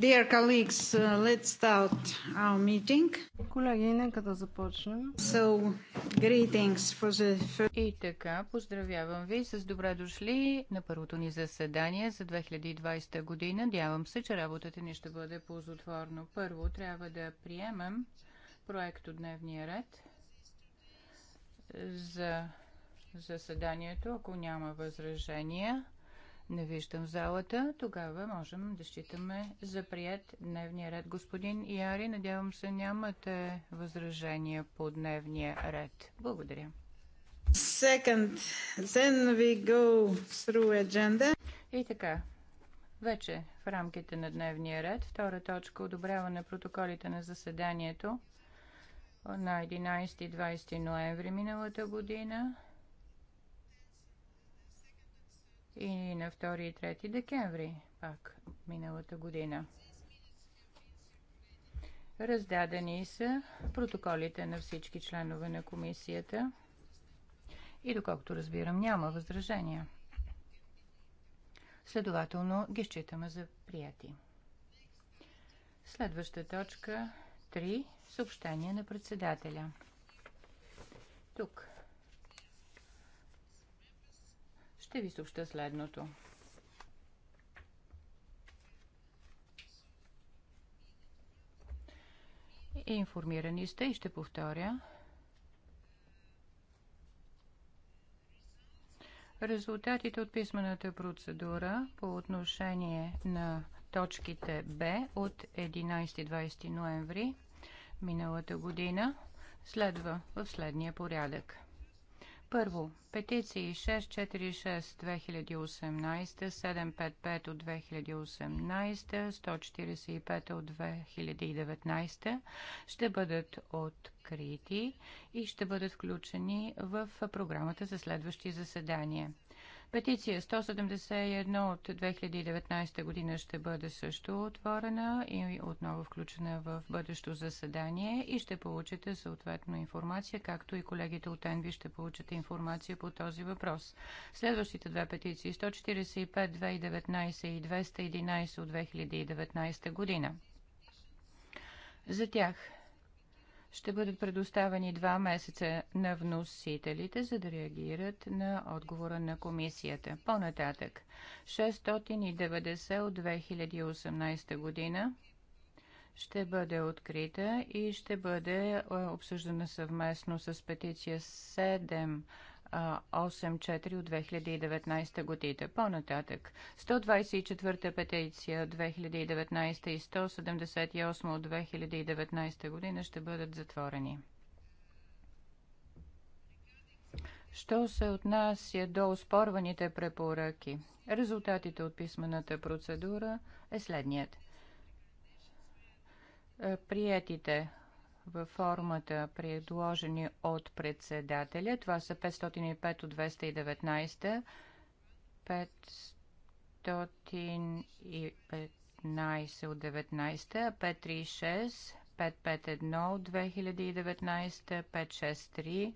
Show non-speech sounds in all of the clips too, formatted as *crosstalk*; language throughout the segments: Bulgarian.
Dear colleagues, uh, let's start our meeting. Колеги, нека да започнем. So, greetings for the first... И така, поздравявам ви с добре дошли на първото ни заседание за 2020 година. Надявам се, че работата ни ще бъде ползотворно. Първо трябва да приемем проект от дневния ред за заседанието, ако няма възражения. Не виждам залата. Тогава можем да считаме за прият дневния ред. Господин Яри, надявам се нямате възражения по дневния ред. Благодаря. Second. Then we go through agenda. И така, вече в рамките на дневния ред, втора точка, одобряване протоколите на заседанието на 11 и 20 ноември миналата година, и на 2 и 3 декември, пак миналата година. Раздадени са протоколите на всички членове на комисията и доколкото разбирам няма възражения. Следователно ги считаме за прияти. Следваща точка 3. Съобщение на председателя. Тук ще ви съобща следното. Информирани сте и ще повторя. Резултатите от писмената процедура по отношение на точките Б от 11-20 ноември миналата година следва в следния порядък. Първо, петиции 646-2018, 755 от 2018, 145 от 2019 ще бъдат открити и ще бъдат включени в програмата за следващи заседания. Петиция 171 от 2019 година ще бъде също отворена и отново включена в бъдещо заседание и ще получите съответно информация, както и колегите от ЕНВИ ще получат информация по този въпрос. Следващите две петиции 145 2019 и 211 от 2019 година. За тях ще бъдат предоставени два месеца на вносителите, за да реагират на отговора на комисията. По-нататък, 690 от 2018 година ще бъде открита и ще бъде обсъждана съвместно с петиция 7 84 от 2019 година. По-нататък 124 петиция от 2019 и 178 от 2019 година ще бъдат затворени. Що се отнася до оспорваните препоръки? Резултатите от писмената процедура е следният. Е, приетите във формата, предложени от председателя. Това са 505 от 219, 515 от 19, 536, 551 от 2019, 563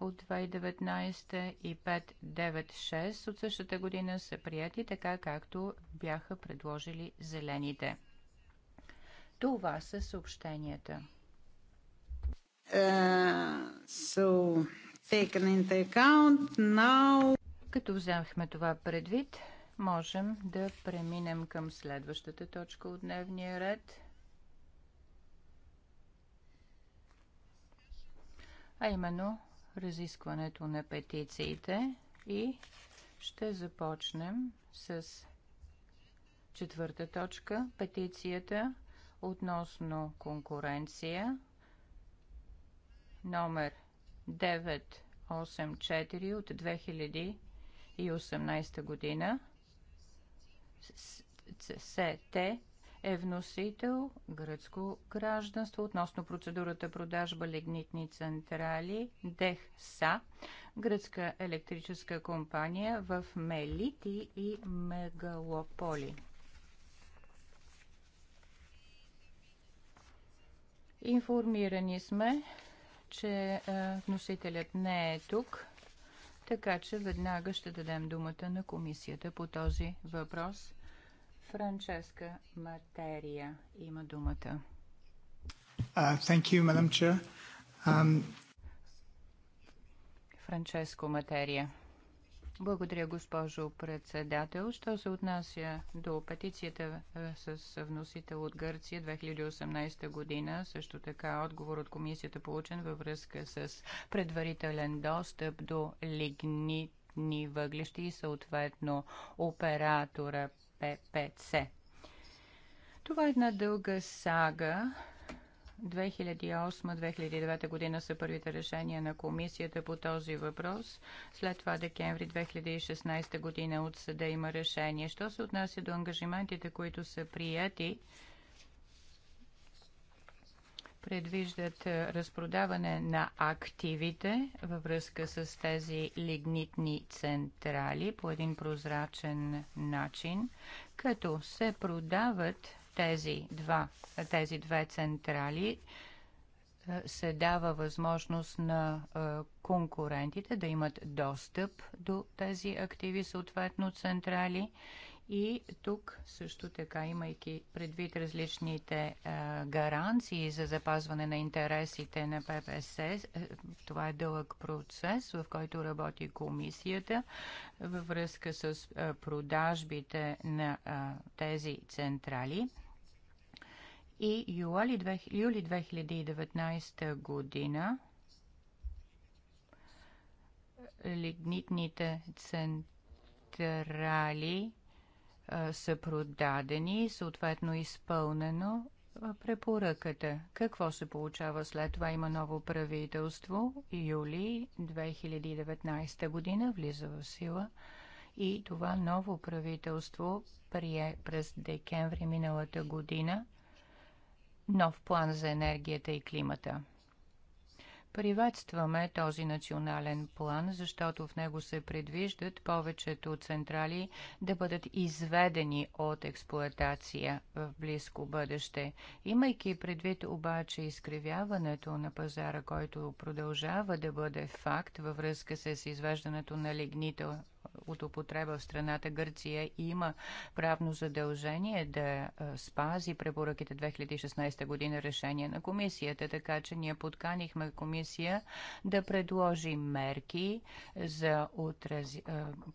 от 2019 и 596 от същата година са прияти така, както бяха предложили зелените. Това са съобщенията. Е, Като вземахме това предвид, можем да преминем към следващата точка от дневния ред. А именно разискването на петициите и ще започнем с четвърта точка петицията относно конкуренция номер 984 от 2018 година. СТ е вносител гръцко гражданство относно процедурата продажба лигнитни централи ДЕХСА, гръцка електрическа компания в Мелити и Мегалополи. Информирани сме, че е, вносителят не е тук, така че веднага ще дадем думата на комисията по този въпрос. Франческа Материя има думата. Uh, Um... Франческо Материя. Благодаря, госпожо председател. Що се отнася до петицията е, с вносител от Гърция 2018 година, също така отговор от комисията получен във връзка с предварителен достъп до лигнитни въглещи и съответно оператора ППЦ. Това е една дълга сага, 2008-2009 година са първите решения на комисията по този въпрос. След това декември 2016 година от съда има решение. Що се отнася до ангажиментите, които са прияти, предвиждат е, разпродаване на активите във връзка с тези лигнитни централи по един прозрачен начин, като се продават тези, два, тези две централи е, се дава възможност на е, конкурентите да имат достъп до тези активи, съответно централи. И тук също така, имайки предвид различните е, гаранции за запазване на интересите на ППС, това е дълъг процес, в който работи комисията във връзка с продажбите на тези централи и юли 2019 година лигнитните централи а, са продадени и съответно изпълнено препоръката. Какво се получава след това? Има ново правителство. Юли 2019 година влиза в сила и това ново правителство прие през декември миналата година нов план за енергията и климата. Приветстваме този национален план, защото в него се предвиждат повечето централи да бъдат изведени от експлоатация в близко бъдеще. Имайки предвид обаче изкривяването на пазара, който продължава да бъде факт във връзка с извеждането на лигнита от употреба в страната Гърция има правно задължение да е, спази препоръките 2016 година решение на комисията, така че ние подканихме комисия да предложи мерки за отраз... Е,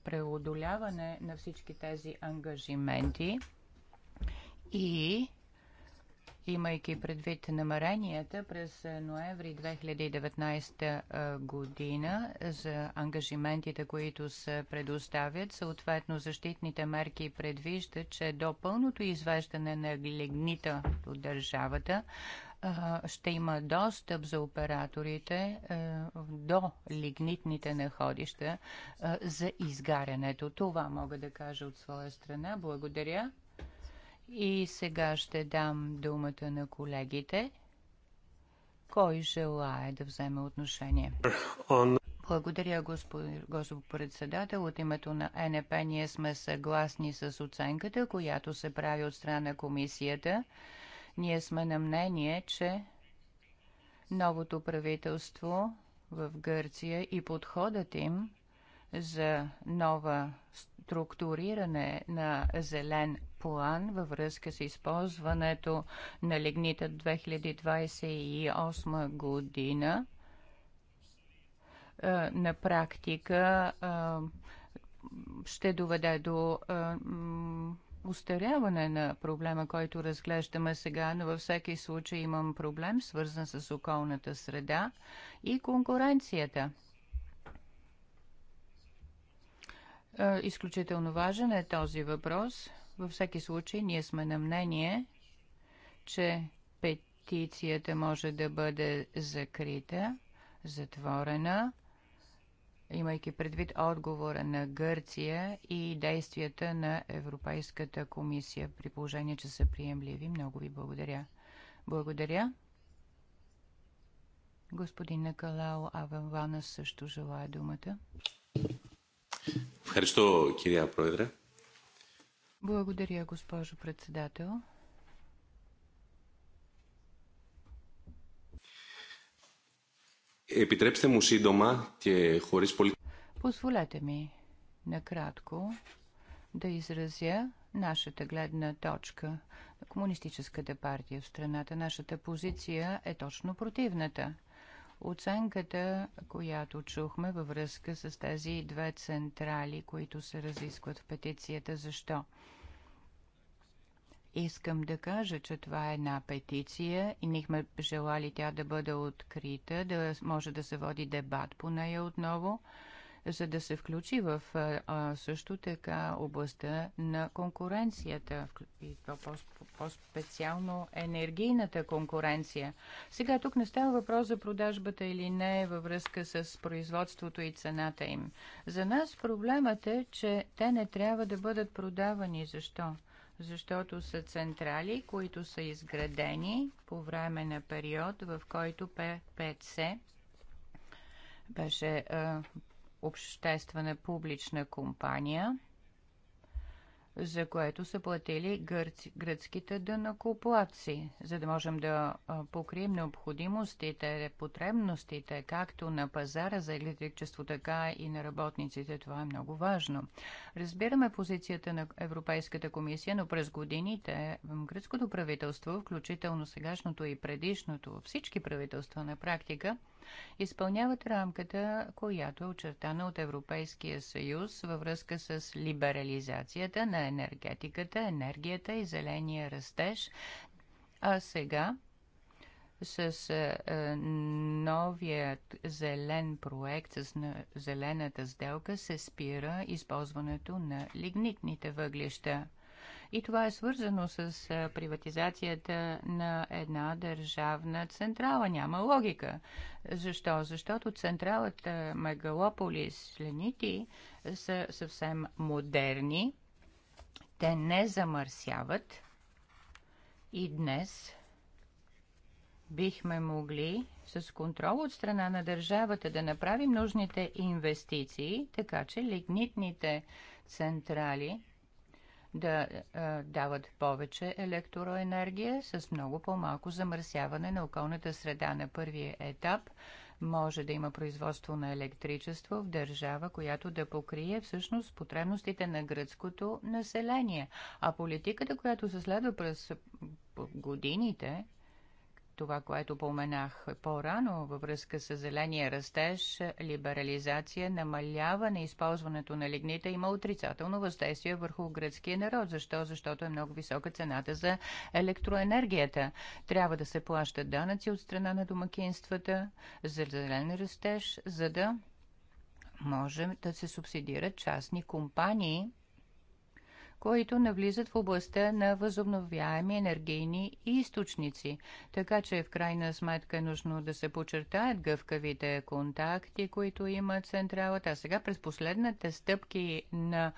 преодоляване на всички тези ангажименти и имайки предвид намеренията през ноември 2019 година за ангажиментите, които се предоставят. Съответно, защитните мерки предвиждат, че до пълното извеждане на лигнита от държавата ще има достъп за операторите до лигнитните находища за изгарянето. Това мога да кажа от своя страна. Благодаря. И сега ще дам думата на колегите. Кой желая да вземе отношение? Благодаря, господин председател. От името на НП ние сме съгласни с оценката, която се прави от страна на комисията. Ние сме на мнение, че новото правителство в Гърция и подходът им за нова структуриране на зелен план във връзка с използването на лигнита 2028 година. Е, на практика е, ще доведе до е, устаряване на проблема, който разглеждаме сега, но във всеки случай имам проблем, свързан с околната среда и конкуренцията. Изключително важен е този въпрос – във всеки случай, ние сме на мнение, че петицията може да бъде закрита, затворена, имайки предвид отговора на Гърция и действията на Европейската комисия, при положение, че са приемливи. Много ви благодаря. Благодаря. Господин Накалао Аванвана също желая думата. Ευχαριστώ, кирия, Πρόεδρε. Благодаря, госпожо председател. Επιτρέψτε μου σύντομα και χωρίς πολύ... Позволете ми накратко да изразя нашата гледна точка на Комунистическата партия в страната. Нашата позиция е точно противната. Оценката, която чухме във връзка с тези две централи, които се разискват в петицията, защо? Искам да кажа, че това е една петиция и нихме желали тя да бъде открита, да може да се води дебат по нея отново за да се включи в също така областта на конкуренцията и то по-специално енергийната конкуренция. Сега тук не става въпрос за продажбата или не във връзка с производството и цената им. За нас проблемът е, че те не трябва да бъдат продавани. Защо? защото са централи, които са изградени по време на период, в който ППЦ беше обществена публична компания, за което са платили гърци, гръцките дънакоплаци, за да можем да покрием необходимостите, потребностите, както на пазара за електричество, така и на работниците. Това е много важно. Разбираме позицията на Европейската комисия, но през годините гръцкото правителство, включително сегашното и предишното, всички правителства на практика, изпълняват рамката, която е очертана от Европейския съюз във връзка с либерализацията на енергетиката, енергията и зеления растеж. А сега с е, е новият зелен проект, с зелената сделка се спира използването на лигнитните въглища. И това е свързано с приватизацията на една държавна централа. Няма логика. Защо? Защото централата Мегалополис, Ленити са съвсем модерни. Те не замърсяват. И днес бихме могли с контрол от страна на държавата да направим нужните инвестиции, така че лигнитните централи да а, дават повече електроенергия с много по-малко замърсяване на околната среда на първия етап. Може да има производство на електричество в държава, която да покрие всъщност потребностите на гръцкото население. А политиката, която се следва през годините, това, което поменах по-рано във връзка с зеления растеж, либерализация, намаляване използването на лигнита има отрицателно въздействие върху гръцкия народ. Защо? Защото е много висока цената за електроенергията. Трябва да се плащат данъци от страна на домакинствата за зелен растеж, за да може да се субсидират частни компании, които навлизат в областта на възобновяеми енергийни източници. Така че в крайна сметка е нужно да се почертаят гъвкавите контакти, които имат централата. А сега през последните стъпки на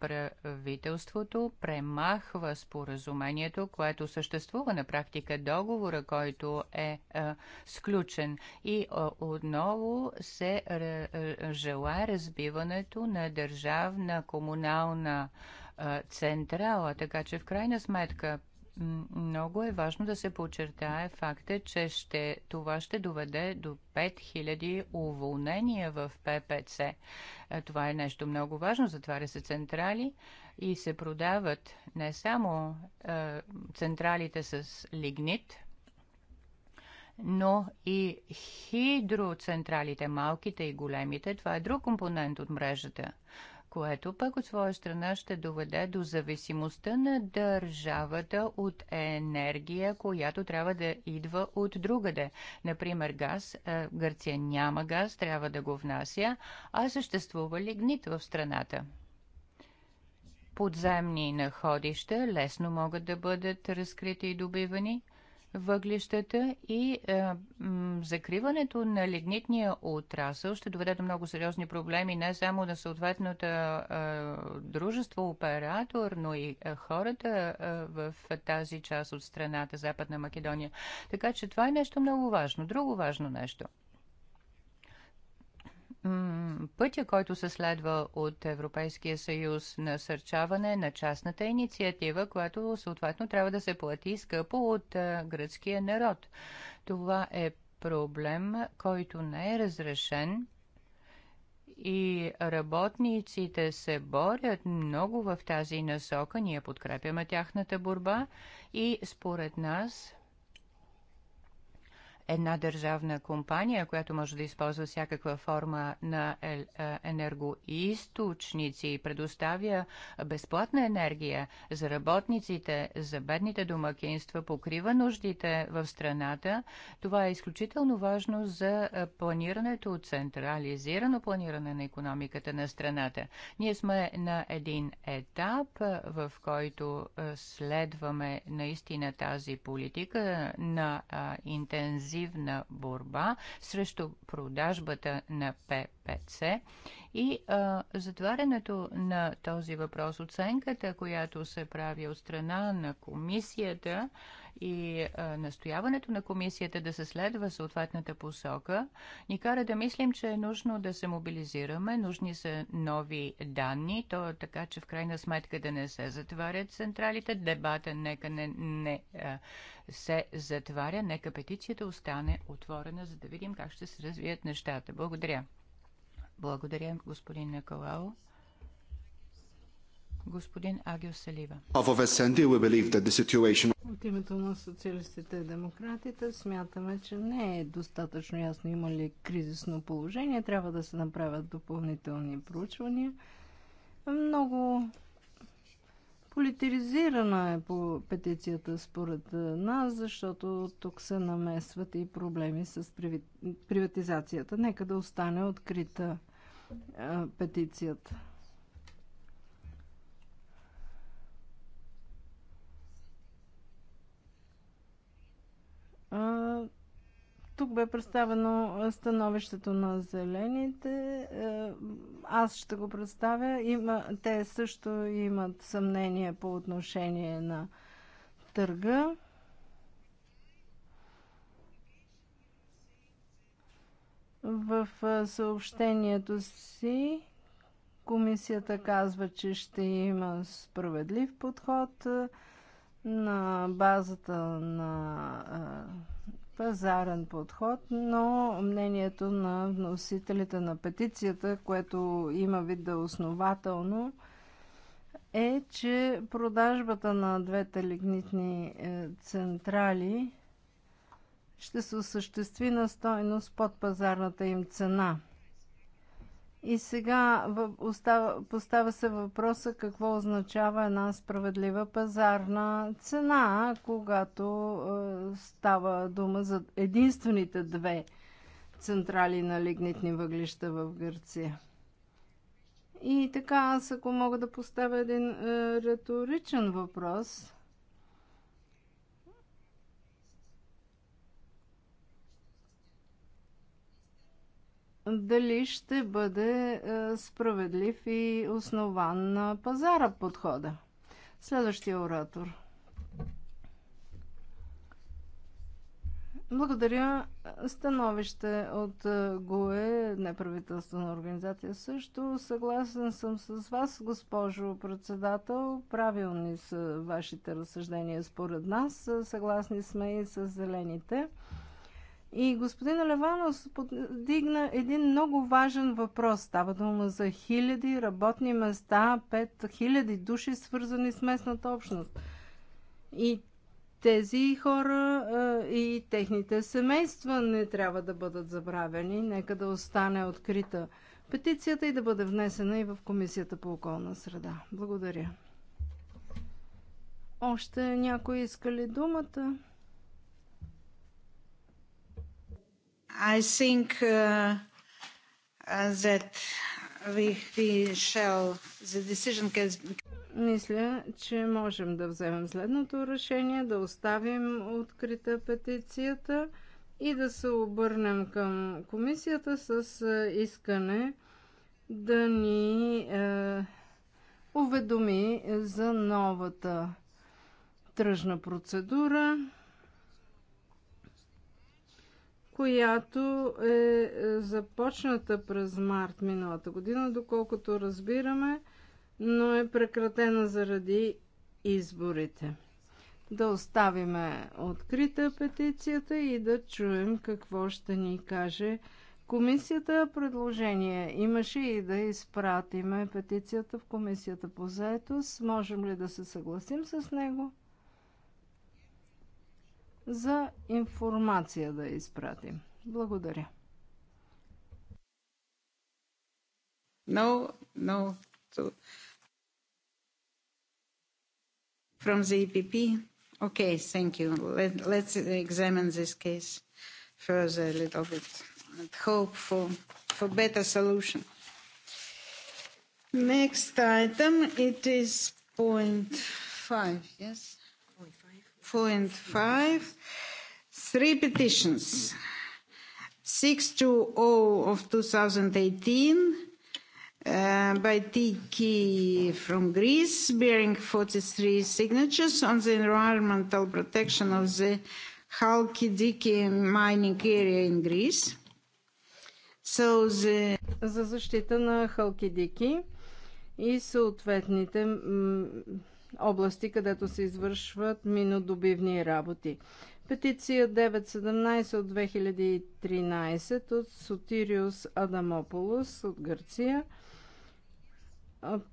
правителството премахва споразумението, което съществува на практика договора, който е сключен. И отново се желая разбиването на държавна комунална централа, така че в крайна сметка много е важно да се подчертае факта, че ще, това ще доведе до 5000 уволнения в ППЦ. Е, това е нещо много важно. Затваря се централи и се продават не само е, централите с лигнит, но и хидроцентралите, малките и големите. Това е друг компонент от мрежата което пък от своя страна ще доведе до зависимостта на държавата от енергия, която трябва да идва от другаде. Например, газ. Е, Гърция няма газ, трябва да го внася, а съществува ли гнит в страната. Подземни находища лесно могат да бъдат разкрити и добивани – въглищата и е, закриването на лигнитния отрасъл ще доведе до много сериозни проблеми не само на съответното е, дружество, оператор, но и е, хората е, в тази част от страната, Западна Македония. Така че това е нещо много важно. Друго важно нещо – пътя, който се следва от Европейския съюз, насърчаване на частната инициатива, която съответно трябва да се плати скъпо от е, гръцкия народ. Това е проблем, който не е разрешен и работниците се борят много в тази насока. Ние подкрепяме тяхната борба и според нас една държавна компания, която може да използва всякаква форма на е, е, енергоисточници и предоставя безплатна енергия за работниците, за бедните домакинства, покрива нуждите в страната, това е изключително важно за е, планирането, централизирано планиране на економиката на страната. Ние сме на един етап, в който следваме наистина тази политика на интензивност интензивна борба срещу продажбата на ПП 5 с И а, затварянето на този въпрос, оценката, която се прави от страна на комисията и а, настояването на комисията да се следва съответната посока, ни кара да мислим, че е нужно да се мобилизираме, нужни са нови данни, то е така, че в крайна сметка да не се затварят централите, дебата нека не, не а, се затваря, нека петицията остане отворена, за да видим как ще се развият нещата. Благодаря. Благодаря, господин Николао. Господин Агио Салива. От името на социалистите и демократите смятаме, че не е достатъчно ясно има ли кризисно положение. Трябва да се направят допълнителни проучвания. Много Политизирана е по петицията според нас, защото тук се намесват и проблеми с приватизацията. Нека да остане открита петицията. Тук бе представено становището на зелените. Аз ще го представя. Има, те също имат съмнение по отношение на търга. В съобщението си комисията казва, че ще има справедлив подход на базата на пазарен подход, но мнението на вносителите на петицията, което има вид да е основателно, е, че продажбата на двете лигнитни е, централи ще се осъществи на стойност под пазарната им цена. И сега остава, поставя се въпроса какво означава една справедлива пазарна цена, когато е, става дума за единствените две централи на лигнитни въглища в Гърция. И така, аз ако мога да поставя един е, риторичен въпрос, дали ще бъде е, справедлив и основан на пазара подхода. Следващия оратор. Благодаря. Становище от ГОЕ, неправителствена организация също. Съгласен съм с вас, госпожо председател. Правилни са вашите разсъждения според нас. Съгласни сме и с зелените. И господин Леванов подигна един много важен въпрос. Става дума за хиляди работни места, пет хиляди души, свързани с местната общност. И тези хора и техните семейства не трябва да бъдат забравени. Нека да остане открита петицията и да бъде внесена и в Комисията по околна среда. Благодаря. Още някой иска ли думата? I think uh, uh, that we, we shall, the decision can... Мисля, че можем да вземем следното решение, да оставим открита петицията и да се обърнем към комисията с искане да ни е, уведоми за новата тръжна процедура която е, е започната през март миналата година, доколкото разбираме, но е прекратена заради изборите. Да оставиме открита петицията и да чуем какво ще ни каже комисията. Предложение имаше и да изпратиме петицията в комисията по заетост. Можем ли да се съгласим с него? за информация да изпратим. Благодаря. No, no. From the EPP? Okay, thank you. Let, let's examine this case further a little bit and hope for, for better solution. Next item, it is point five, yes? four and five. Three petitions. six oh of 2018 uh, by Tiki from Greece, bearing 43 signatures on the environmental protection of the Halkidiki mining area in Greece. So the... За защита на Халкидики и съответните области, където се извършват минодобивни работи. Петиция 917 от 2013 от Сотириус Адамополос от Гърция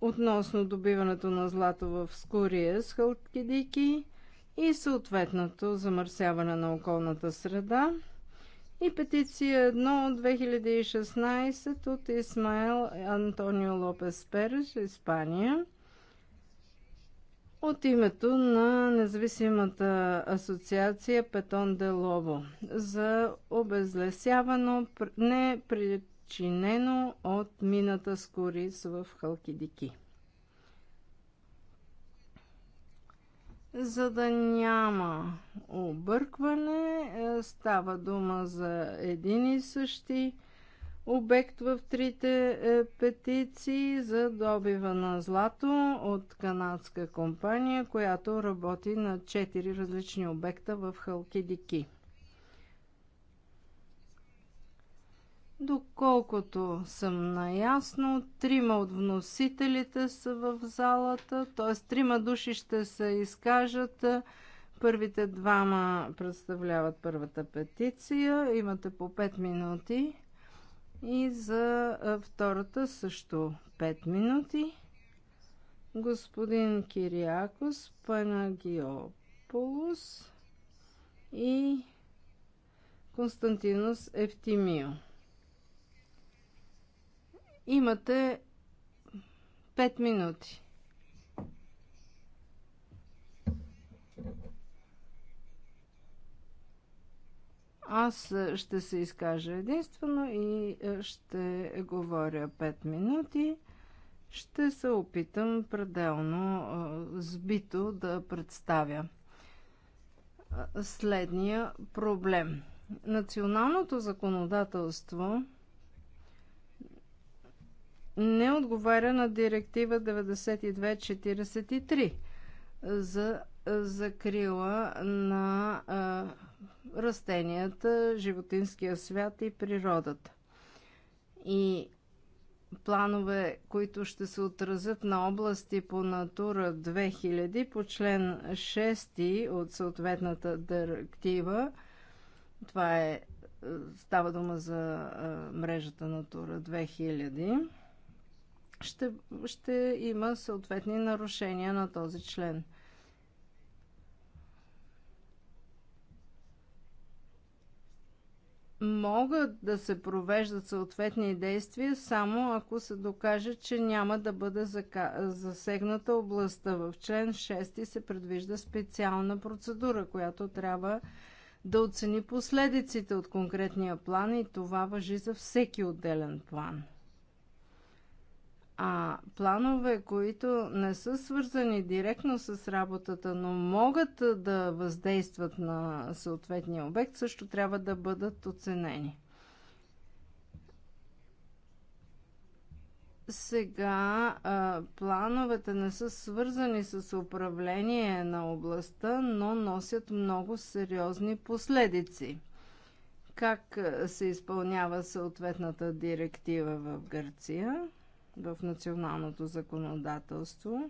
относно добиването на злато в Скория с Халкидики и съответното замърсяване на околната среда. И петиция 1 от 2016 от Исмаел Антонио Лопес Переш, Испания, от името на независимата асоциация Петон Лово за обезлесявано непричинено от мината с корис в Халкидики. За да няма объркване, е, става дума за един и същи обект в трите е, петиции за добива на злато от канадска компания, която работи на 4 различни обекта в Халкидики. Доколкото съм наясно, трима от вносителите са в залата, т.е. трима души ще се изкажат. Първите двама представляват първата петиция. Имате по 5 минути. И за втората също 5 минути. Господин Кириакос Панагиополус и Константинус Евтимио. Имате 5 минути. Аз е, ще се изкажа единствено и е, ще говоря 5 минути. Ще се опитам пределно е, сбито да представя следния проблем. Националното законодателство не отговаря на директива 9243 за закрила на растенията, животинския свят и природата. И планове, които ще се отразят на области по Натура 2000 по член 6 от съответната директива. Това е, е става дума за е, мрежата Натура 2000. Ще, ще има съответни нарушения на този член. могат да се провеждат съответни действия само ако се докаже, че няма да бъде засегната областта. В член 6 се предвижда специална процедура, която трябва да оцени последиците от конкретния план и това въжи за всеки отделен план а планове, които не са свързани директно с работата, но могат да въздействат на съответния обект, също трябва да бъдат оценени. Сега а, плановете не са свързани с управление на областта, но носят много сериозни последици. Как се изпълнява съответната директива в Гърция? в националното законодателство.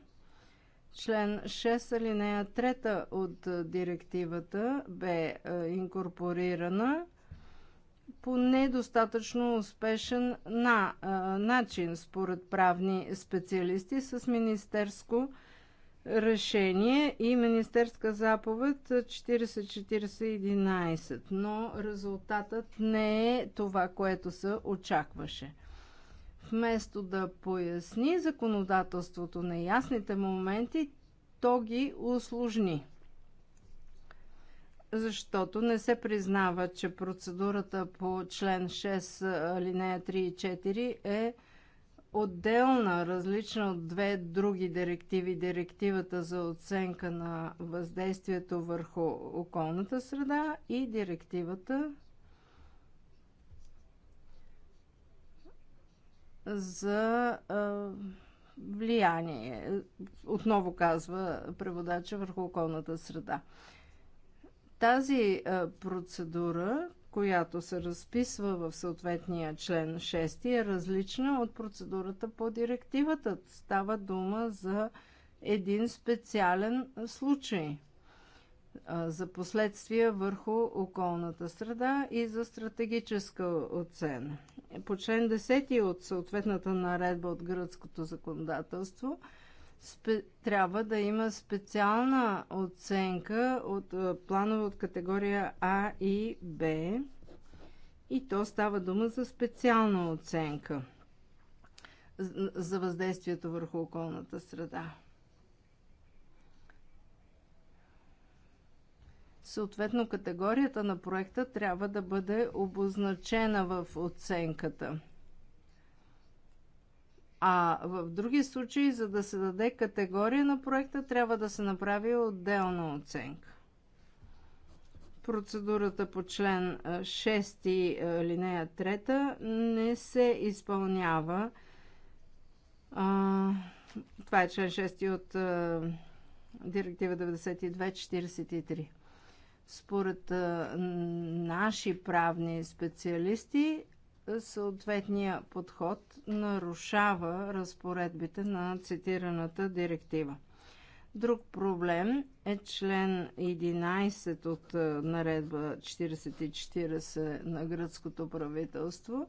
Член 6 алинея 3 от директивата бе инкорпорирана по недостатъчно успешен на, начин, според правни специалисти, с министерско решение и Министерска заповед 4411, но резултатът не е това, което се очакваше. Вместо да поясни законодателството на ясните моменти, то ги усложни. Защото не се признава, че процедурата по член 6, алинея 3 и 4 е отделна, различна от две други директиви. Директивата за оценка на въздействието върху околната среда и директивата за влияние, отново казва преводача върху околната среда. Тази процедура, която се разписва в съответния член 6, е различна от процедурата по директивата. Става дума за един специален случай – за последствия върху околната среда и за стратегическа оцена. По член 10 от съответната наредба от гръцкото законодателство трябва да има специална оценка от планове от категория А и Б и то става дума за специална оценка за въздействието върху околната среда. Съответно, категорията на проекта трябва да бъде обозначена в оценката. А в други случаи, за да се даде категория на проекта, трябва да се направи отделна оценка. Процедурата по член 6, линея 3 не се изпълнява. това е член 6 от Директива 9243. Според наши правни специалисти, съответния подход нарушава разпоредбите на цитираната директива. Друг проблем е член 11 от наредба 4040 на гръцкото правителство,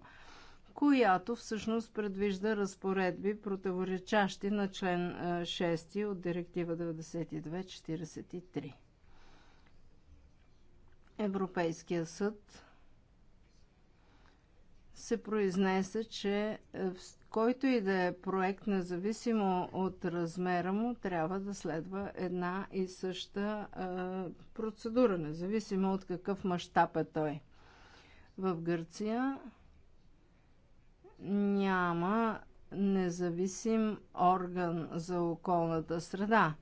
която всъщност предвижда разпоредби, противоречащи на член 6 от директива 9243. Европейския съд се произнесе, че е, който и да е проект, независимо от размера му, трябва да следва една и съща е, процедура, независимо от какъв мащаб е той. В Гърция няма независим орган за околната среда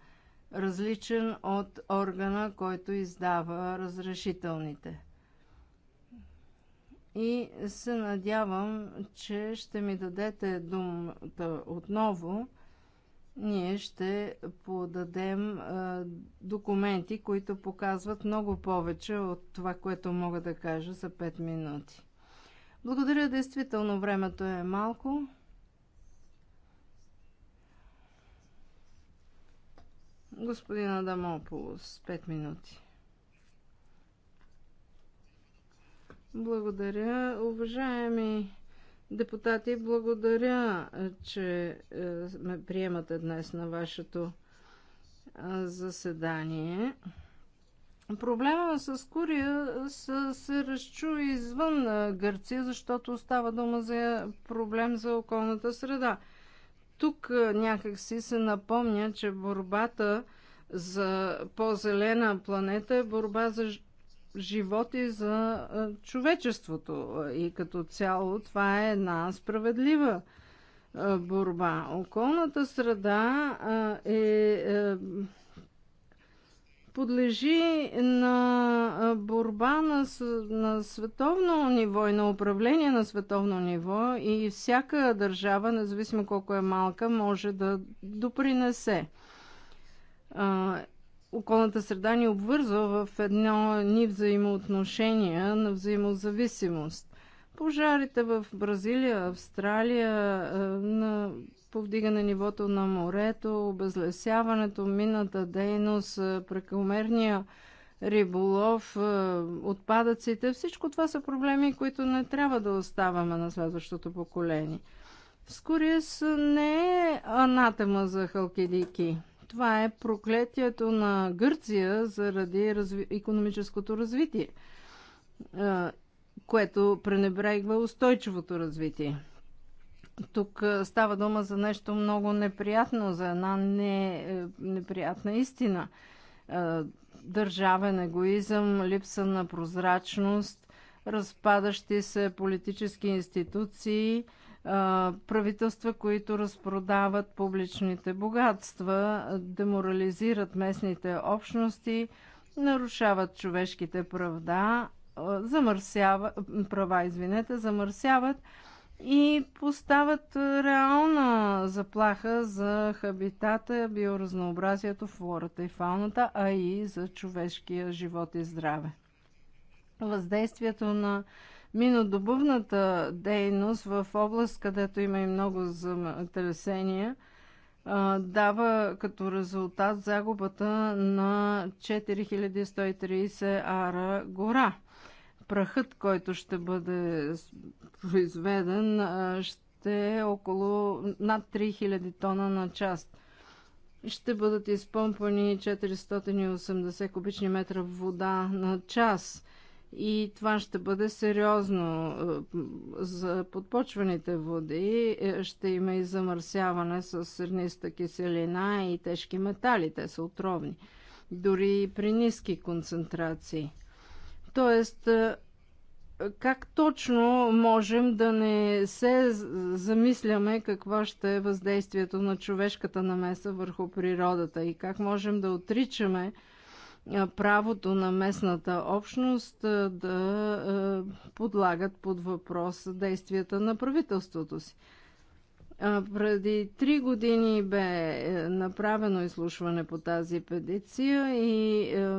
различен от органа, който издава разрешителните. И се надявам, че ще ми дадете думата отново. Ние ще подадем документи, които показват много повече от това, което мога да кажа за 5 минути. Благодаря, действително времето е малко. Господин Адамополос, 5 минути. Благодаря, уважаеми депутати. Благодаря, че е, ме приемате днес на вашето е, заседание. Проблема с Курия се, се разчу извън е, Гърция, защото става дума за проблем за околната среда. Тук някак си се напомня, че борбата за по-зелена планета е борба за живот и за човечеството. И като цяло това е една справедлива борба. Околната среда е, е подлежи на борба на, на световно ниво и на управление на световно ниво и всяка държава, независимо колко е малка, може да допринесе. А, околната среда ни обвързва в едно ни взаимоотношение на взаимозависимост. Пожарите в Бразилия, Австралия, на повдигане нивото на морето, обезлесяването, мината дейност, е, прекомерния риболов, е, отпадъците. Всичко това са проблеми, които не трябва да оставаме на следващото поколение. Скорис не е анатема за халкидики. Това е проклетието на Гърция заради разви... економическото развитие, е, което пренебрегва устойчивото развитие. Тук става дума за нещо много неприятно, за една не, е, неприятна истина. Държавен егоизъм, липса на прозрачност, разпадащи се политически институции, правителства, които разпродават публичните богатства, деморализират местните общности, нарушават човешките правда, замърсяват, права, извинете, замърсяват и поставят е, реална заплаха за хабитата, биоразнообразието, флората и фауната, а и за човешкия живот и здраве. Въздействието на минодобувната дейност в област, където има и много земетресения, е, дава като резултат загубата на 4130 ара гора прахът, който ще бъде произведен, ще е около над 3000 тона на част. Ще бъдат изпомпани 480 кубични метра вода на час. И това ще бъде сериозно за подпочваните води. Е, ще има и замърсяване с сърниста киселина и тежки метали. Те са отровни. Дори при ниски концентрации. Тоест, как точно можем да не се замисляме какво ще е въздействието на човешката намеса върху природата и как можем да отричаме правото на местната общност да подлагат под въпрос действията на правителството си. Преди три години бе е, направено изслушване по тази петиция и е,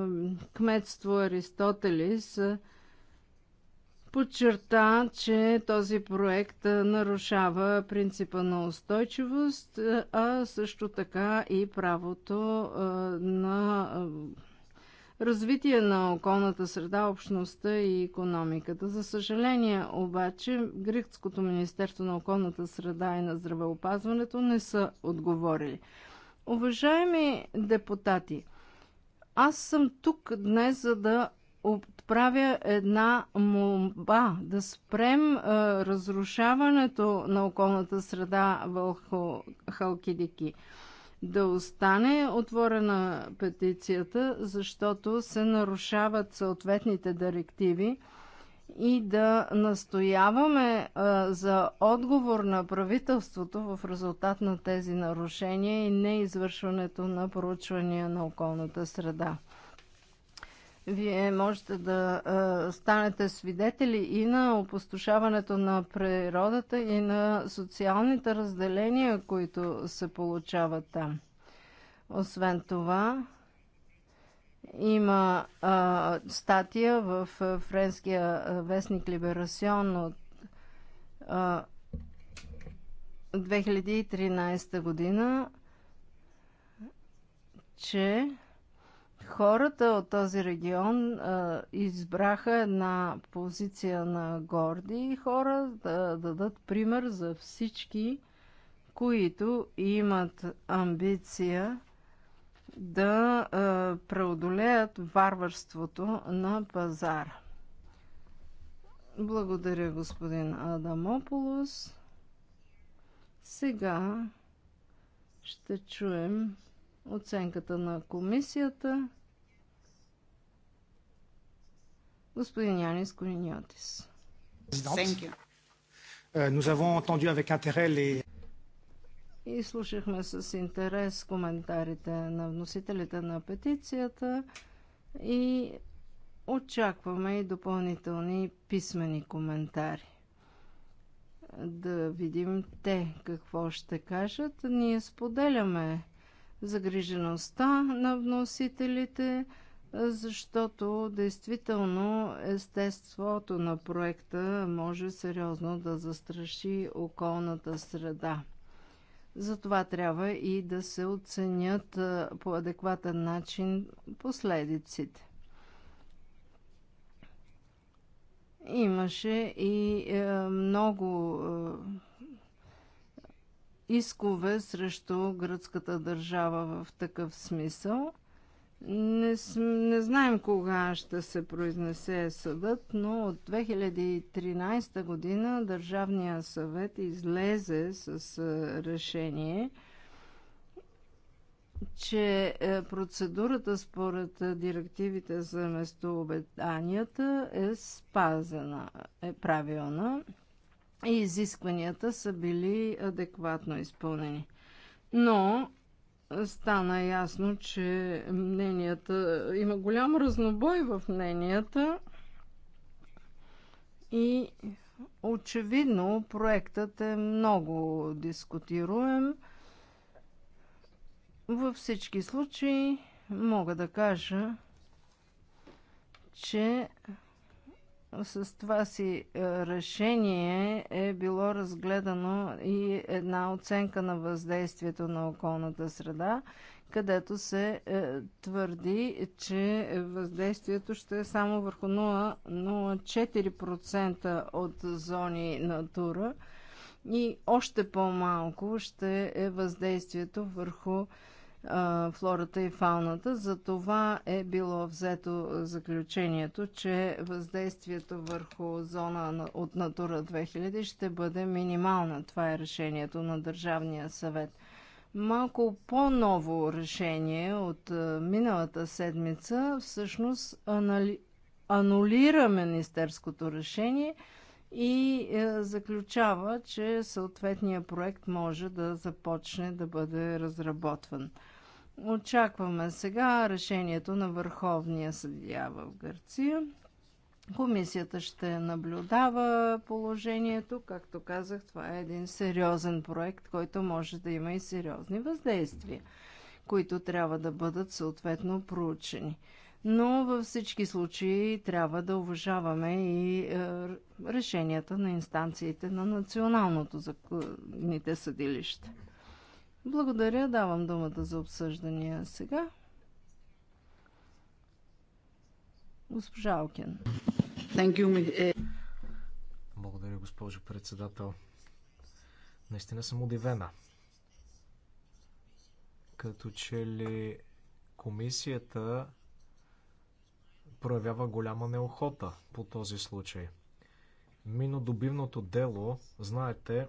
кметство Аристотелис е, подчерта, че този проект нарушава принципа на устойчивост, а също така и правото на развитие на околната среда, общността и економиката. За съжаление обаче, Грихтското Министерство на околната среда и на здравеопазването не са отговорили. Уважаеми депутати, аз съм тук днес, за да отправя една молба да спрем е, разрушаването на околната среда в Халкидики да остане отворена петицията, защото се нарушават съответните директиви и да настояваме а, за отговор на правителството в резултат на тези нарушения и неизвършването на проучвания на околната среда. Вие можете да а, станете свидетели и на опустошаването на природата и на социалните разделения, които се получават там. Освен това, има а, статия в френския вестник Либерасион от а, 2013 година, че Хората от този регион а, избраха една позиция на горди хора да дадат пример за всички, които имат амбиция да а, преодолеят варварството на пазара. Благодаря, господин Адамополос. Сега ще чуем оценката на комисията. Господин Янис Кониотис. Euh, и слушахме с интерес коментарите на вносителите на петицията и очакваме и допълнителни писмени коментари. Да видим те какво ще кажат. Ние споделяме загрижеността на вносителите, защото действително естеството на проекта може сериозно да застраши околната среда. Затова трябва и да се оценят по адекватен начин последиците. Имаше и е, много е, искове срещу гръцката държава в такъв смисъл. Не, не знаем кога ще се произнесе съдът, но от 2013 година Държавния съвет излезе с е, решение, че е, процедурата според е, директивите за местообеданията е спазена, е правилна и изискванията са били адекватно изпълнени. Но стана ясно, че мненията, има голям разнобой в мненията и очевидно проектът е много дискутируем. Във всички случаи мога да кажа, че с това си е, решение е било разгледано и една оценка на въздействието на околната среда, където се е, твърди, че въздействието ще е само върху 0,4% от зони натура и още по-малко ще е въздействието върху флората и фауната. За това е било взето заключението, че въздействието върху зона от Натура 2000 ще бъде минимална. Това е решението на Държавния съвет. Малко по-ново решение от миналата седмица всъщност анали... анулира министерското решение и е, заключава, че съответния проект може да започне да бъде разработван. Очакваме сега решението на Върховния съдия в Гърция. Комисията ще наблюдава положението. Както казах, това е един сериозен проект, който може да има и сериозни въздействия, които трябва да бъдат съответно проучени. Но във всички случаи трябва да уважаваме и е, решенията на инстанциите на националното законните съдилище. Благодаря. Давам думата за обсъждания сега. Госпожа Алкен. Е- Благодаря, госпожо председател. Наистина съм удивена. Като че ли комисията проявява голяма неохота по този случай. Минодобивното дело, знаете,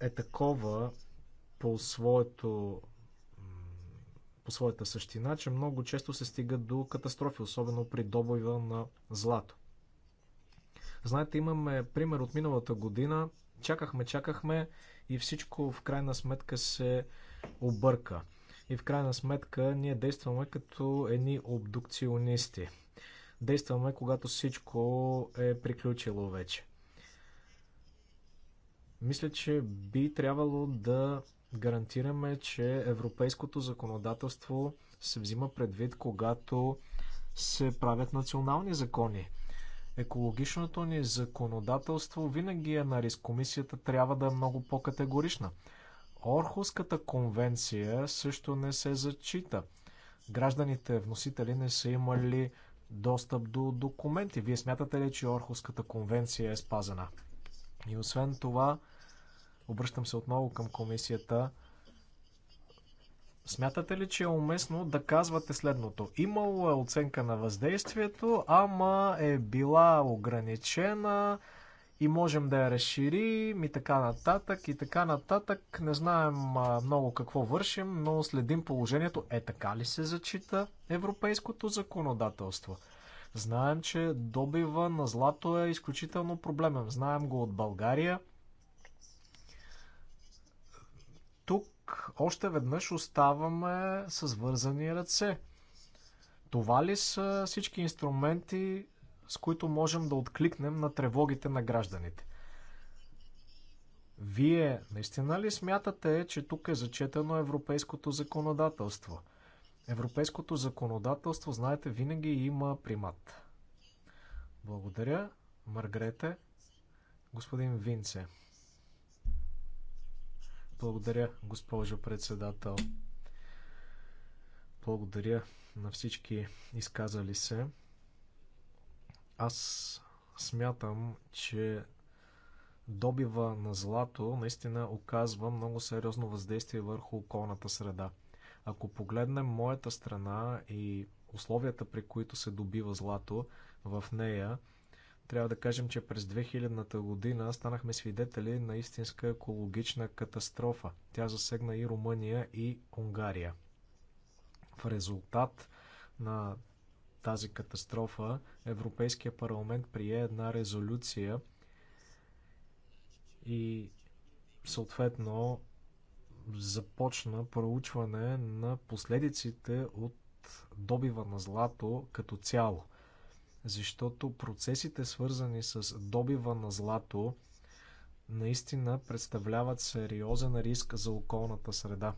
е такова по своето по своята същина, че много често се стига до катастрофи, особено при добива на злато. Знаете, имаме пример от миналата година. Чакахме, чакахме и всичко в крайна сметка се обърка. И в крайна сметка ние действаме като едни обдукционисти. Действаме, когато всичко е приключило вече. Мисля, че би трябвало да гарантираме, че европейското законодателство се взима предвид, когато се правят национални закони. Екологичното ни законодателство винаги е на риск. Комисията трябва да е много по-категорична. Орхуската конвенция също не се зачита. Гражданите вносители не са имали достъп до документи. Вие смятате ли, че Орхуската конвенция е спазена? И освен това, Обръщам се отново към комисията. Смятате ли, че е уместно да казвате следното? Имало е оценка на въздействието, ама е била ограничена и можем да я разширим и така нататък и така нататък. Не знаем много какво вършим, но следим положението. Е така ли се зачита европейското законодателство? Знаем, че добива на злато е изключително проблемен. Знаем го от България – още веднъж оставаме с вързани ръце. Това ли са всички инструменти, с които можем да откликнем на тревогите на гражданите? Вие наистина ли смятате, че тук е зачетено европейското законодателство? Европейското законодателство, знаете, винаги има примат. Благодаря, Маргрете. Господин Винце. Благодаря, госпожо председател. Благодаря на всички изказали се. Аз смятам, че добива на злато наистина оказва много сериозно въздействие върху околната среда. Ако погледнем моята страна и условията, при които се добива злато в нея, трябва да кажем, че през 2000-та година станахме свидетели на истинска екологична катастрофа. Тя засегна и Румъния, и Унгария. В резултат на тази катастрофа Европейския парламент прие една резолюция и съответно започна проучване на последиците от добива на злато като цяло – защото процесите свързани с добива на злато наистина представляват сериозен риск за околната среда.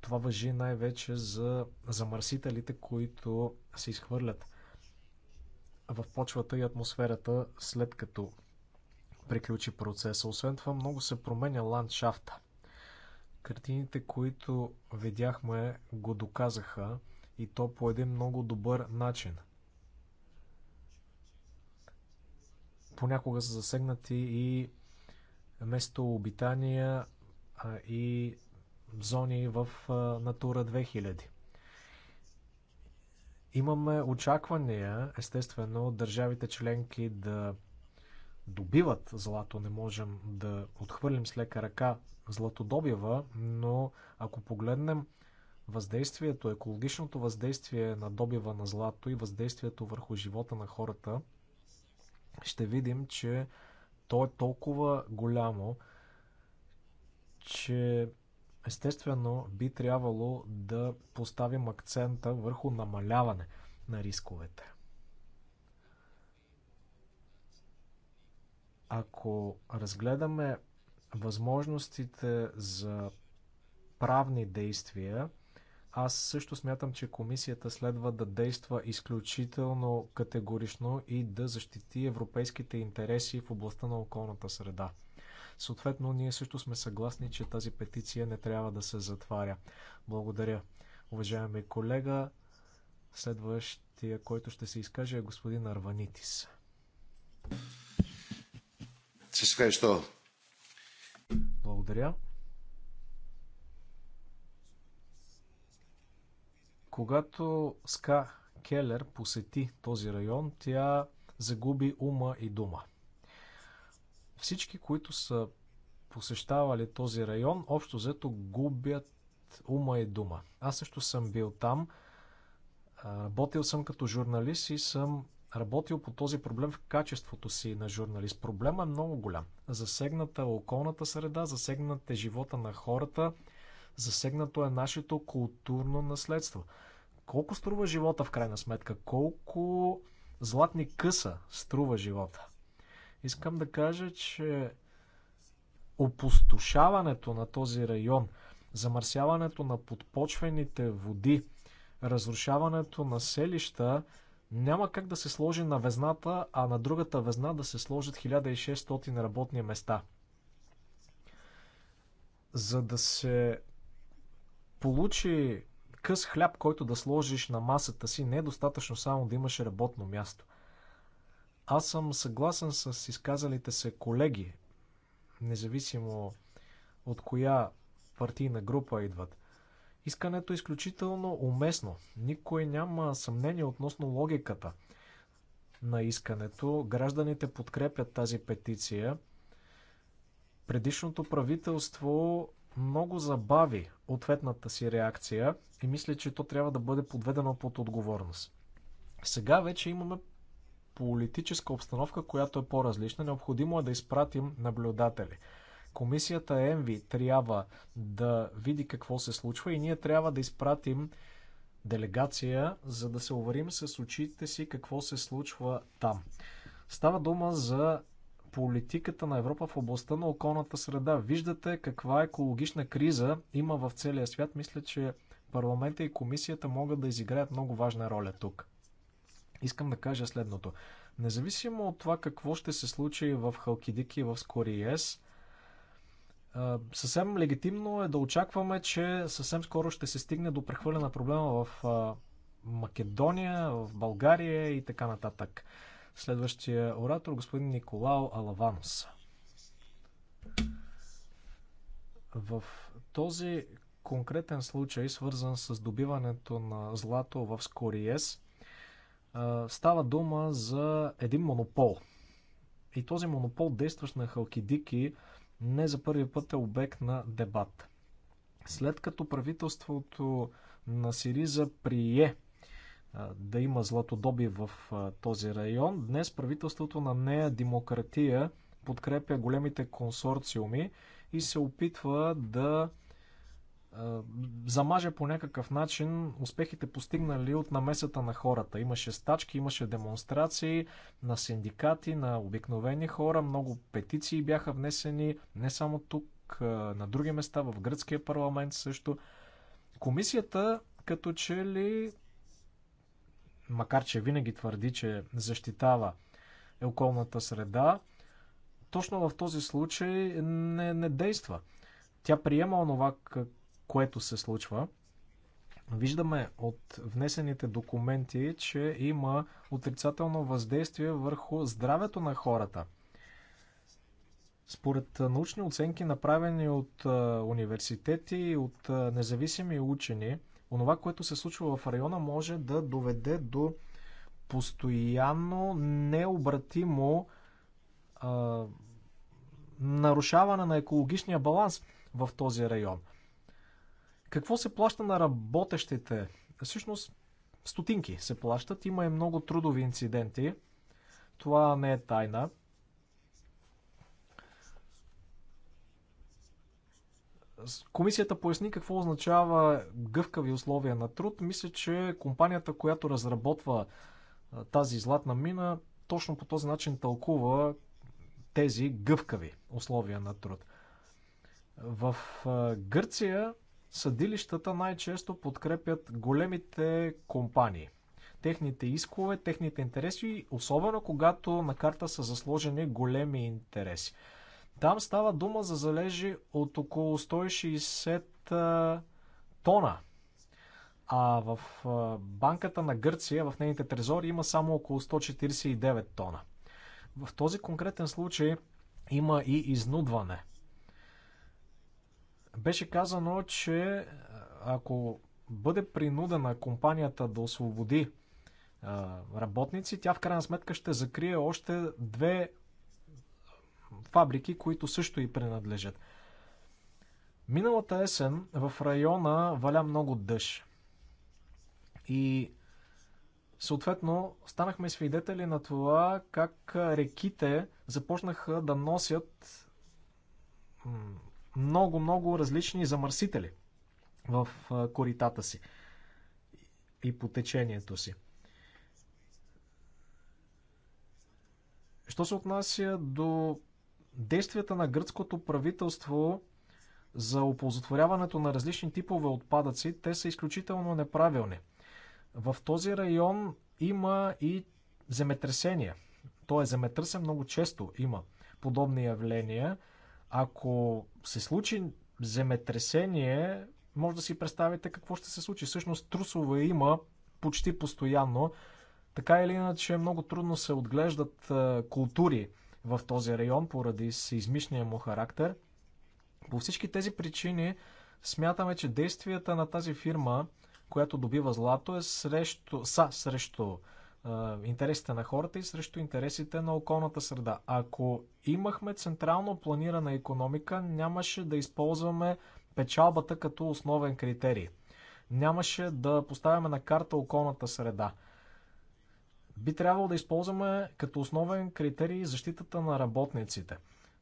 Това въжи най-вече за замърсителите, които се изхвърлят в почвата и атмосферата след като приключи процеса. Освен това много се променя ландшафта. Картините, които видяхме, го доказаха и то по един много добър начин – понякога са засегнати и местообитания и зони в Натура 2000. Имаме очаквания, естествено, държавите членки да добиват злато, не можем да отхвърлим с лека ръка златодобива, но ако погледнем въздействието, екологичното въздействие на добива на злато и въздействието върху живота на хората – ще видим, че то е толкова голямо, че естествено би трябвало да поставим акцента върху намаляване на рисковете. Ако разгледаме възможностите за правни действия, аз също смятам, че комисията следва да действа изключително категорично и да защити европейските интереси в областта на околната среда. Съответно, ние също сме съгласни, че тази петиция не трябва да се затваря. Благодаря. Уважаеми колега, следващия, който ще се изкаже е господин Арванитис. Е Благодаря. Когато Ска Келер посети този район, тя загуби ума и дума. Всички, които са посещавали този район, общо взето губят ума и дума. Аз също съм бил там. Работил съм като журналист и съм работил по този проблем в качеството си на журналист. Проблема е много голям. Засегната околната среда, засегнат е живота на хората, Засегнато е нашето културно наследство. Колко струва живота в крайна сметка? Колко златни къса струва живота? Искам да кажа, че опустошаването на този район, замърсяването на подпочвените води, разрушаването на селища няма как да се сложи на везната, а на другата везна да се сложат 1600 работни места. За да се получи къс хляб, който да сложиш на масата си, не е достатъчно само да имаш работно място. Аз съм съгласен с изказалите се колеги, независимо от коя партийна група идват. Искането е изключително уместно. Никой няма съмнение относно логиката на искането. Гражданите подкрепят тази петиция. Предишното правителство много забави ответната си реакция и мисля, че то трябва да бъде подведено под отговорност. Сега вече имаме политическа обстановка, която е по-различна. Необходимо е да изпратим наблюдатели. Комисията ЕМВИ трябва да види какво се случва и ние трябва да изпратим делегация, за да се уверим с очите си какво се случва там. Става дума за политиката на Европа в областта на околната среда. Виждате каква екологична криза има в целия свят. Мисля, че парламента и комисията могат да изиграят много важна роля тук. Искам да кажа следното. Независимо от това какво ще се случи в Халкидики и в Скориес, съвсем легитимно е да очакваме, че съвсем скоро ще се стигне до прехвърляне на проблема в Македония, в България и така нататък. Следващия оратор, господин Николао Алаванс. В този конкретен случай, свързан с добиването на злато в Скориес, става дума за един монопол. И този монопол, действащ на Халкидики, не за първи път е обект на дебат. След като правителството на Сириза прие да има златодобив в този район. Днес правителството на нея демократия подкрепя големите консорциуми и се опитва да замаже по някакъв начин успехите постигнали от намесата на хората. Имаше стачки, имаше демонстрации на синдикати, на обикновени хора, много петиции бяха внесени не само тук, на други места, в гръцкия парламент също. Комисията като че ли макар че винаги твърди, че защитава околната среда, точно в този случай не, не действа. Тя приема онова, което се случва. Виждаме от внесените документи, че има отрицателно въздействие върху здравето на хората. Според научни оценки, направени от университети и от независими учени, онова, което се случва в района, може да доведе до постоянно необратимо а, нарушаване на екологичния баланс в този район. Какво се плаща на работещите? Всъщност, стотинки се плащат. Има и много трудови инциденти. Това не е тайна. Комисията поясни какво означава гъвкави условия на труд. Мисля, че компанията, която разработва тази златна мина, точно по този начин тълкува тези гъвкави условия на труд. В Гърция съдилищата най-често подкрепят големите компании. Техните искове, техните интереси, особено когато на карта са засложени големи интереси. Там става дума за залежи от около 160 тона. А в банката на Гърция, в нейните трезори, има само около 149 тона. В този конкретен случай има и изнудване. Беше казано, че ако бъде принудена компанията да освободи работници, тя в крайна сметка ще закрие още две фабрики, които също и принадлежат. Миналата есен в района валя много дъжд. И съответно станахме свидетели на това как реките започнаха да носят много-много различни замърсители в коритата си и по течението си. Що се отнася до Действията на гръцкото правителство за оползотворяването на различни типове отпадъци, те са изключително неправилни. В този район има и земетресения. То е земетресен, много често има подобни явления. Ако се случи земетресение, може да си представите какво ще се случи. Всъщност трусове има почти постоянно. Така или иначе много трудно се отглеждат култури в този район поради сеизмичния му характер. По всички тези причини смятаме, че действията на тази фирма, която добива злато, е срещу, са срещу е, интересите на хората и срещу интересите на околната среда. Ако имахме централно планирана економика, нямаше да използваме печалбата като основен критерий. Нямаше да поставяме на карта околната среда. Би трябвало да използваме като основен критерий защитата на работниците.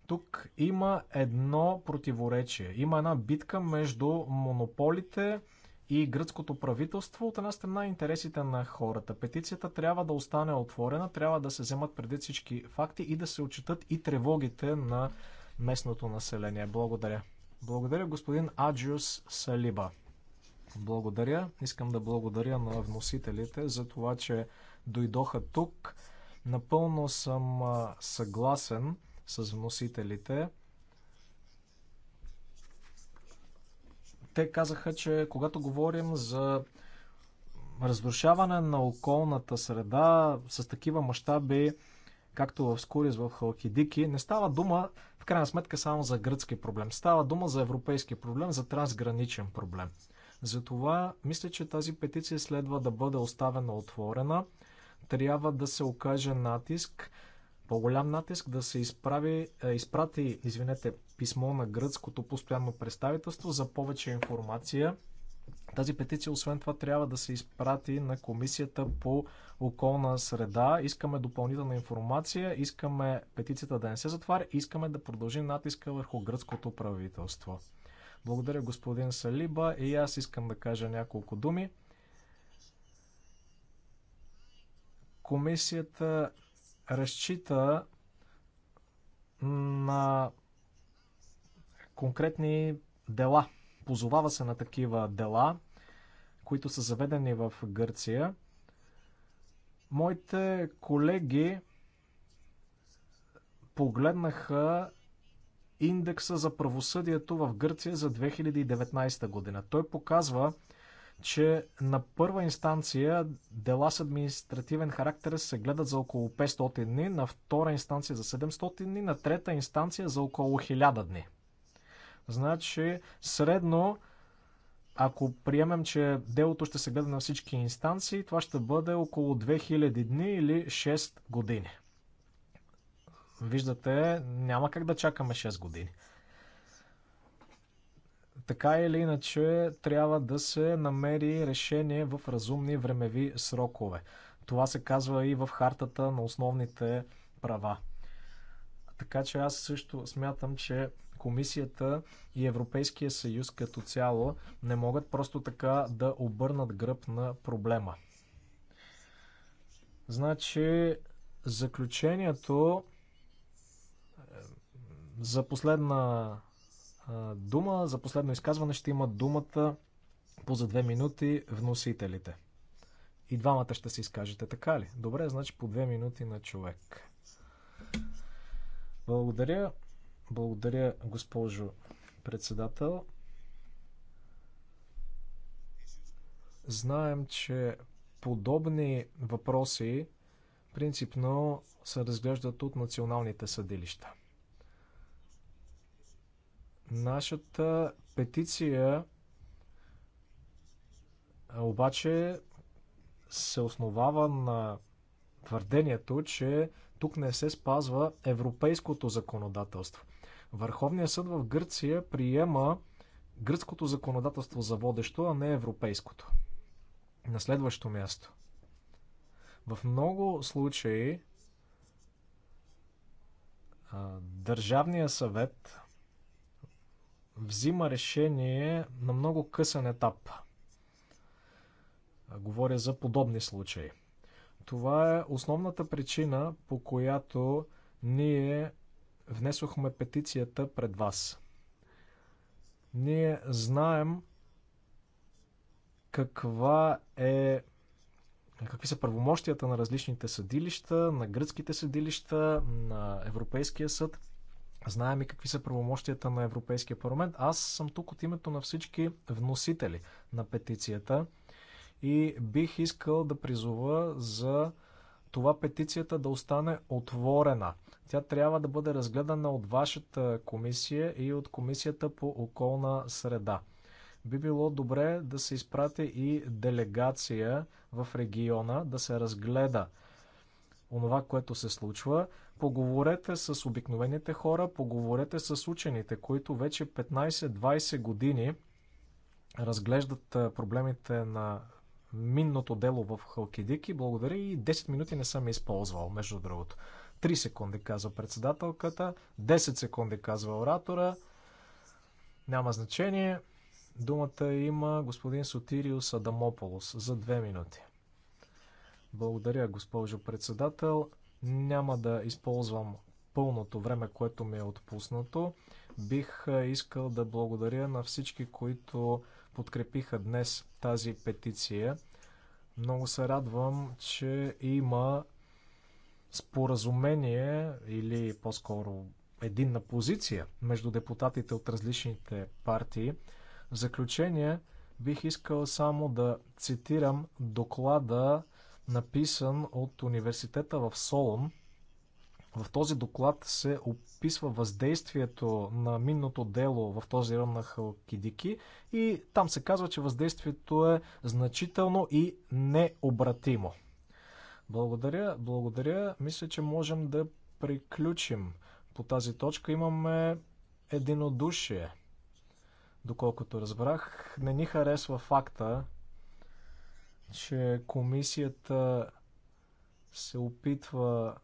Тук има едно противоречие. Има една битка между монополите и гръцкото правителство. От една страна интересите на хората. Петицията трябва да остане отворена, трябва да се вземат преди всички факти и да се отчитат и тревогите на местното население. Благодаря. Благодаря господин Аджиус Салиба. Благодаря. Искам да благодаря на вносителите за това, че дойдоха тук. Напълно съм съгласен с вносителите. Те казаха, че когато говорим за разрушаване на околната среда с такива мащаби, както в Скорис, в Халкидики, не става дума в крайна сметка само за гръцки проблем. Става дума за европейски проблем, за трансграничен проблем. Затова мисля, че тази петиция следва да бъде оставена отворена трябва да се окаже натиск, по-голям натиск да се изправи, е, изпрати извинете, писмо на гръцкото постоянно представителство за повече информация. Тази петиция, освен това, трябва да се изпрати на Комисията по околна среда. Искаме допълнителна информация, искаме петицията да не се затваря, искаме да продължи натиска върху гръцкото правителство. Благодаря господин Салиба и аз искам да кажа няколко думи. Комисията разчита на конкретни дела. Позовава се на такива дела, които са заведени в Гърция. Моите колеги погледнаха индекса за правосъдието в Гърция за 2019 година. Той показва, че на първа инстанция дела с административен характер се гледат за около 500 дни, на втора инстанция за 700 дни, на трета инстанция за около 1000 дни. Значи, средно, ако приемем, че делото ще се гледа на всички инстанции, това ще бъде около 2000 дни или 6 години. Виждате, няма как да чакаме 6 години. Така или иначе, трябва да се намери решение в разумни времеви срокове. Това се казва и в хартата на основните права. Така че аз също смятам, че Комисията и Европейския съюз като цяло не могат просто така да обърнат гръб на проблема. Значи, заключението е, за последна дума. За последно изказване ще имат думата по за две минути вносителите. И двамата ще се изкажете, така ли? Добре, значи по две минути на човек. Благодаря. Благодаря, госпожо председател. Знаем, че подобни въпроси принципно се разглеждат от националните съдилища. Нашата петиция обаче се основава на твърдението, че тук не се спазва европейското законодателство. Върховният съд в Гърция приема гръцкото законодателство за водещо, а не европейското. На следващо място. В много случаи Държавния съвет взима решение на много късен етап. Говоря за подобни случаи. Това е основната причина, по която ние внесохме петицията пред вас. Ние знаем каква е какви са правомощията на различните съдилища, на гръцките съдилища, на Европейския съд. Знаем и какви са правомощията на Европейския парламент. Аз съм тук от името на всички вносители на петицията и бих искал да призова за това петицията да остане отворена. Тя трябва да бъде разгледана от вашата комисия и от комисията по околна среда. Би било добре да се изпрати и делегация в региона да се разгледа онова, което се случва. Поговорете с обикновените хора, поговорете с учените, които вече 15-20 години разглеждат проблемите на минното дело в Халкидики. Благодаря и 10 минути не съм използвал, между другото. 3 секунди казва председателката, 10 секунди казва оратора. Няма значение. Думата има господин Сотириус Адамополос за 2 минути. Благодаря, госпожо председател. Няма да използвам пълното време, което ми е отпуснато. Бих е, искал да благодаря на всички, които подкрепиха днес тази петиция. Много се радвам, че има споразумение или по-скоро единна позиция между депутатите от различните партии. В заключение бих искал само да цитирам доклада написан от университета в Солон. В този доклад се описва въздействието на минното дело в този район на Халкидики и там се казва, че въздействието е значително и необратимо. Благодаря, благодаря. Мисля, че можем да приключим по тази точка. Имаме единодушие. Доколкото разбрах, не ни харесва факта, че комисията се опитва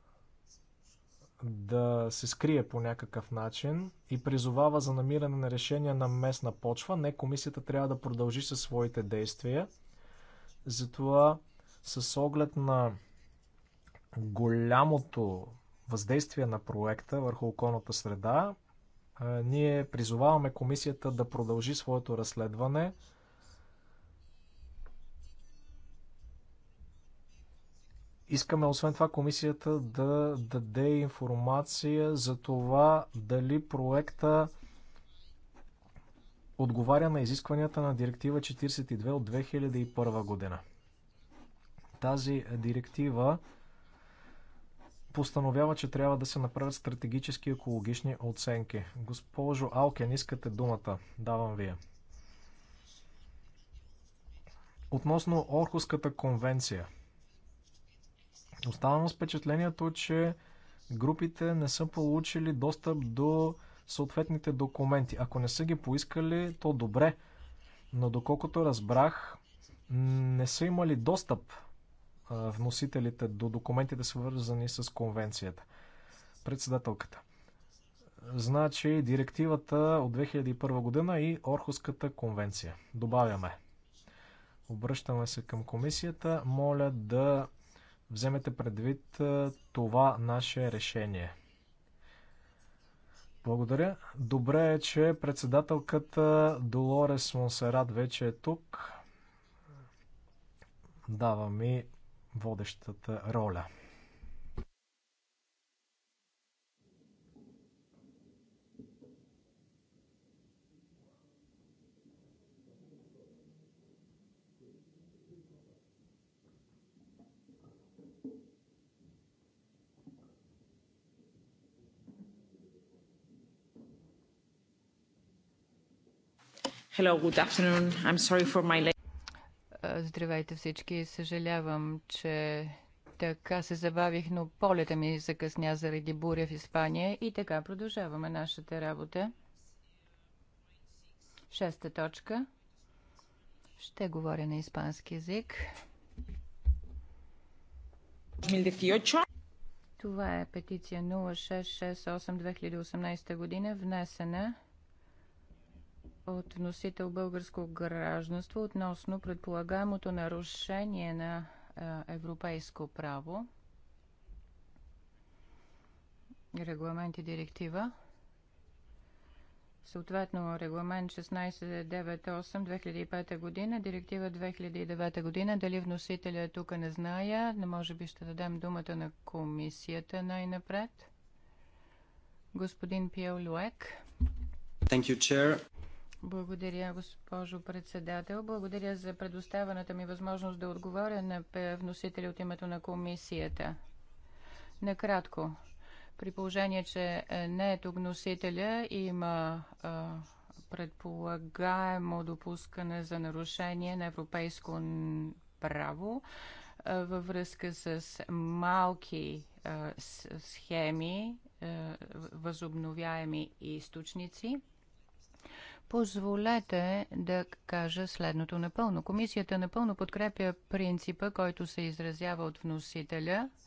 да се скрие по някакъв начин и призовава за намиране на решение на местна почва. Не, комисията трябва да продължи със своите действия. Затова с оглед на голямото въздействие на проекта върху околната среда, ние призоваваме комисията да продължи своето разследване Искаме освен това комисията да даде информация за това дали проекта отговаря на изискванията на директива 42 от 2001 година. Тази директива постановява, че трябва да се направят стратегически екологични оценки. Госпожо Алкен, искате думата. Давам вие. Относно Орхуската конвенция. Оставам с впечатлението, че групите не са получили достъп до съответните документи. Ако не са ги поискали, то добре. Но доколкото разбрах, не са имали достъп вносителите до документите, свързани с конвенцията. Председателката. Значи директивата от 2001 година и Орхуската конвенция. Добавяме. Обръщаме се към комисията. Моля да вземете предвид това наше решение. Благодаря. Добре е, че председателката Долорес Монсерат вече е тук. Дава ми водещата роля. Hello, good afternoon. I'm sorry for my Здравейте всички. Съжалявам, че така се забавих, но полета ми закъсня заради буря в Испания и така продължаваме нашата работа. Шеста точка. Ще говоря на испански язик. 2018. Това е петиция 0668-2018 година, внесена от носител българско гражданство относно предполагаемото нарушение на европейско право, регламент и директива. Съответно, регламент 1698-2005 година, директива 2009 година. Дали вносителя тук не зная, но може би ще дадем думата на комисията най-напред. Господин Пиел Люек. Thank you, Chair. Благодаря, госпожо председател. Благодаря за предоставената ми възможност да отговоря на вносители от името на комисията. Накратко, при положение, че е, не е тук носителя, има а, предполагаемо допускане за нарушение на европейско право а, във връзка с малки а, с, схеми, възобновяеми източници – Позволете да кажа следното напълно. Комисията напълно подкрепя принципа, който се изразява от вносителя –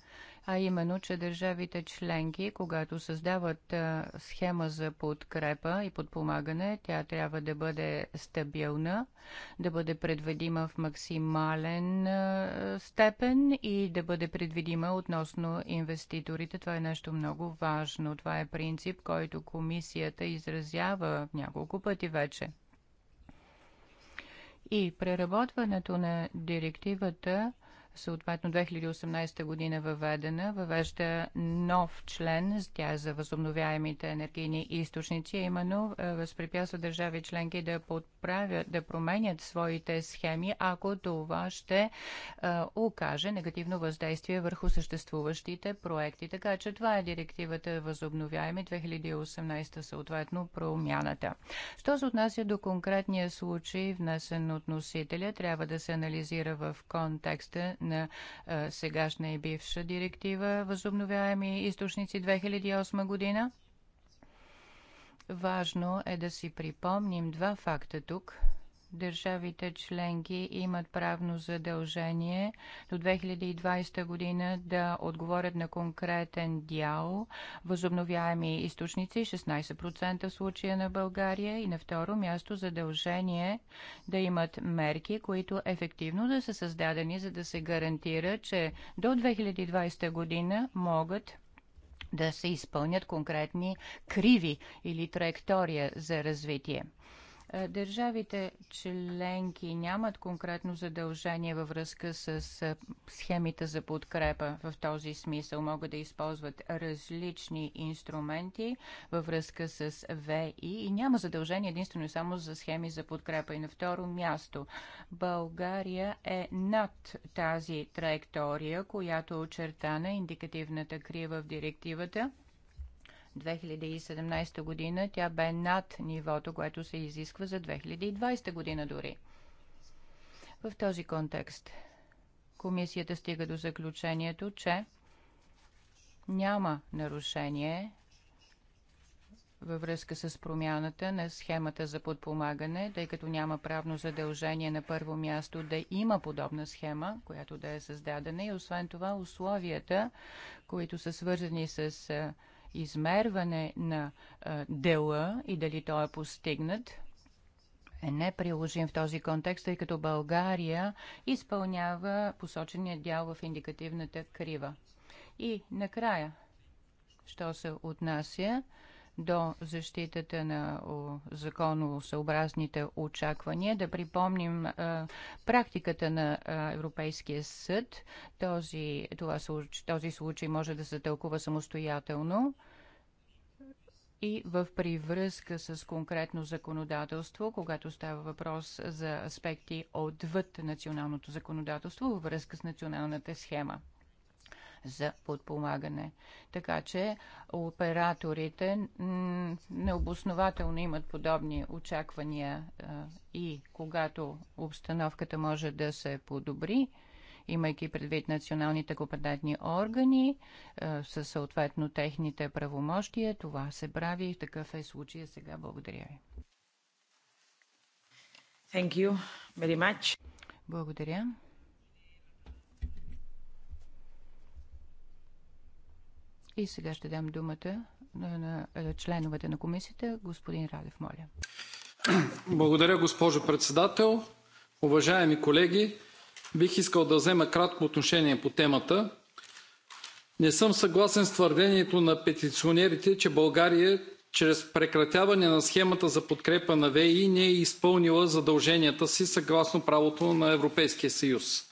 а именно, че държавите членки, когато създават схема за подкрепа и подпомагане, тя трябва да бъде стабилна, да бъде предвидима в максимален степен и да бъде предвидима относно инвеститорите. Това е нещо много важно. Това е принцип, който комисията изразява няколко пъти вече. И преработването на директивата – съответно 2018 година въведена, въвежда нов член, тя е за възобновяемите енергийни източници, именно е, възпрепятства държави членки да подправят, да променят своите схеми, ако това ще а, е, окаже негативно въздействие върху съществуващите проекти. Така че това е директивата възобновяеми 2018 съответно промяната. Що се отнася до конкретния случай, внесен от носителя, трябва да се анализира в контекста на на сегашна и бивша директива Възобновяеми източници 2008 година. Важно е да си припомним два факта тук – държавите членки имат правно задължение до 2020 година да отговорят на конкретен дял възобновяеми източници 16% в случая на България и на второ място задължение да имат мерки, които ефективно да са създадени, за да се гарантира, че до 2020 година могат да се изпълнят конкретни криви или траектория за развитие. Е, държавите членки нямат конкретно задължение във връзка с е, схемите за подкрепа в този смисъл. Могат да използват различни инструменти във връзка с ВИ и няма задължение единствено и само за схеми за подкрепа. И на второ място, България е над тази траектория, която е очертана индикативната крива в директивата 2017 година тя бе над нивото, което се изисква за 2020 година дори. В този контекст комисията стига до заключението, че няма нарушение във връзка с промяната на схемата за подпомагане, тъй като няма правно задължение на първо място да има подобна схема, която да е създадена и освен това условията, които са свързани с измерване на дела и дали той е постигнат, е неприложим в този контекст, тъй като България изпълнява посочения дял в индикативната крива. И накрая, що се отнася до защитата на законосъобразните очаквания. Да припомним а, практиката на а, Европейския съд. Този, това, този случай може да се тълкува самостоятелно и в привръзка с конкретно законодателство, когато става въпрос за аспекти отвъд националното законодателство във връзка с националната схема за подпомагане. Така че операторите необоснователно имат подобни очаквания и когато обстановката може да се подобри, имайки предвид националните компетентни органи със съответно техните правомощия. Това се прави и такъв е случая сега. Благодаря ви. Thank you very much. Благодаря. И сега ще дам думата на членовете на комисията. Господин Радев, моля. Благодаря, госпожо председател. Уважаеми колеги, бих искал да взема кратко отношение по темата. Не съм съгласен с твърдението на петиционерите, че България чрез прекратяване на схемата за подкрепа на ВИ не е изпълнила задълженията си съгласно правото на Европейския съюз.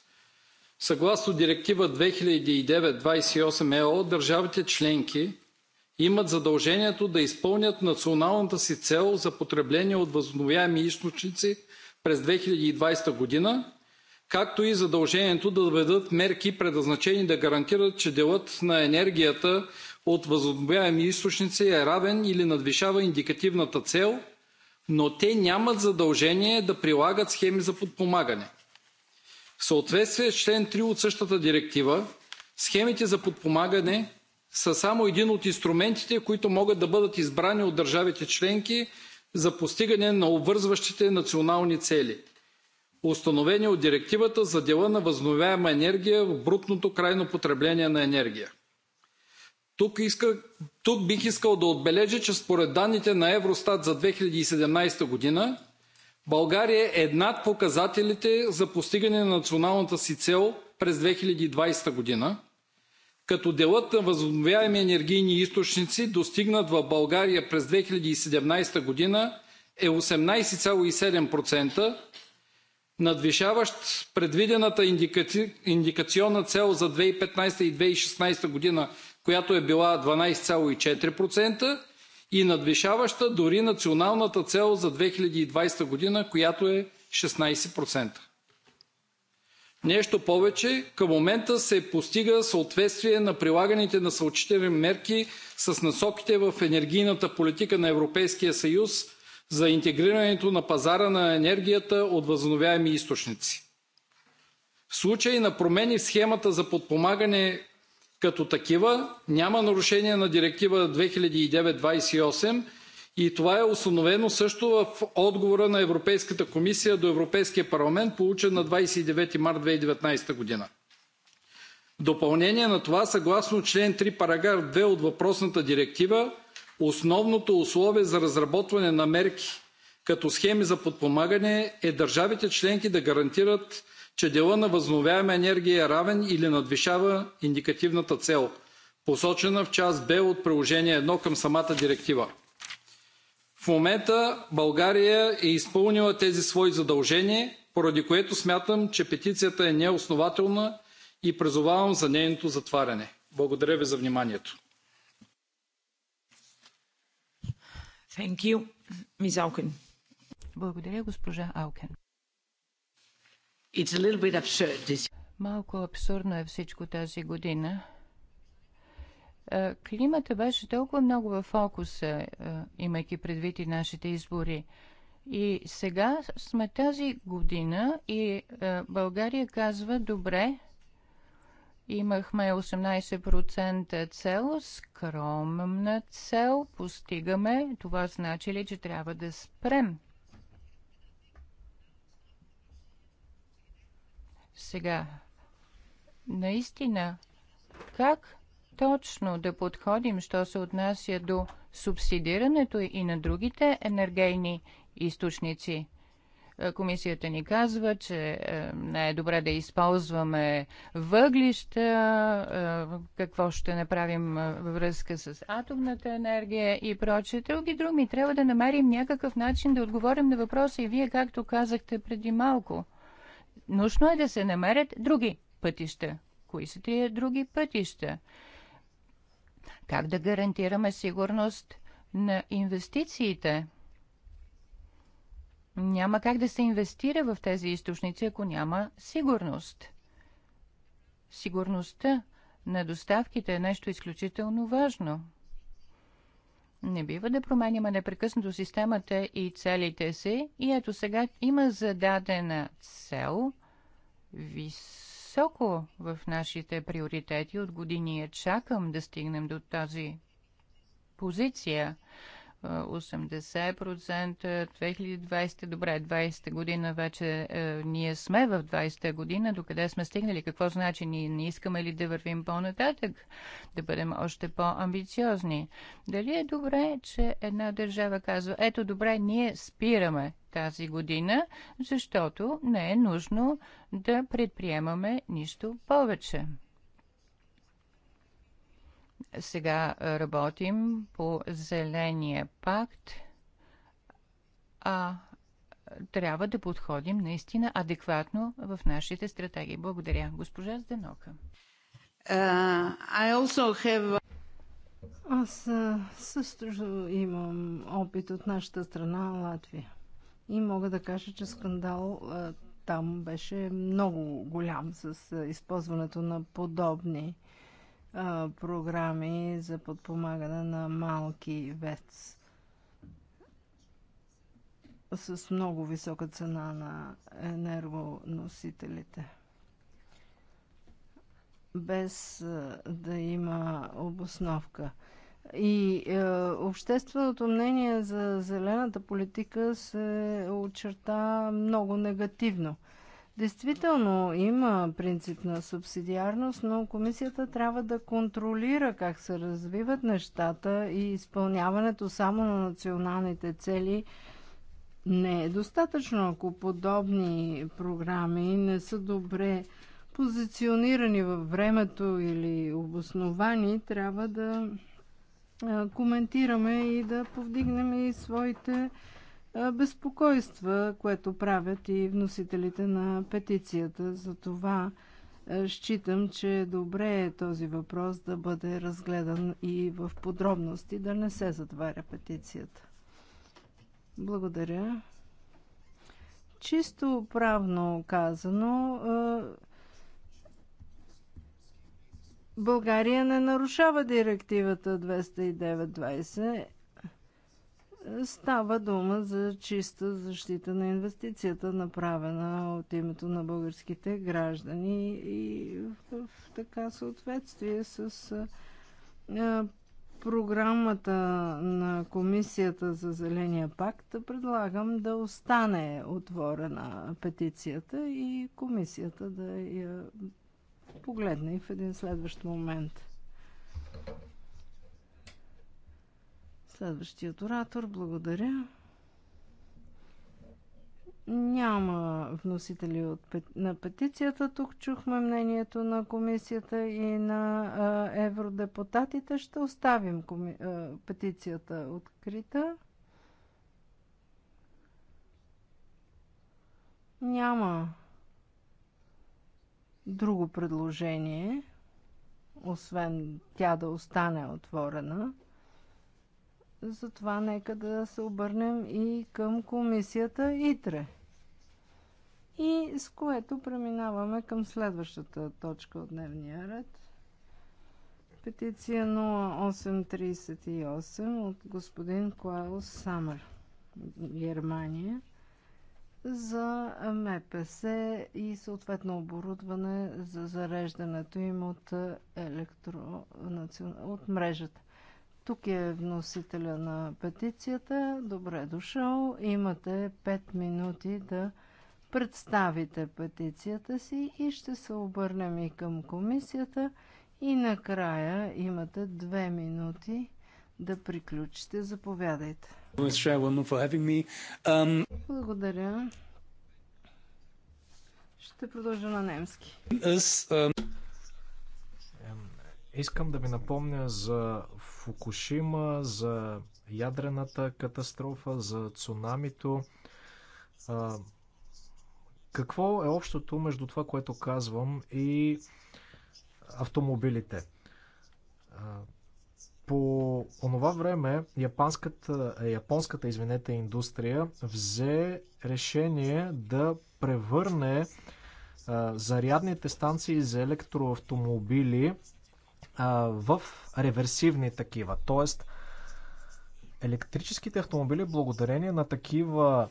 Съгласно Директива 2009/28/ЕО е държавите членки имат задължението да изпълнят националната си цел за потребление от възобновяеми източници през 2020 година, както и задължението да въведат мерки, предназначени да гарантират, че делът на енергията от възобновяеми източници е равен или надвишава индикативната цел, но те нямат задължение да прилагат схеми за подпомагане. В съответствие с член 3 от същата директива, схемите за подпомагане са само един от инструментите, които могат да бъдат избрани от държавите членки за постигане на обвързващите национални цели, установени от директивата за дела на възобновяема енергия в брутното крайно потребление на енергия. Тук, иска, тук бих искал да отбележа, че според данните на Евростат за 2017 година България е една от показателите за постигане на националната си цел през 2020 година, като делът на възобновяеми енергийни източници, достигнат в България през 2017 година, е 18,7%, надвишаващ предвидената индикационна цел за 2015 и 2016 година, която е била 12,4%, и надвишаваща дори националната цел за 2020 година, която е 16%. Нещо повече, към момента се постига съответствие на прилаганите съучителни мерки с насоките в енергийната политика на Европейския съюз за интегрирането на пазара на енергията от възобновяеми източници. В случай на промени в схемата за подпомагане като такива, няма нарушение на Директива 2009-28 и това е установено също в отговора на Европейската комисия до Европейския парламент, получен на 29 март 2019 година. В допълнение на това, съгласно член 3, параграф 2 от въпросната директива, основното условие за разработване на мерки като схеми за подпомагане е държавите членки да гарантират че делът на възновяема енергия е равен или надвишава индикативната цел, посочена в част Б от приложение 1 към самата директива. В момента България е изпълнила тези свои задължения, поради което смятам, че петицията е неоснователна и призовавам за нейното затваряне. Благодаря ви за вниманието. Thank you. Ms. Auken. Благодаря, госпожа Алкен. Absurd, Малко абсурдно е всичко тази година. Е, климата беше толкова много в фокуса, е, имайки предвид и нашите избори. И сега сме тази година и е, България казва, добре, имахме 18% цел, скромна цел, постигаме. Това значи ли, че трябва да спрем? Сега, наистина, как точно да подходим, що се отнася до субсидирането и на другите енергийни източници? Е, комисията ни казва, че е, не е добре да използваме въглища, е, какво ще направим във връзка с атомната енергия и прочее. Други други. Трябва да намерим някакъв начин да отговорим на въпроса и вие, както казахте преди малко – нужно е да се намерят други пътища. Кои са тия други пътища? Как да гарантираме сигурност на инвестициите? Няма как да се инвестира в тези източници, ако няма сигурност. Сигурността на доставките е нещо изключително важно. Не бива да променяме непрекъснато системата и целите си. И ето сега има зададена цел високо в нашите приоритети от години. Чакам да стигнем до тази позиция. 80%, 2020, добре, 20 та година вече е, ние сме в 20 та година, докъде сме стигнали, какво значи ние не искаме ли да вървим по-нататък, да бъдем още по-амбициозни. Дали е добре, че една държава казва, ето добре, ние спираме тази година, защото не е нужно да предприемаме нищо повече. Сега е, работим по Зеления пакт, а трябва да подходим наистина адекватно в нашите стратегии. Благодаря. Госпожа Зденока. Uh, е, have... Аз е, също имам опит от нашата страна, Латвия. И мога да кажа, че скандал там беше много голям с използването на подобни програми за подпомагане на малки ВЕЦ с много висока цена на енергоносителите. Без да има обосновка. И е, общественото мнение за зелената политика се очерта много негативно. Действително има принцип на субсидиарност, но комисията трябва да контролира как се развиват нещата и изпълняването само на националните цели не е достатъчно, ако подобни програми не са добре позиционирани във времето или обосновани, трябва да коментираме и да повдигнем и своите безпокойства, което правят и вносителите на петицията. За това считам, че е добре е този въпрос да бъде разгледан и в подробности, да не се затваря петицията. Благодаря. Чисто правно казано, България не нарушава директивата 209 Става дума за чиста защита на инвестицията, направена от името на българските граждани и в, в така съответствие с а, програмата на Комисията за Зеления пакт. Предлагам да остане отворена петицията и комисията да я погледне и в един следващ момент. Следващият оратор, благодаря. Няма вносители от, на петицията. Тук чухме мнението на комисията и на евродепутатите. Ще оставим коми, петицията открита. Няма друго предложение, освен тя да остане отворена. Затова нека да се обърнем и към комисията ИТРЕ. И с което преминаваме към следващата точка от дневния ред. Петиция 0838 от господин Клаус Самър, Германия, за МПС и съответно оборудване за зареждането им от, електро... от мрежата. Тук е вносителя на петицията. Добре дошъл. Имате 5 минути да представите петицията си и ще се обърнем и към комисията. И накрая имате 2 минути да приключите. Заповядайте. Um, Благодаря. Ще продължа на немски. Um, Искам да ви напомня за Фукушима, за ядрената катастрофа, за цунамито. А, какво е общото между това, което казвам и автомобилите? по онова време японската, японската извинете, индустрия взе решение да превърне а, зарядните станции за електроавтомобили в реверсивни такива. Тоест, електрическите автомобили, благодарение на такива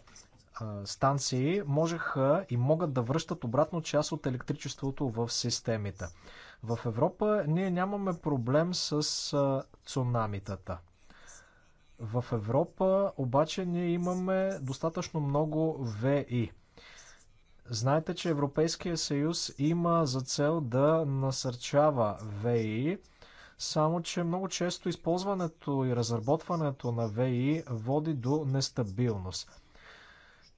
станции, можеха и могат да връщат обратно част от електричеството в системите. В Европа ние нямаме проблем с цунамитата. В Европа обаче ние имаме достатъчно много ВИ. Знаете, че Европейския съюз има за цел да насърчава ВИ, само че много често използването и разработването на ВИ води до нестабилност.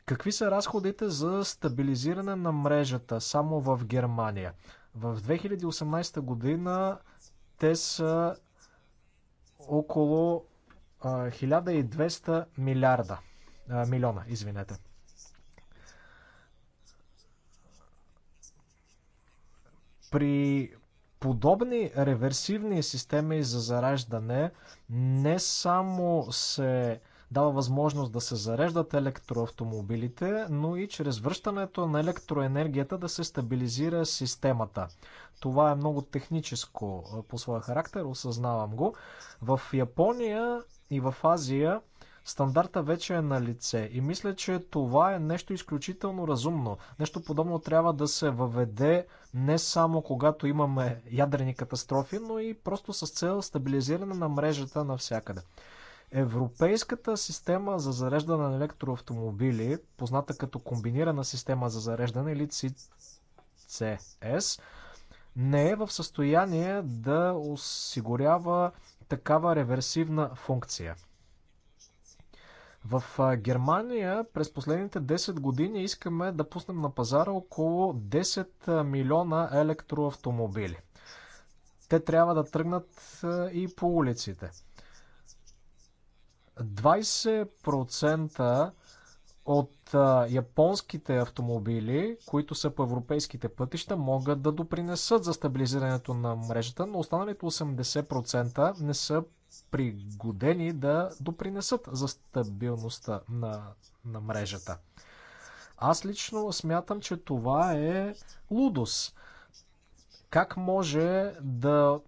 Какви са разходите за стабилизиране на мрежата само в Германия? В 2018 година те са около 1200 милиарда, милиона, извинете. При подобни реверсивни системи за зареждане не само се дава възможност да се зареждат електроавтомобилите, но и чрез връщането на електроенергията да се стабилизира системата. Това е много техническо по своя характер, осъзнавам го. В Япония и в Азия Стандарта вече е на лице и мисля, че това е нещо изключително разумно. Нещо подобно трябва да се въведе не само когато имаме ядрени катастрофи, но и просто с цел стабилизиране на мрежата навсякъде. Европейската система за зареждане на електроавтомобили, позната като комбинирана система за зареждане или CCS, не е в състояние да осигурява такава реверсивна функция – в Германия през последните 10 години искаме да пуснем на пазара около 10 милиона електроавтомобили. Те трябва да тръгнат и по улиците. 20% от японските автомобили, които са по европейските пътища, могат да допринесат за стабилизирането на мрежата, но останалите 80% не са пригодени да допринесат за стабилността на, на мрежата. Аз лично смятам, че това е лудост. Как може да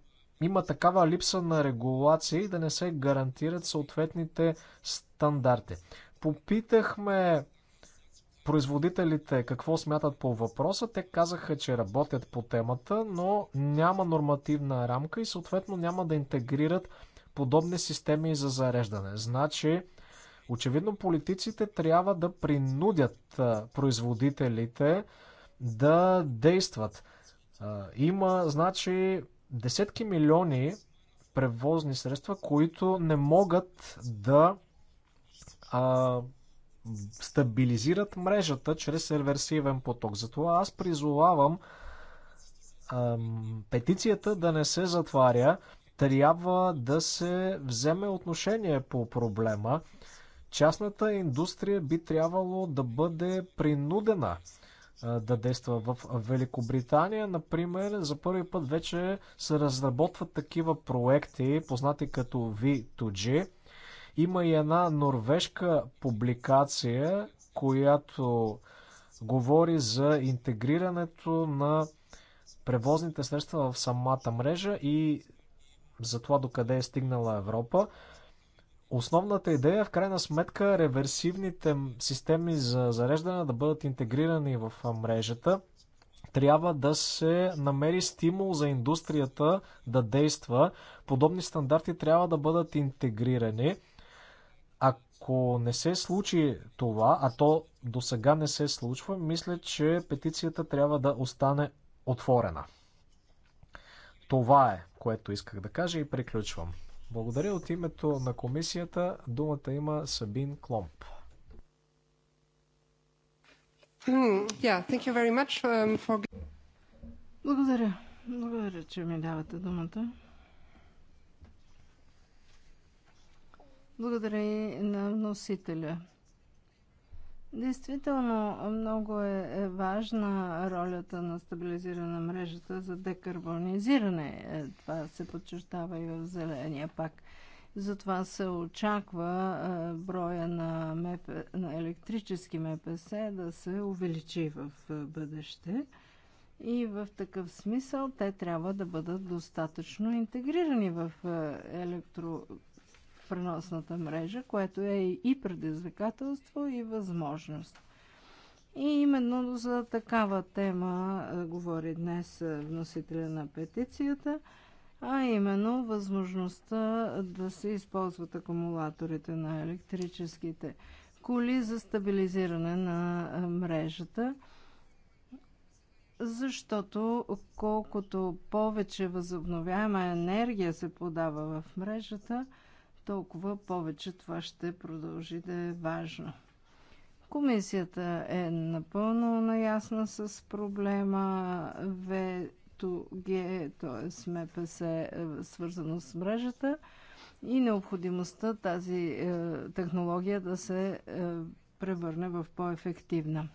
има такава липса на и да не се гарантират съответните стандарти? Попитахме производителите какво смятат по въпроса. Те казаха, че работят по темата, но няма нормативна рамка и съответно няма да интегрират подобни системи за зареждане. Значи, очевидно политиците трябва да принудят производителите да действат. Има, значи, десетки милиони превозни средства, които не могат да а, стабилизират мрежата чрез реверсивен поток. Затова аз призовавам петицията да не се затваря, трябва да се вземе отношение по проблема. Частната индустрия би трябвало да бъде принудена да действа. В Великобритания, например, за първи път вече се разработват такива проекти, познати като V2G. Има и една норвежка публикация, която говори за интегрирането на превозните средства в самата мрежа и за това докъде е стигнала Европа. Основната идея е в крайна сметка реверсивните системи за зареждане да бъдат интегрирани в мрежата. Трябва да се намери стимул за индустрията да действа. Подобни стандарти трябва да бъдат интегрирани. Ако не се случи това, а то до сега не се случва, мисля, че петицията трябва да остане отворена. Това е, което исках да кажа и приключвам. Благодаря от името на комисията. Думата има Сабин Кломп. Mm, um, Благодаря. Благодаря, че ми давате думата. Благодаря и на носителя. Действително много е, е важна ролята на стабилизиране на мрежата за декарбонизиране. Е, това се подчертава и в Зеления пак. Затова се очаква е, броя на, МП, на електрически МПС да се увеличи в бъдеще. И в такъв смисъл те трябва да бъдат достатъчно интегрирани в електро преносната мрежа, което е и предизвикателство, и възможност. И именно за такава тема говори днес вносителя на петицията, а именно възможността да се използват акумулаторите на електрическите коли за стабилизиране на мрежата защото колкото повече възобновяема енергия се подава в мрежата, толкова повече това ще продължи да е важно. Комисията е напълно наясна с проблема ВТГ, т.е. МПС, е, свързано с мрежата и необходимостта тази е, технология да се е, превърне в по-ефективна.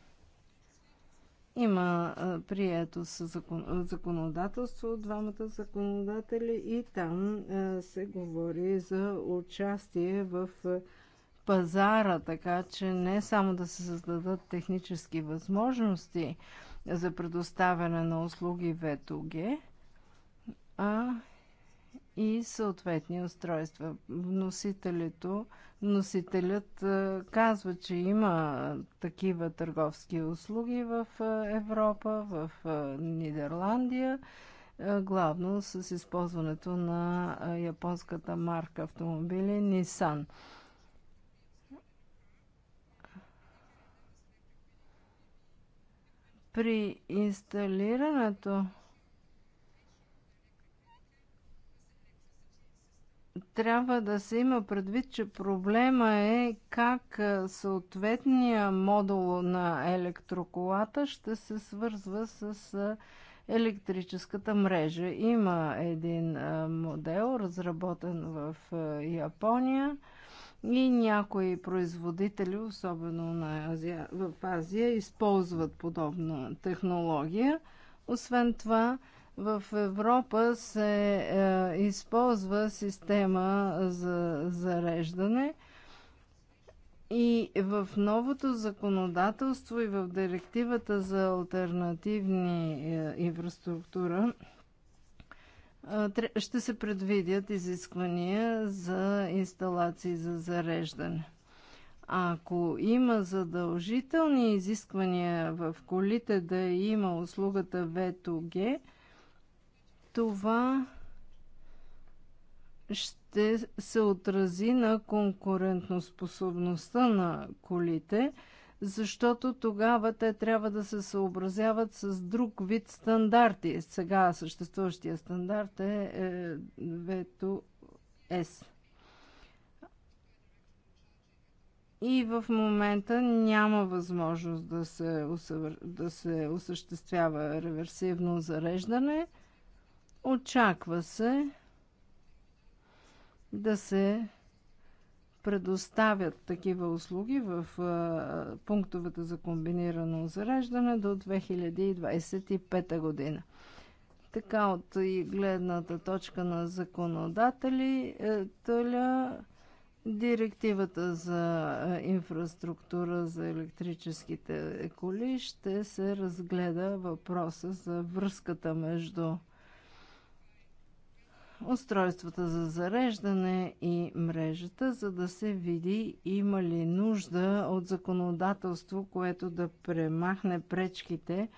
Има прието с закон, законодателство от двамата законодатели и там се говори за участие в пазара, така че не само да се създадат технически възможности за предоставяне на услуги ЕТОГЕ, а и съответни устройства. Вносителето, вносителят казва, че има такива търговски услуги в Европа, в Нидерландия, главно с използването на японската марка автомобили Nissan. При инсталирането трябва да се има предвид, че проблема е как съответния модул на електроколата ще се свързва с електрическата мрежа. Има един модел, разработен в Япония и някои производители, особено на Азия, в Азия, използват подобна технология. Освен това, в Европа се е, използва система за зареждане и в новото законодателство и в директивата за альтернативни е, инфраструктура е, ще се предвидят изисквания за инсталации за зареждане. Ако има задължителни изисквания в колите да има услугата V2G, това ще се отрази на конкурентноспособността на колите, защото тогава те трябва да се съобразяват с друг вид стандарти. Сега съществуващия стандарт е, е вето С. И в момента няма възможност да се, усъвър... да се осъществява реверсивно зареждане – Очаква се да се предоставят такива услуги в пунктовете за комбинирано зареждане до 2025 година. Така от и гледната точка на законодатели, е, тъля директивата за инфраструктура за електрическите коли ще се разгледа въпроса за връзката между устройствата за зареждане и мрежата, за да се види има ли нужда от законодателство, което да премахне пречките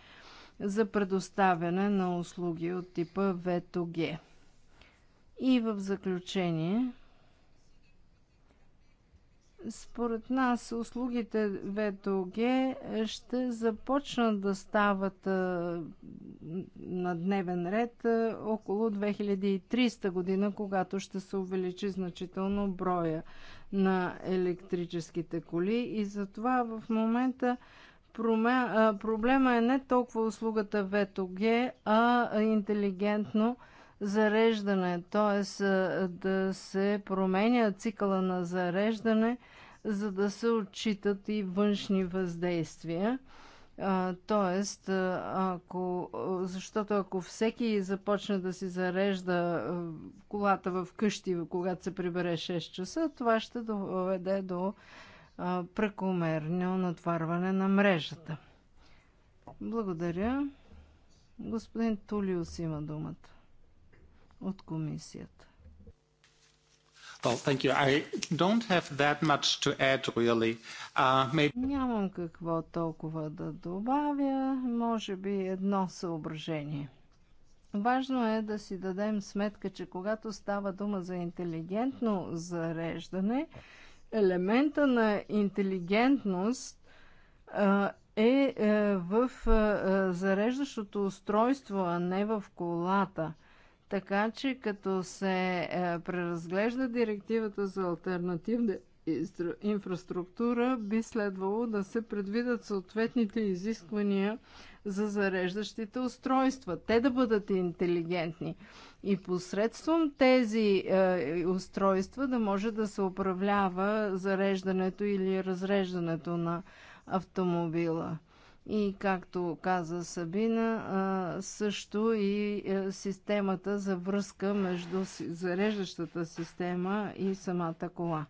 за предоставяне на услуги от типа V2G. И в заключение, според нас услугите ВТОГ ще започнат да стават на дневен ред около 2300 година, когато ще се увеличи значително броя на електрическите коли. И затова в момента проблема е не толкова услугата ВТОГ, а интелигентно зареждане, т.е. да се променя цикъла на зареждане, за да се отчитат и външни въздействия. Тоест, ако, защото ако всеки започне да си зарежда колата в къщи, когато се прибере 6 часа, това ще доведе до прекомерно натварване на мрежата. Благодаря. Господин Тулиус има думата от комисията. Well, thank you. I don't have that much to add, really. Uh, maybe... Нямам какво толкова да добавя, може би едно съображение. Важно е да си дадем сметка, че когато става дума за интелигентно зареждане, елемента на интелигентност е, е в зареждащото устройство, а не в колата – така че като се е, преразглежда директивата за альтернативна инфраструктура, би следвало да се предвидят съответните изисквания за зареждащите устройства. Те да бъдат интелигентни и посредством тези е, устройства да може да се управлява зареждането или разреждането на автомобила и както каза Сабина, също и е, системата за връзка между зареждащата система и самата кола.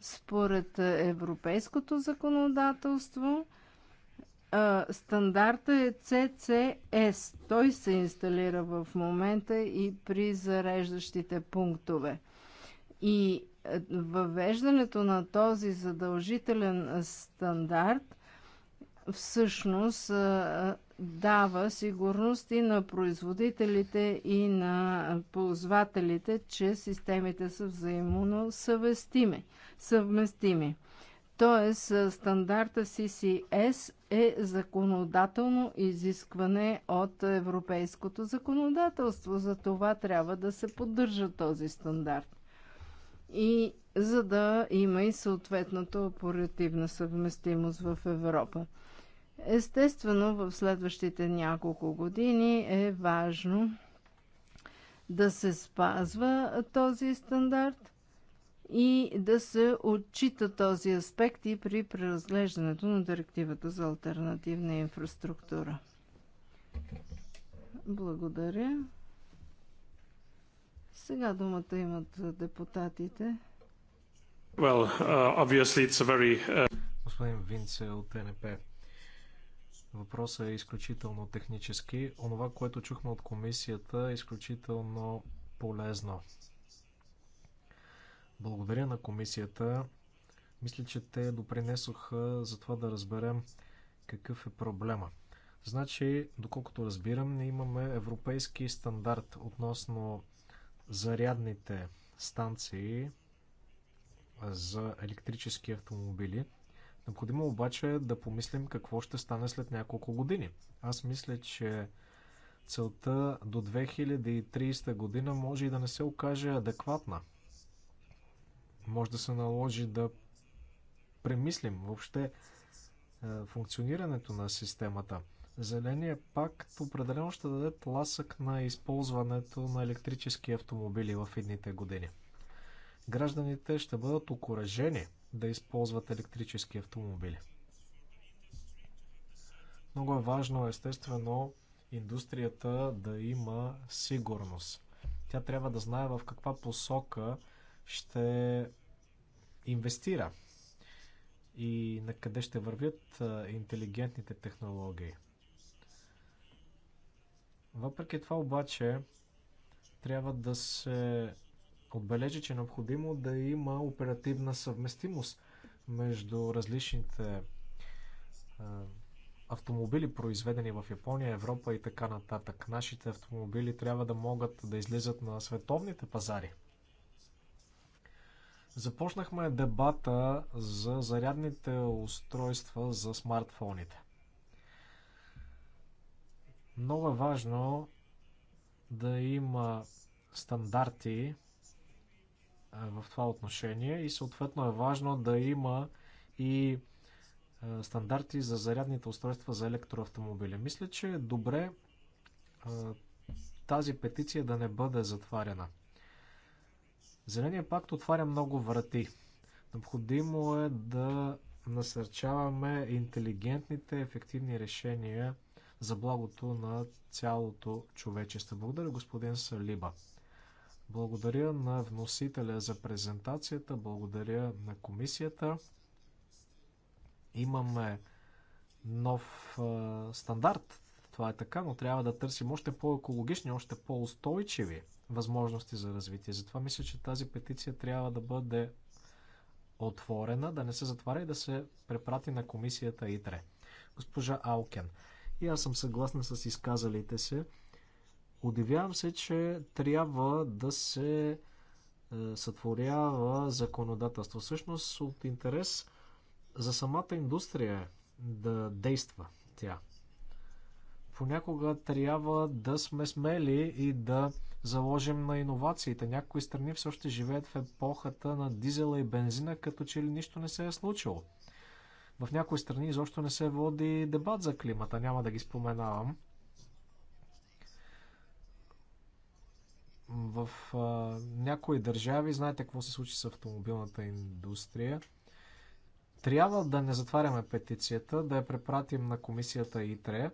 Според е, европейското законодателство, стандарта е CCS. Той се инсталира в момента и при зареждащите пунктове. И е, въвеждането на този задължителен стандарт – всъщност дава сигурност и на производителите, и на ползвателите, че системите са взаимно съвместими. съвместими. Тоест, стандарта CCS е законодателно изискване от европейското законодателство. За това трябва да се поддържа този стандарт. И за да има и съответната оперативна съвместимост в Европа. Естествено, в следващите няколко години е важно да се спазва този стандарт и да се отчита този аспект и при преразглеждането на директивата за альтернативна инфраструктура. Благодаря. Сега думата имат депутатите. Well, uh, obviously it's a very, uh... Господин Винце от ТНП. Въпросът е изключително технически. Онова, което чухме от комисията е изключително полезно. Благодаря на комисията. Мисля, че те допринесоха за това да разберем какъв е проблема. Значи, доколкото разбирам, не имаме европейски стандарт относно зарядните станции за електрически автомобили – Необходимо обаче да помислим какво ще стане след няколко години. Аз мисля, че целта до 2030 година може и да не се окаже адекватна. Може да се наложи да премислим въобще е, функционирането на системата. Зеления пакт определено ще даде тласък на използването на електрически автомобили в едните години. Гражданите ще бъдат окоръжени – да използват електрически автомобили. Много е важно, естествено, индустрията да има сигурност. Тя трябва да знае в каква посока ще инвестира и на къде ще вървят интелигентните технологии. Въпреки това обаче трябва да се отбележи, че е необходимо да има оперативна съвместимост между различните е, автомобили, произведени в Япония, Европа и така нататък. Нашите автомобили трябва да могат да излизат на световните пазари. Започнахме дебата за зарядните устройства за смартфоните. Много е важно да има стандарти, в това отношение и съответно е важно да има и стандарти за зарядните устройства за електроавтомобили. Мисля, че е добре тази петиция да не бъде затваряна. Зеления пакт отваря много врати. Необходимо е да насърчаваме интелигентните, ефективни решения за благото на цялото човечество. Благодаря, господин Салиба. Благодаря на вносителя за презентацията, благодаря на комисията. Имаме нов а, стандарт. Това е така, но трябва да търсим още по-екологични, още по-устойчиви възможности за развитие. Затова мисля, че тази петиция трябва да бъде отворена, да не се затваря и да се препрати на комисията ИТРЕ. Госпожа Алкен, и аз съм съгласна с изказалите се. Удивявам се, че трябва да се е, сътворява законодателство. Всъщност от интерес за самата индустрия е да действа тя. Понякога трябва да сме смели и да заложим на иновациите. Някои страни все още живеят в епохата на дизела и бензина, като че ли нищо не се е случило. В някои страни изобщо не се води дебат за климата, няма да ги споменавам. В а, някои държави, знаете какво се случи с автомобилната индустрия. Трябва да не затваряме петицията, да я препратим на комисията ИТРЕ.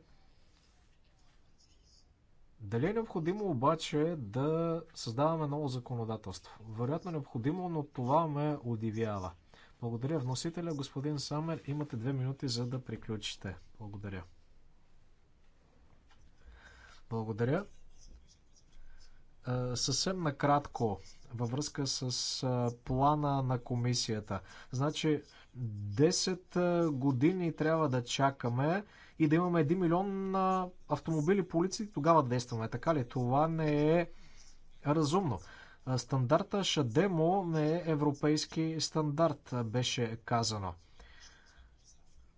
Дали е необходимо обаче да създаваме ново законодателство? Вероятно е необходимо, но това ме удивява. Благодаря вносителя, господин Самер. Имате две минути за да приключите. Благодаря. Благодаря. Е, съвсем накратко, във връзка с е, плана на комисията. Значи, 10 е, години трябва да чакаме и да имаме 1 милион автомобили по улици, тогава действаме. Така ли? Това не е разумно. Стандарта Шадемо не е европейски стандарт, беше казано.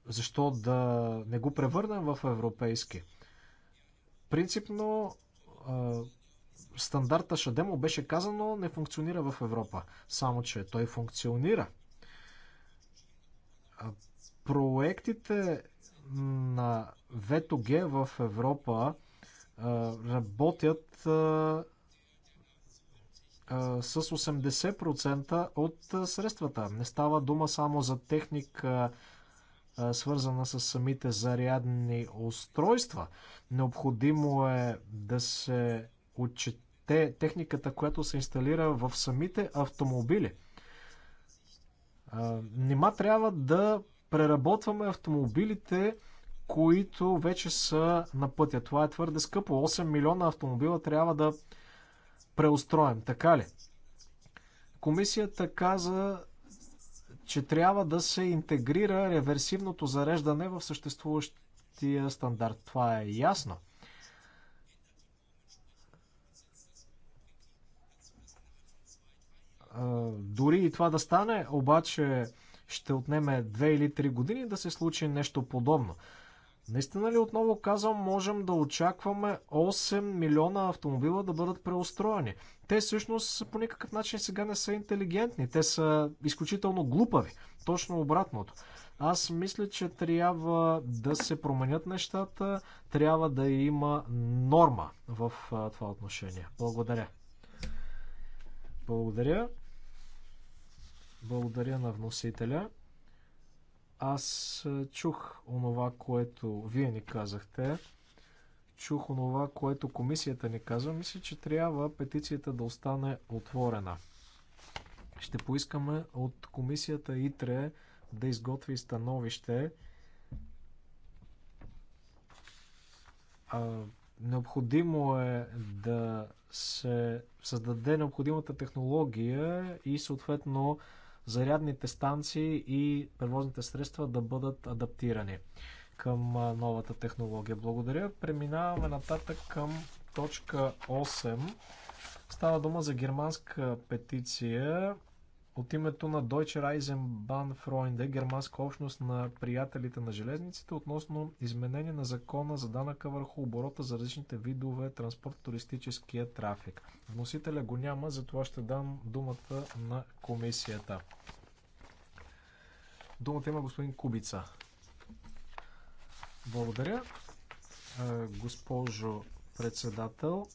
Защо да не го превърнем в европейски? Принципно стандарта Шадемо беше казано не функционира в Европа. Само, че той функционира. Проектите на Ветог в Европа работят с 80% от средствата. Не става дума само за техника, свързана с самите зарядни устройства. Необходимо е да се отчете те техниката, която се инсталира в самите автомобили. Нима трябва да преработваме автомобилите, които вече са на пътя. Това е твърде скъпо. 8 милиона автомобила трябва да преустроим. Така ли? Комисията каза, че трябва да се интегрира реверсивното зареждане в съществуващия стандарт. Това е ясно. Дори и това да стане, обаче ще отнеме 2 или 3 години да се случи нещо подобно. Наистина ли отново казвам, можем да очакваме 8 милиона автомобила да бъдат преустроени? Те всъщност по никакъв начин сега не са интелигентни, те са изключително глупави. Точно обратното. Аз мисля, че трябва да се променят нещата, трябва да има норма в това отношение. Благодаря. Благодаря. Благодаря на вносителя. Аз е, чух онова, което вие ни казахте. Чух онова, което комисията ни казва. Мисля, че трябва петицията да остане отворена. Ще поискаме от комисията ИТРЕ да изготви становище. необходимо е да се създаде необходимата технология и съответно зарядните станции и превозните средства да бъдат адаптирани към новата технология. Благодаря. Преминаваме нататък към точка 8. Става дума за германска петиция от името на Deutsche Reisenbahn Freunde, германска общност на приятелите на железниците, относно изменение на закона за данъка върху оборота за различните видове транспорт, туристическия трафик. Вносителя го няма, затова ще дам думата на комисията. Думата има господин Кубица. Благодаря, е, госпожо председател.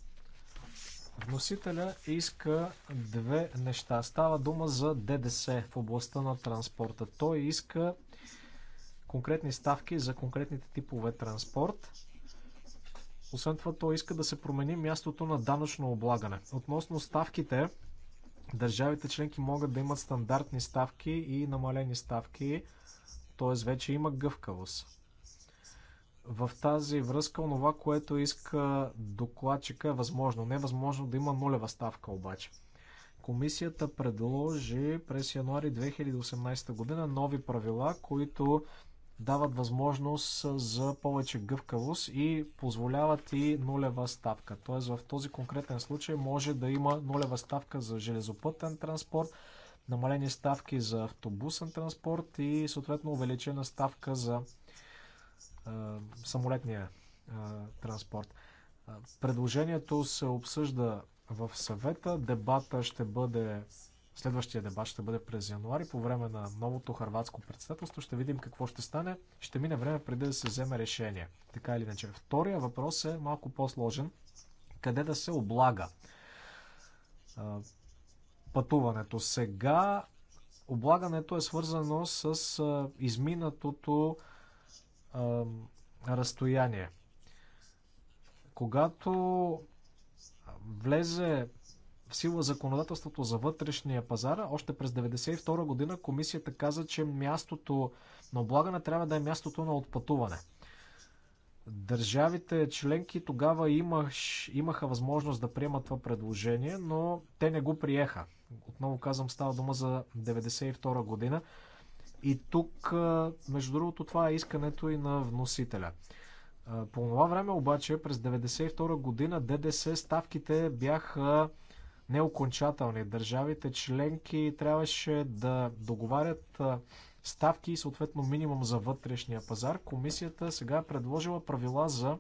Вносителя иска две неща. Става дума за ДДС в областта на транспорта. Той иска конкретни ставки за конкретните типове транспорт. Освен това, той иска да се промени мястото на данъчно облагане. Относно ставките, държавите членки могат да имат стандартни ставки и намалени ставки, т.е. вече има гъвкавост в тази връзка онова, което иска докладчика е възможно. Не е възможно да има нулева ставка обаче. Комисията предложи през януари 2018 година нови правила, които дават възможност за повече гъвкавост и позволяват и нулева ставка. Т.е. в този конкретен случай може да има нулева ставка за железопътен транспорт, намалени ставки за автобусен транспорт и съответно увеличена ставка за самолетния транспорт. Предложението се обсъжда в съвета. Дебата ще бъде Следващия дебат ще бъде през януари по време на новото харватско председателство. Ще видим какво ще стане. Ще мине време преди да се вземе решение. Така или иначе. Втория въпрос е малко по-сложен. Къде да се облага пътуването? Сега облагането е свързано с изминатото а, разстояние. Когато влезе в сила законодателството за вътрешния пазар, още през 1992 година комисията каза, че мястото на облагане трябва да е мястото на отпътуване. Държавите членки тогава имаш, имаха възможност да приемат това предложение, но те не го приеха. Отново казвам, става дума за 1992 година. И тук, между другото, това е искането и на вносителя. По това време обаче, през 1992 година, ДДС ставките бяха неокончателни. Държавите членки трябваше да договарят ставки и съответно минимум за вътрешния пазар. Комисията сега е предложила правила за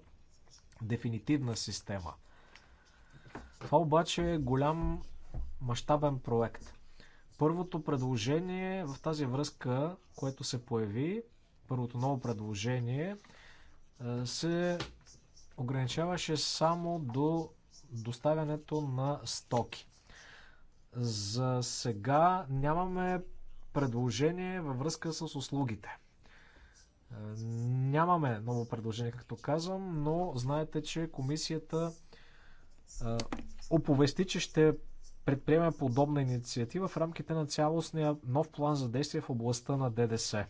дефинитивна система. Това обаче е голям мащабен проект. Първото предложение в тази връзка, което се появи, първото ново предложение, е, се ограничаваше само до доставянето на стоки. За сега нямаме предложение във връзка с услугите. Е, нямаме ново предложение, както казвам, но знаете, че комисията е, оповести, че ще предприеме подобна инициатива в рамките на цялостния нов план за действие в областта на ДДС.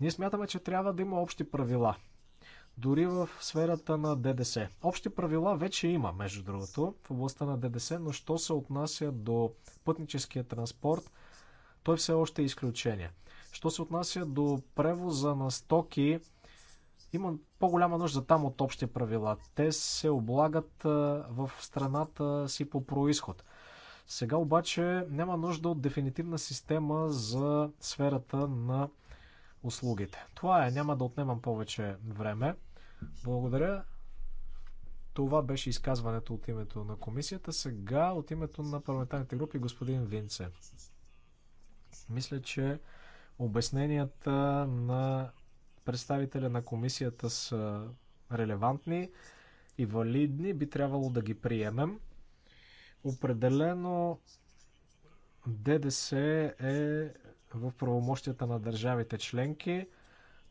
Ние смятаме, че трябва да има общи правила. Дори в сферата на ДДС. Общи правила вече има, между другото, в областта на ДДС, но що се отнася до пътническия транспорт, той все още е изключение. Що се отнася до превоза на стоки, има по-голяма нужда там от общи правила. Те се облагат в страната си по происход. Сега обаче няма нужда от дефинитивна система за сферата на услугите. Това е, няма да отнемам повече време. Благодаря. Това беше изказването от името на комисията. Сега от името на парламентарните групи господин Винце. Мисля, че обясненията на представителя на комисията са релевантни и валидни, би трябвало да ги приемем. Определено ДДС е в правомощията на държавите членки.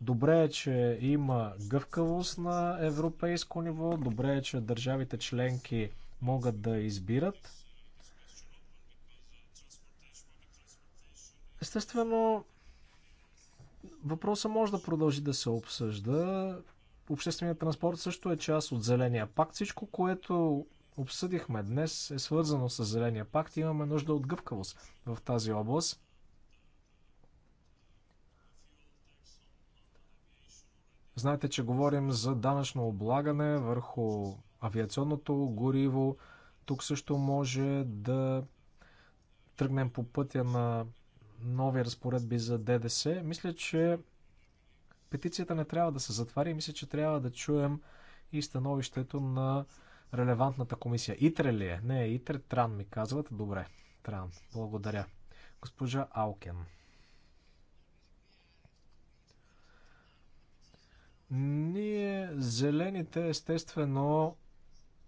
Добре е, че има гъвкавост на европейско ниво, добре е, че държавите членки могат да избират. Естествено, Въпросът може да продължи да се обсъжда. Общественият транспорт също е част от Зеления пакт. Всичко, което обсъдихме днес, е свързано с Зеления пакт и имаме нужда от гъвкавост в тази област. Знаете, че говорим за данъчно облагане върху авиационното гориво. Тук също може да тръгнем по пътя на нови разпоредби за ДДС. Мисля, че петицията не трябва да се затваря мисля, че трябва да чуем и становището на релевантната комисия. Итре ли е? Не, Итре Тран ми казват. Добре, Тран. Благодаря. Госпожа Алкен. Ние, зелените, естествено,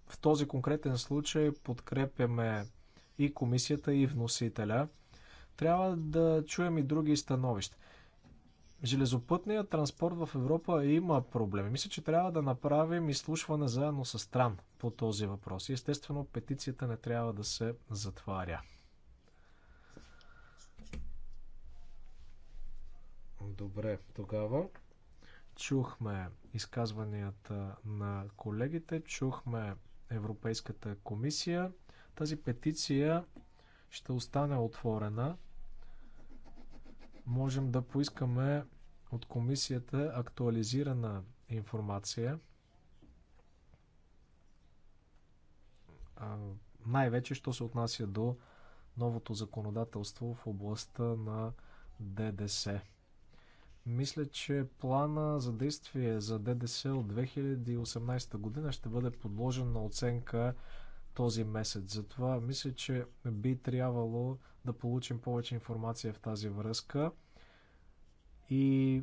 в този конкретен случай подкрепяме и комисията, и вносителя – трябва да чуем и други становища. Железопътният транспорт в Европа има проблеми. Мисля, че трябва да направим изслушване заедно с Тран по този въпрос. И естествено, петицията не трябва да се затваря. Добре, тогава чухме изказванията на колегите, чухме Европейската комисия. Тази петиция ще остане отворена можем да поискаме от комисията актуализирана информация. Най-вече, що се отнася до новото законодателство в областта на ДДС. Мисля, че плана за действие за ДДС от 2018 година ще бъде подложен на оценка този месец. Затова мисля, че би трябвало да получим повече информация в тази връзка и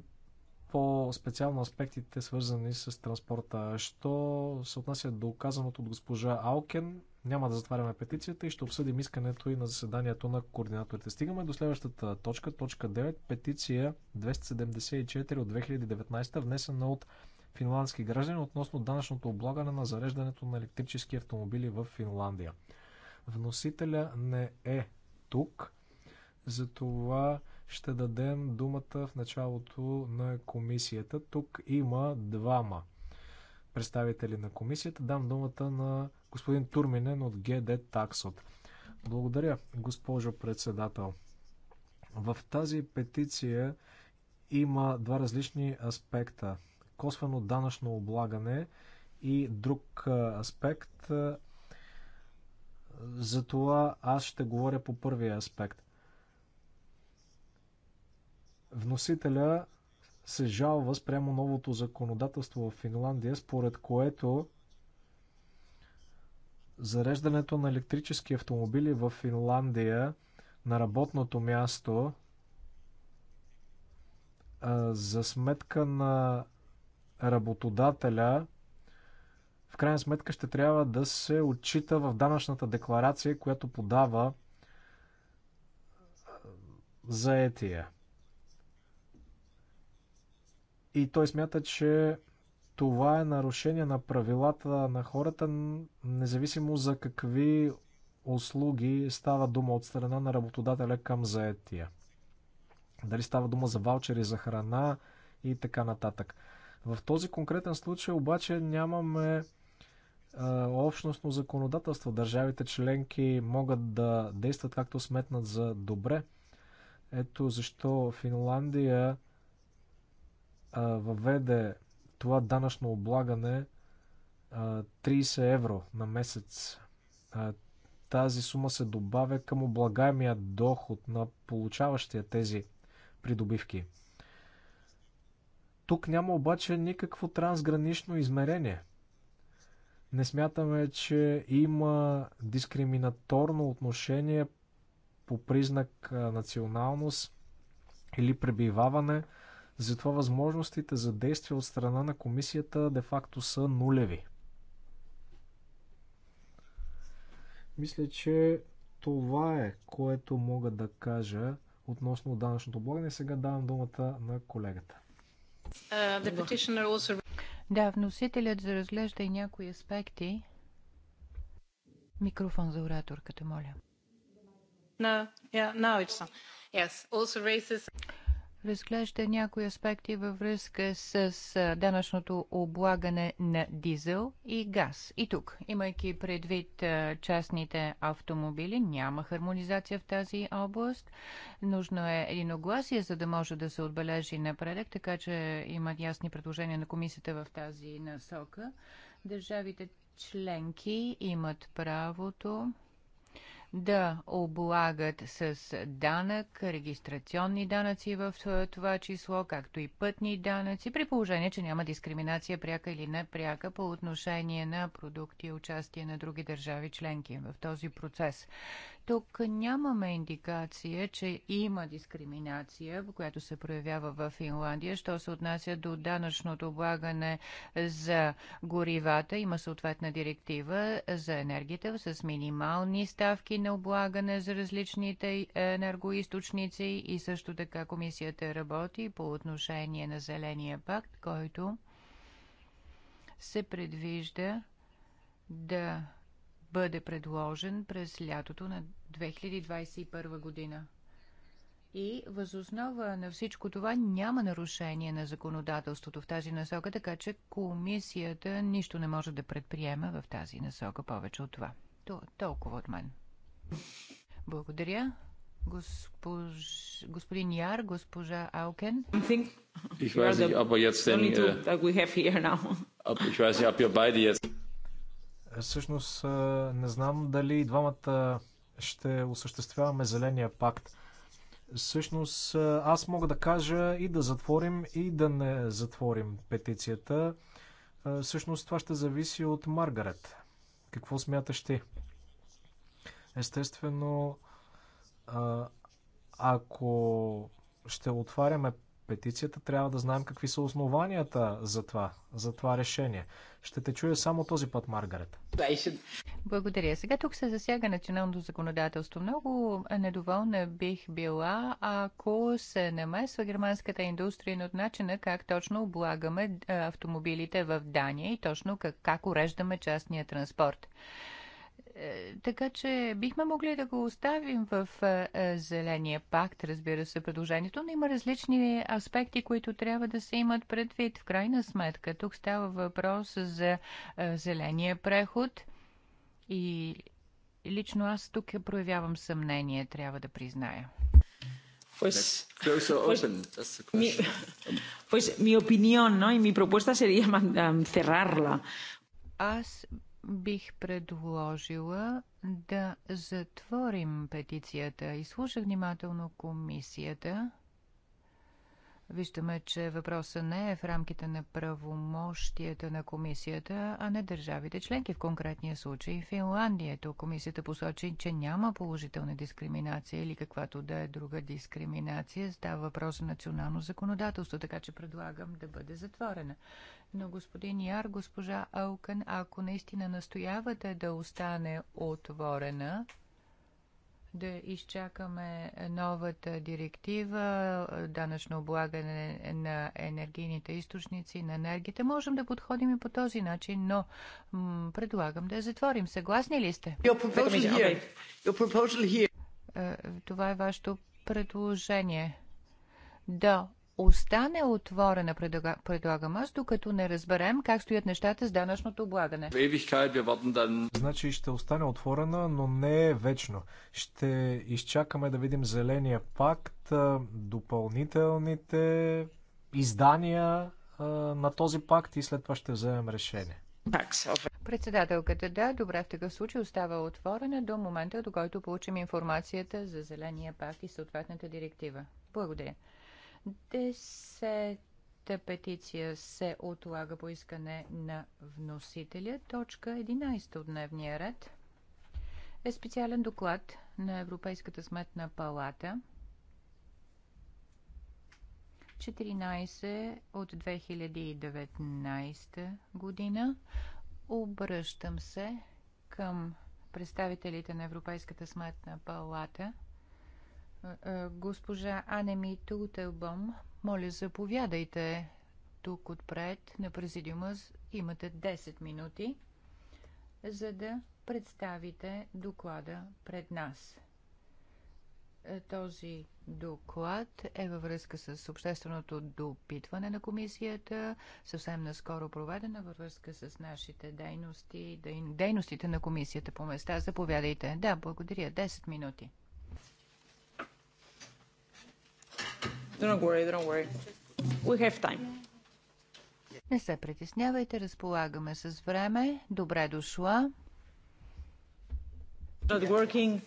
по-специално аспектите, свързани с транспорта. Що се отнася до казаното от госпожа Алкен, няма да затваряме петицията и ще обсъдим искането и на заседанието на координаторите. Стигаме до следващата точка, точка 9, петиция 274 от 2019, внесена от финландски граждани относно данъчното облагане на зареждането на електрически автомобили в Финландия. Вносителя не е тук, затова ще дадем думата в началото на комисията. Тук има двама представители на комисията. Дам думата на господин Турминен от ГД Таксот. Благодаря, госпожо председател. В тази петиция има два различни аспекта косвено данъчно облагане и друг аспект. Затова аз ще говоря по първия аспект. Вносителя се жалва спрямо новото законодателство в Финландия, според което зареждането на електрически автомобили в Финландия на работното място за сметка на работодателя в крайна сметка ще трябва да се отчита в данъчната декларация, която подава заетия. И той смята, че това е нарушение на правилата на хората, независимо за какви услуги става дума от страна на работодателя към заетия. Дали става дума за ваучери за храна и така нататък. В този конкретен случай обаче нямаме общностно законодателство. Държавите членки могат да действат както сметнат за добре. Ето защо Финландия въведе това данъчно облагане 30 евро на месец. Тази сума се добавя към облагаемия доход на получаващия тези придобивки. Тук няма обаче никакво трансгранично измерение. Не смятаме, че има дискриминаторно отношение по признак националност или пребиваване. Затова възможностите за действие от страна на комисията де-факто са нулеви. Мисля, че това е, което мога да кажа относно данъчното облагане. Сега давам думата на колегата. Uh, да, вносителят заразглежда и някои аспекти. Микрофон за ораторката, моля. No, yeah, now it's on. Yes, also raises разглежда някои аспекти във връзка с данъчното облагане на дизел и газ. И тук, имайки предвид частните автомобили, няма хармонизация в тази област. Нужно е единогласие, за да може да се отбележи напредък, така че има ясни предложения на комисията в тази насока. Държавите членки имат правото да облагат с данък, регистрационни данъци в е, това число, както и пътни данъци, при положение, че няма дискриминация пряка или непряка по отношение на продукти и участие на други държави членки в този процес. Тук нямаме индикация, че има дискриминация, която се проявява в Финландия, що се отнася до данъчното облагане за горивата. Има съответна директива за енергията с минимални ставки на облагане за различните енергоисточници и също така комисията работи по отношение на Зеления пакт, който се предвижда да бъде предложен през лятото на 2021 година. И възоснова на всичко това няма нарушение на законодателството в тази насока, така че комисията нищо не може да предприема в тази насока повече от това. То, толкова от мен. Благодаря. Госпож... Господин Яр, госпожа Аукен. Er äh, Всъщност не знам дали двамата ще осъществяваме Зеления пакт. Всъщност, аз мога да кажа и да затворим, и да не затворим петицията. Всъщност, това ще зависи от Маргарет. Какво смяташ ти? Естествено, ако ще отваряме петицията, трябва да знаем какви са основанията за това, за това решение. Ще те чуя само този път, Маргарет. Благодаря. Сега тук се засяга националното законодателство. Много недоволна бих била, ако се намесва германската индустрия от начина как точно облагаме автомобилите в Дания и точно как, как уреждаме частния транспорт. Е, така че бихме могли да го оставим в е, е, Зеления пакт, разбира се, предложението, но има различни аспекти, които трябва да се имат предвид. В крайна сметка, тук става въпрос за Зеления преход и лично аз тук проявявам съмнение, трябва да призная. Pues, pues, mi, pues mi opinión ¿no? y mi propuesta sería *laughs* cerrarla. Аз бих предложила да затворим петицията. И внимателно комисията. Виждаме, че въпросът не е в рамките на правомощията на комисията, а на държавите членки. В конкретния случай Финландия. комисията посочи, че няма положителна дискриминация или каквато да е друга дискриминация. Става въпрос за национално законодателство, така че предлагам да бъде затворена. Но господин Яр, госпожа Алкън, ако наистина настоявате да остане отворена, да изчакаме новата директива, данъчно облагане на енергийните източници, на енергията. Можем да подходим и по този начин, но предлагам да я затворим. Съгласни ли сте? Е, това е вашето предложение. Да остане отворена, предлагам аз, докато не разберем как стоят нещата с данъчното облагане. Значи ще остане отворена, но не е вечно. Ще изчакаме да видим зеления пакт, допълнителните издания на този пакт и след това ще вземем решение. Председателката, да, добре, в такъв случай остава отворена до момента, до който получим информацията за зеления пакт и съответната директива. Благодаря. Десета петиция се отлага по искане на вносителя. Точка 11 от дневния ред е специален доклад на Европейската сметна палата 14 от 2019 година. Обръщам се към представителите на Европейската сметна палата – е, е, госпожа Анеми Тутелбом, моля заповядайте тук отпред на президиума. Имате 10 минути, за да представите доклада пред нас. Е, този доклад е във връзка с общественото допитване на комисията, съвсем наскоро проведена във връзка с нашите дейности, дейностите на комисията по места. Заповядайте. Да, благодаря. 10 минути. Don't worry, don't worry. We have time. Не се притеснявайте, разполагаме с време. Добре дошла. Not working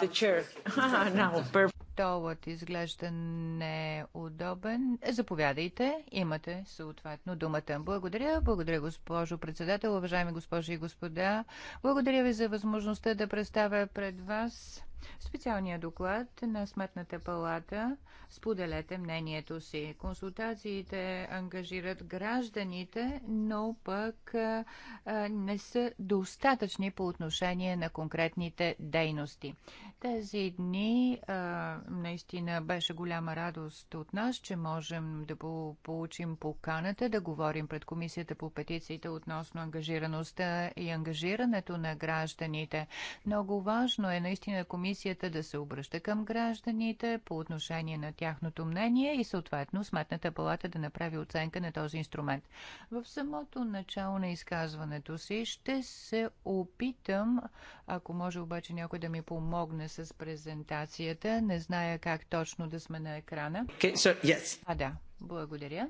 the chair. *laughs* Now, perfect. Толът изглежда неудобен. Заповядайте, имате съответно думата. Благодаря, благодаря госпожо председател, уважаеми госпожи и господа. Благодаря ви за възможността да представя пред вас Специалния доклад на Сметната палата споделете мнението си. Консултациите ангажират гражданите, но пък а, не са достатъчни по отношение на конкретните дейности. Тези дни а, наистина беше голяма радост от нас, че можем да получим поканата да говорим пред Комисията по петициите относно ангажираността и ангажирането на гражданите. Много важно е наистина комисията комисията да се обръща към гражданите по отношение на тяхното мнение и съответно Сметната палата да направи оценка на този инструмент. В самото начало на изказването си ще се опитам, ако може обаче някой да ми помогне с презентацията, не зная как точно да сме на екрана. Okay, so, yes. А да, благодаря.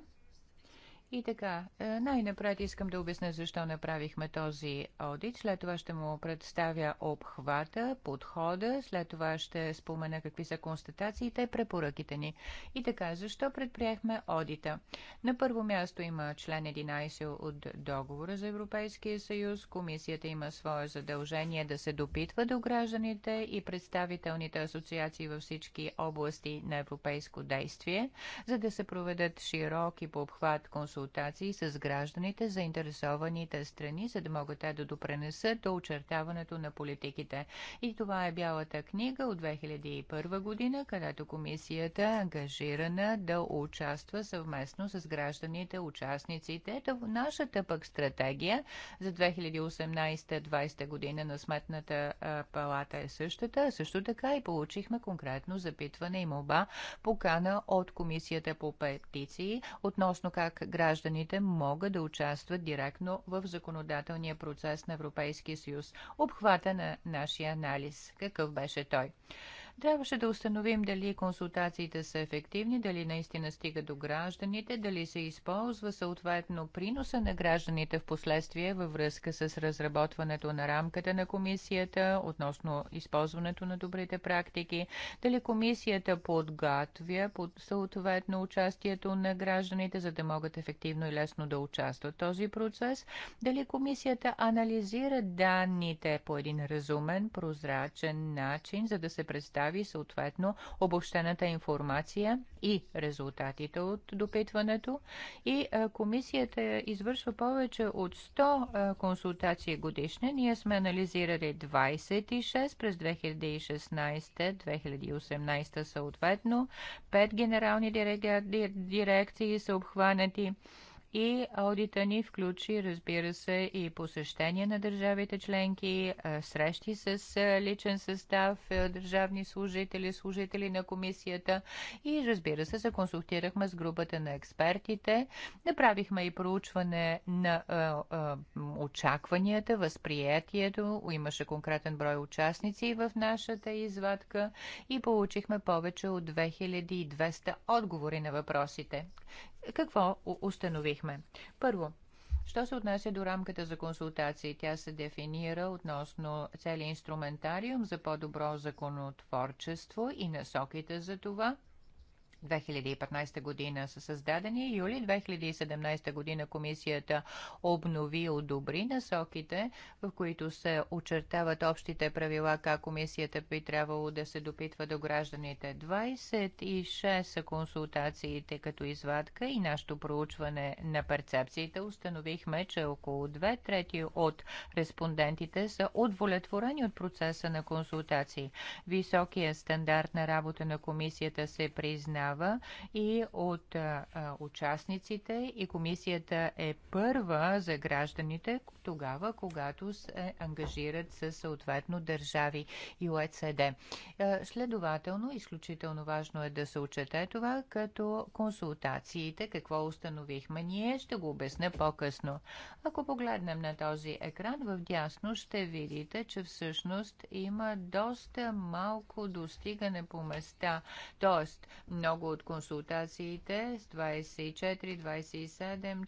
И така, е, най-напред искам да обясня защо направихме този одит. След това ще му представя обхвата, подхода, след това ще спомена какви са констатациите и препоръките ни. И така, защо предприехме одита? На първо място има член 11 от договора за Европейския съюз. Комисията има свое задължение да се допитва до гражданите и представителните асоциации във всички области на европейско действие, за да се проведат широки по обхват консултации консултации с гражданите, заинтересованите страни, за да могат те да допренесат до очертаването на политиките. И това е Бялата книга от 2001 година, където комисията е ангажирана да участва съвместно с гражданите, участниците. в нашата пък стратегия за 2018-2020 година на Сметната палата е същата. Също така и получихме конкретно запитване и молба, покана от комисията по петиции относно как гражданите гражданите могат да участват директно в законодателния процес на Европейския съюз. Обхвата на нашия анализ. Какъв беше той? Трябваше да установим дали консултациите са ефективни, дали наистина стига до гражданите, дали се използва съответно приноса на гражданите в последствие във връзка с разработването на рамката на комисията относно използването на добрите практики, дали комисията подготвя под съответно участието на гражданите, за да могат ефективно и лесно да участват в този процес, дали комисията анализира данните по един разумен, прозрачен начин, за да се представи предостави съответно обобщената информация и резултатите от допитването. И комисията извършва повече от 100 консултации годишни. Ние сме анализирали 26 през 2016-2018 съответно. Пет генерални дирекции са обхванати. И аудита ни включи, разбира се, и посещение на държавите членки, срещи с личен състав, държавни служители, служители на комисията и, разбира се, се консултирахме с групата на експертите. Направихме и проучване на очакванията, възприятието. Имаше конкретен брой участници в нашата извадка и получихме повече от 2200 отговори на въпросите. Какво установих? направихме. Първо, Що се отнася до рамката за консултации, тя се дефинира относно цели инструментариум за по-добро законотворчество и насоките за това – 2015 година са създадени. Юли 2017 година комисията обнови и одобри насоките, в които се очертават общите правила, как комисията би трябвало да се допитва до гражданите. 26 са консултациите като извадка и нашето проучване на перцепциите. Установихме, че около 2 трети от респондентите са удовлетворени от процеса на консултации. Високия стандарт на работа на комисията се признава такава и от а, участниците и комисията е първа за гражданите тогава, когато се ангажират с съответно държави и ОЕЦД. Следователно, изключително важно е да се учете това, като консултациите, какво установихме ние, ще го обясня по-късно. Ако погледнем на този екран, в дясно ще видите, че всъщност има доста малко достигане по места, т.е. много много от консултациите с 24, 27,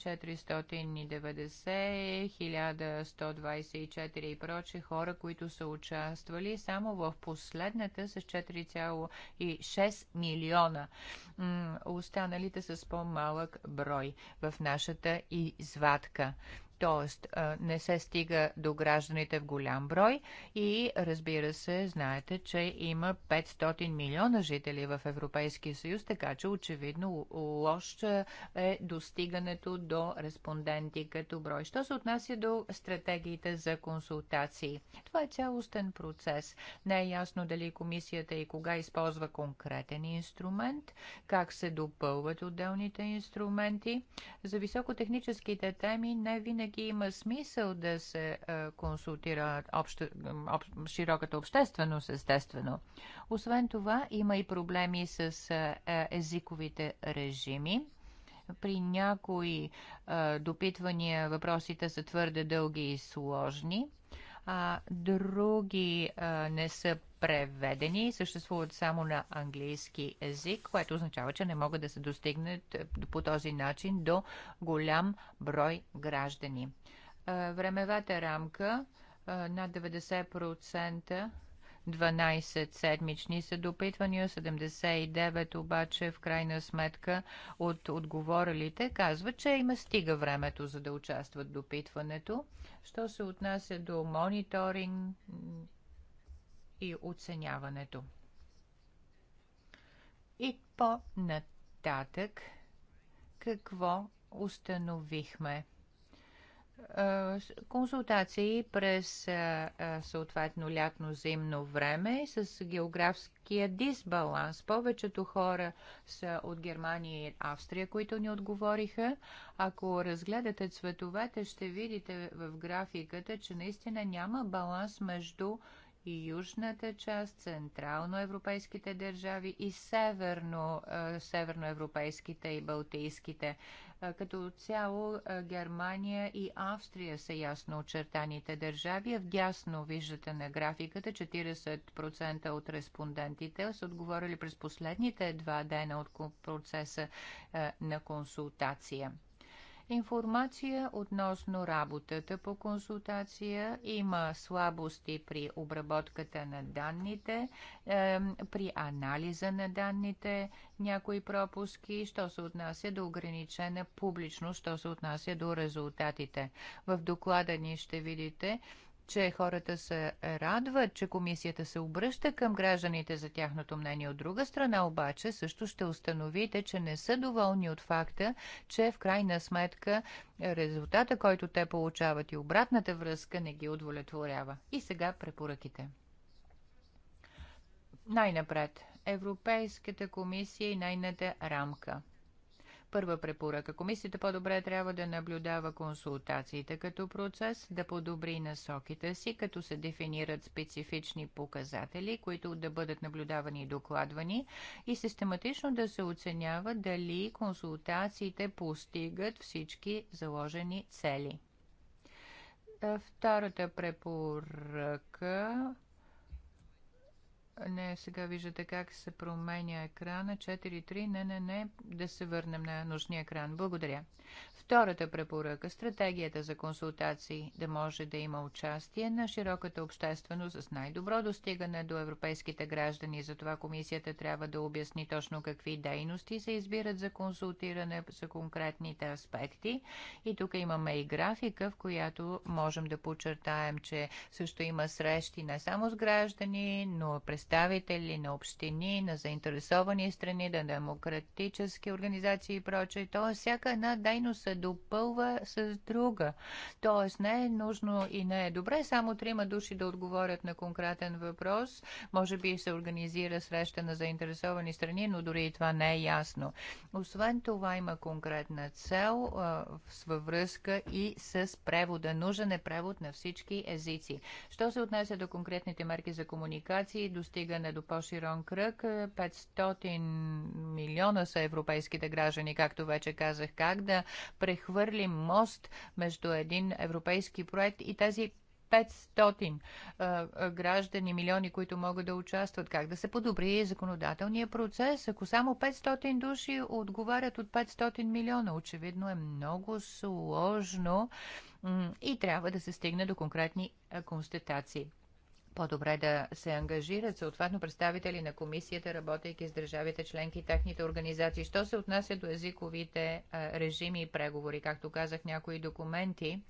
490, 1124 и проче хора, които са участвали само в последната с 4,6 милиона. Останалите с по-малък брой в нашата извадка. Т.е. не се стига до гражданите в голям брой и разбира се, знаете, че има 500 милиона жители в Европейския съюз, така че очевидно лошо е достигането до респонденти като брой. Що се отнася до стратегиите за консултации? Това е цялостен процес. Не е ясно дали комисията и кога използва конкретен инструмент, как се допълват отделните инструменти. За високотехническите теми не винаги винаги има смисъл да се консултира общо, об, широката общественост, естествено. Освен това, има и проблеми с езиковите режими при някои допитвания въпросите са твърде дълги и сложни а други а, не са преведени, съществуват само на английски език, което означава, че не могат да се достигнат е, по този начин до голям брой граждани. А, времевата рамка а, над 90% 12 седмични са допитвания, 79 обаче в крайна сметка от отговорилите казват, че има стига времето за да участват в допитването. Що се отнася до мониторинг и оценяването. И по-нататък какво установихме? консултации през съответно лятно-зимно време с географския дисбаланс. Повечето хора са от Германия и Австрия, които ни отговориха. Ако разгледате цветовете, ще видите в графиката, че наистина няма баланс между и южната част, централноевропейските държави и северно, северноевропейските и балтийските. Като цяло Германия и Австрия са ясно очертаните държави. дясно виждате на графиката 40% от респондентите са отговорили през последните два дена от процеса на консултация. Информация относно работата по консултация има слабости при обработката на данните, при анализа на данните, някои пропуски, що се отнася до ограничена публичност, що се отнася до резултатите. В доклада ни ще видите че хората се радват, че комисията се обръща към гражданите за тяхното мнение. От друга страна обаче също ще установите, че не са доволни от факта, че в крайна сметка резултата, който те получават и обратната връзка не ги удовлетворява. И сега препоръките. Най-напред. Европейската комисия и нейната рамка – Първа препоръка. Комисията по-добре трябва да наблюдава консултациите като процес, да подобри насоките си, като се дефинират специфични показатели, които да бъдат наблюдавани и докладвани и систематично да се оценява дали консултациите постигат всички заложени цели. Е, втората препоръка не, сега виждате как се променя екрана. 4-3, Не, не, не. Да се върнем на нужния екран. Благодаря. Втората препоръка – стратегията за консултации да може да има участие на широката общественост с най-добро достигане до европейските граждани. Затова комисията трябва да обясни точно какви дейности се избират за консултиране за конкретните аспекти. И тук имаме и графика, в която можем да подчертаем, че също има срещи не само с граждани, но през представители на общини, на заинтересовани страни, на демократически организации и прочее. Тоест, всяка една дейност се допълва с друга. Тоест, не е нужно и не е добре само трима души да отговорят на конкретен въпрос. Може би се организира среща на заинтересовани страни, но дори и това не е ясно. Освен това, има конкретна цел във връзка и с превода. Нужен е превод на всички езици. Що се отнася до конкретните мерки за комуникации, достигане до по-широн кръг. 500 милиона са европейските граждани, както вече казах, как да прехвърлим мост между един европейски проект и тези 500 граждани, милиони, които могат да участват. Как да се подобри законодателния процес? Ако само 500 души отговарят от 500 милиона, очевидно е много сложно и трябва да се стигне до конкретни констатации по-добре да се ангажират съответно представители на комисията, работейки с държавите членки и техните организации. Що се отнася до езиковите режими и преговори, както казах, някои документи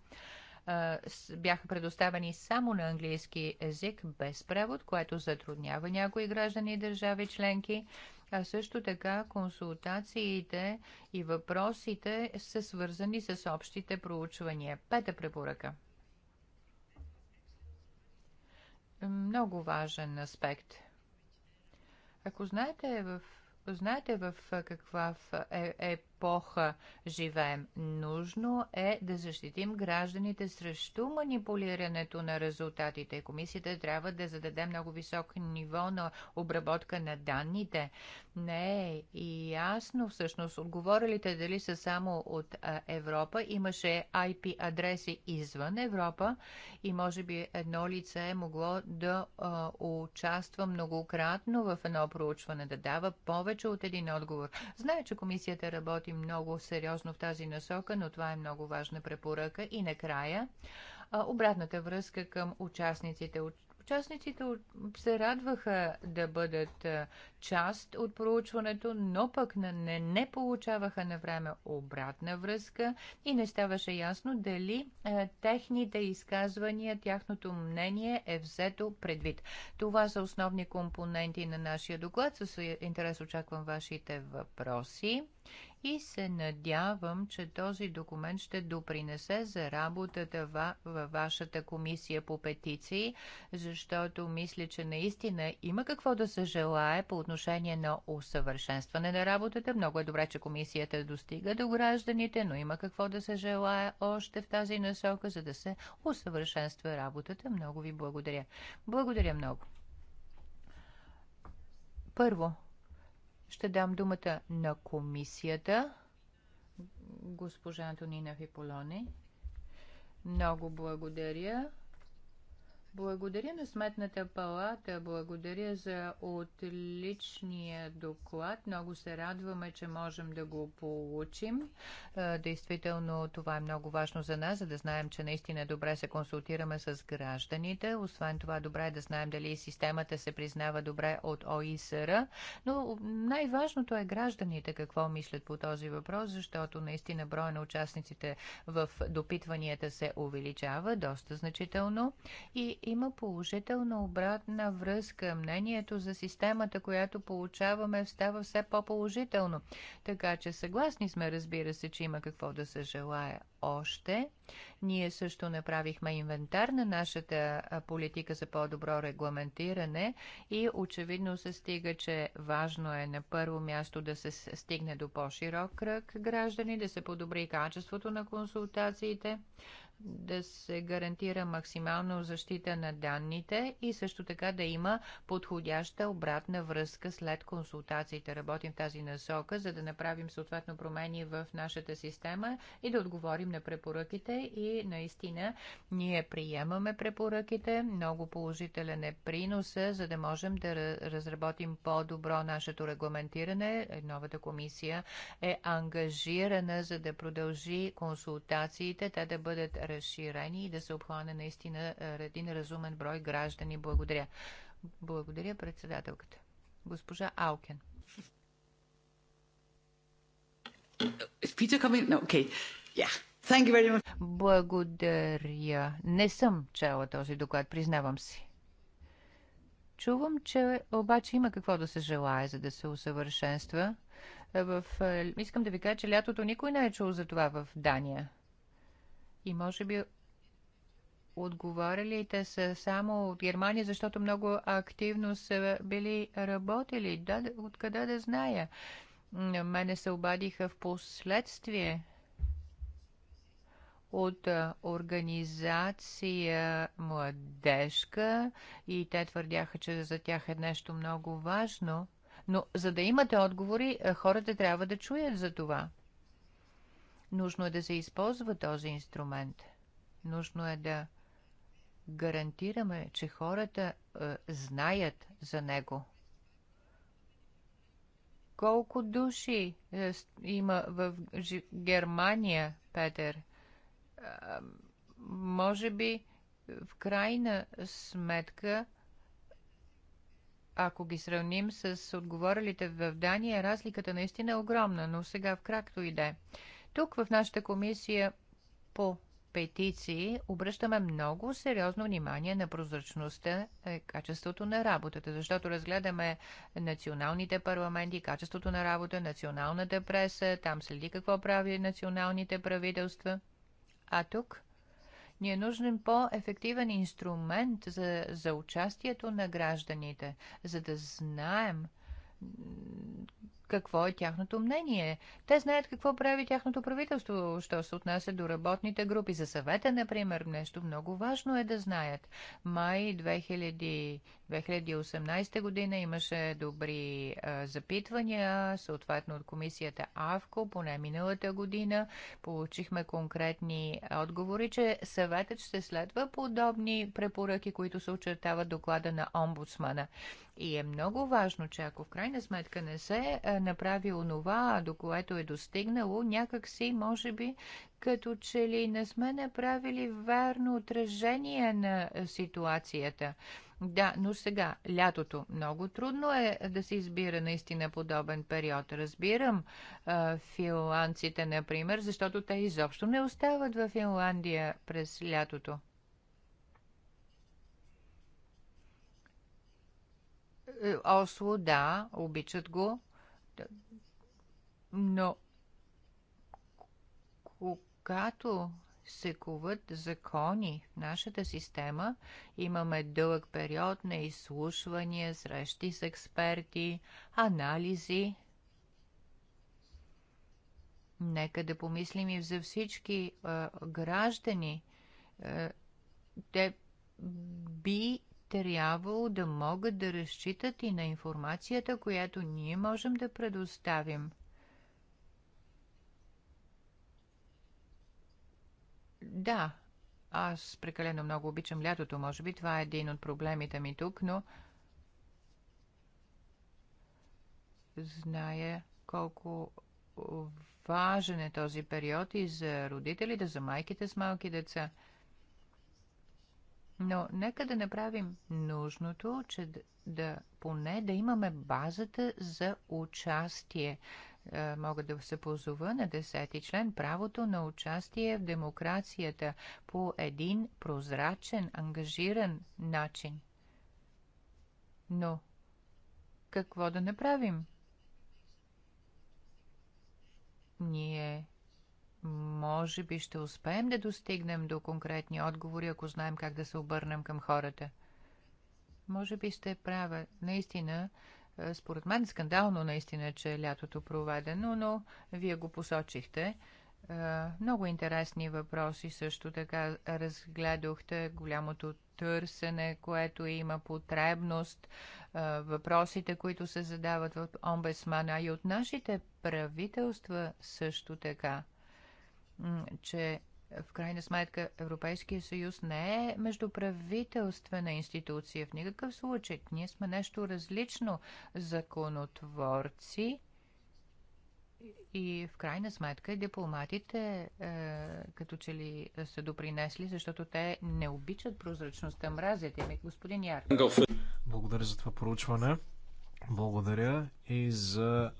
бяха предоставени само на английски език без превод, което затруднява някои граждани и държави членки. А също така консултациите и въпросите са свързани с общите проучвания. Пета препоръка – много важен аспект. Ако знаете в, знаете в каква е, е епоха живеем. Нужно е да защитим гражданите срещу манипулирането на резултатите. Комисията трябва да зададе много висок ниво на обработка на данните. Не е и ясно всъщност отговорилите дали са само от Европа. Имаше IP адреси извън Европа и може би едно лице е могло да участва многократно в едно проучване, да дава повече от един отговор. Знае, че комисията работи работим много сериозно в тази насока, но това е много важна препоръка. И накрая, обратната връзка към участниците. Участниците се радваха да бъдат част от проучването, но пък не, не получаваха на време обратна връзка и не ставаше ясно дали е, техните изказвания, тяхното мнение е взето предвид. Това са основни компоненти на нашия доклад. С интерес очаквам вашите въпроси и се надявам, че този документ ще допринесе за работата във вашата комисия по петиции, защото мисля, че наистина има какво да се желае по отношение на усъвършенстване на работата. Много е добре, че комисията достига до гражданите, но има какво да се желае още в тази насока, за да се усъвършенства работата. Много ви благодаря. Благодаря много. Първо, ще дам думата на комисията. Госпожа Антонина Фиполони. Много благодаря. Благодаря на Сметната палата, благодаря за отличния доклад. Много се радваме, че можем да го получим. Действително това е много важно за нас, за да знаем, че наистина добре се консултираме с гражданите. Освен това, добре е да знаем дали системата се признава добре от ОИСР. Но най-важното е гражданите какво мислят по този въпрос, защото наистина броя на участниците в допитванията се увеличава доста значително и има положителна обратна връзка. Мнението за системата, която получаваме, става все по-положително. Така че съгласни сме, разбира се, че има какво да се желая още. Ние също направихме инвентар на нашата политика за по-добро регламентиране и очевидно се стига, че важно е на първо място да се стигне до по-широк кръг граждани, да се подобри качеството на консултациите, да се гарантира максимална защита на данните и също така да има подходяща обратна връзка след консултациите. Работим в тази насока, за да направим съответно промени в нашата система и да отговорим на препоръките и наистина ние приемаме препоръките. Много положителен е приноса, за да можем да разработим по-добро нашето регламентиране. Е, новата комисия е ангажирана, за да продължи консултациите, те да бъдат разширени и да се обхване наистина е, един разумен брой граждани. Благодаря. Благодаря председателката. Госпожа Алкен. Благодаря. Не съм чела този доклад, признавам си. Чувам, че обаче има какво да се желая, за да се усъвършенства. Е, в... Е, искам да ви кажа, че лятото никой не е чул за това в Дания. И може би те са само от Германия, защото много активно са били работили. Да, откъде да зная? мене се обадиха в последствие от организация младежка и те твърдяха, че за тях е нещо много важно. Но за да имате отговори, хората трябва да чуят за това. Нужно е да се използва този инструмент. Нужно е да гарантираме, че хората е, знаят за него. Колко души е, има в Германия, Петър? Е, може би е, в крайна сметка, ако ги сравним с отговорилите в Дания, разликата наистина е огромна, но сега в кракто иде. Да тук в нашата комисия по петиции обръщаме много сериозно внимание на прозрачността, е, качеството на работата, защото разгледаме националните парламенти, качеството на работа, националната преса, там следи какво прави националните правителства. А тук ни е нужен по-ефективен инструмент за, за участието на гражданите, за да знаем какво е тяхното мнение. Те знаят какво прави тяхното правителство, що се отнася до работните групи. За съвета, например, нещо много важно е да знаят. Май 2000, 2018 година имаше добри а, запитвания, съответно от комисията АВКО, поне миналата година. Получихме конкретни отговори, че съветът ще следва подобни препоръки, които се очертават доклада на омбудсмана. И е много важно, че ако в крайна сметка не се е, направи онова, до което е достигнало, някакси, може би, като че ли не сме направили верно отражение на е, ситуацията. Да, но сега, лятото, много трудно е, е да се избира наистина подобен период. Разбирам а, финландците, например, защото те изобщо не остават в Финландия през лятото. Е, Осло, да, обичат го, но когато се куват закони в нашата система, имаме дълъг период на изслушвания, срещи с експерти, анализи. Нека да помислим и за всички е, граждани. Е, те би трябвало да могат да разчитат и на информацията, която ние можем да предоставим. Да, аз прекалено много обичам лятото, може би това е един от проблемите ми тук, но зная колко важен е този период и за родителите, за майките с малки деца – но нека да направим нужното, че да поне да имаме базата за участие. Е, мога да се позова на 10 член правото на участие в демокрацията по един прозрачен, ангажиран начин. Но какво да направим? Ние може би ще успеем да достигнем до конкретни отговори, ако знаем как да се обърнем към хората. Може би сте права. Наистина, е, според мен скандално наистина, че е лятото проведено, но вие го посочихте. Е, много интересни въпроси също така разгледохте. Голямото търсене, което има потребност, е, въпросите, които се задават от омбесмана и от нашите правителства също така че в крайна сметка Европейския съюз не е междуправителствена институция в никакъв случай. Ние сме нещо различно. Законотворци и в крайна сметка дипломатите е, като че ли са допринесли, защото те не обичат прозрачността, мразят им. Господин Яр. Благодаря за това проучване. Благодаря и за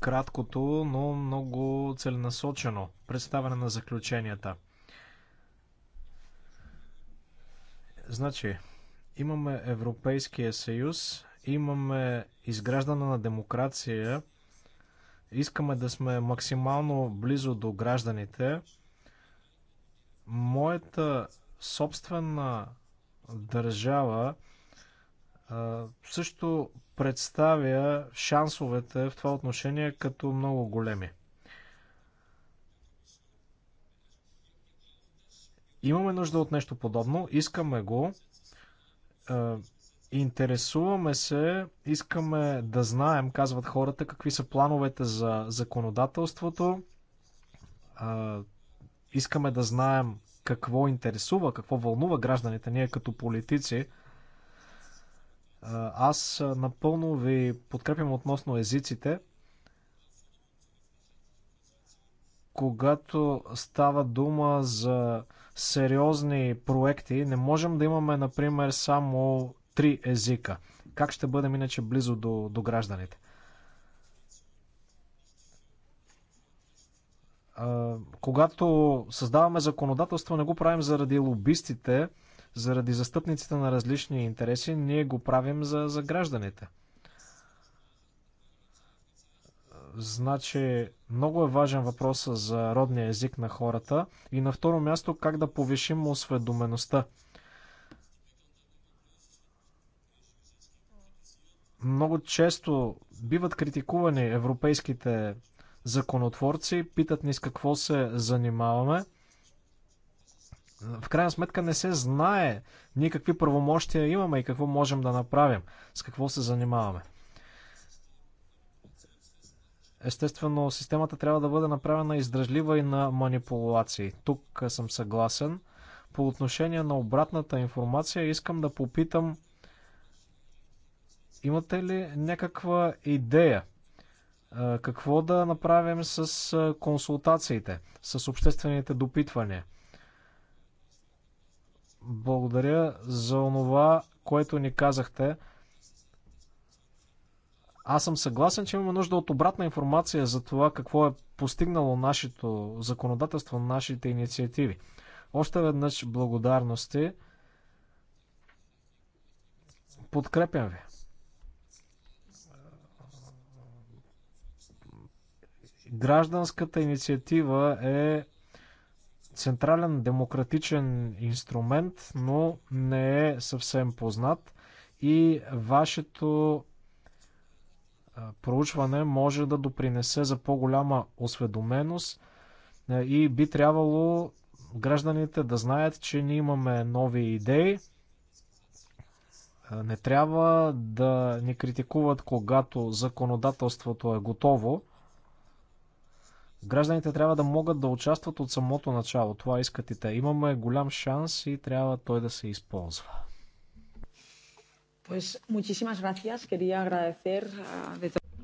краткото, но много целенасочено представяне на заключенията. Значи, имаме Европейския съюз, имаме изграждане на демокрация, искаме да сме максимално близо до гражданите. Моята собствена държава също представя шансовете в това отношение като много големи. Имаме нужда от нещо подобно, искаме го, е, интересуваме се, искаме да знаем, казват хората, какви са плановете за законодателството, е, искаме да знаем какво интересува, какво вълнува гражданите, ние като политици – аз напълно ви подкрепям относно езиците. Когато става дума за сериозни проекти, не можем да имаме, например, само три езика. Как ще бъдем иначе близо до, до гражданите? когато създаваме законодателство, не го правим заради лобистите, заради застъпниците на различни интереси, ние го правим за, за гражданите. Значи, много е важен въпрос за родния език на хората и на второ място как да повишим осведомеността. Много често биват критикувани европейските законотворци, питат ни с какво се занимаваме – в крайна сметка не се знае ние какви правомощия имаме и какво можем да направим, с какво се занимаваме. Естествено, системата трябва да бъде направена издръжлива и на манипулации. Тук съм съгласен. По отношение на обратната информация, искам да попитам, имате ли някаква идея какво да направим с консултациите, с обществените допитвания? Благодаря за това, което ни казахте. Аз съм съгласен, че имаме нужда от обратна информация за това какво е постигнало нашето законодателство, нашите инициативи. Още веднъж благодарности. Подкрепям ви. Гражданската инициатива е централен демократичен инструмент, но не е съвсем познат и вашето проучване може да допринесе за по-голяма осведоменост и би трябвало гражданите да знаят, че ние имаме нови идеи. Не трябва да ни критикуват, когато законодателството е готово. Гражданите трябва да могат да участват от самото начало. Това искат и те. Имаме голям шанс и трябва той да се използва.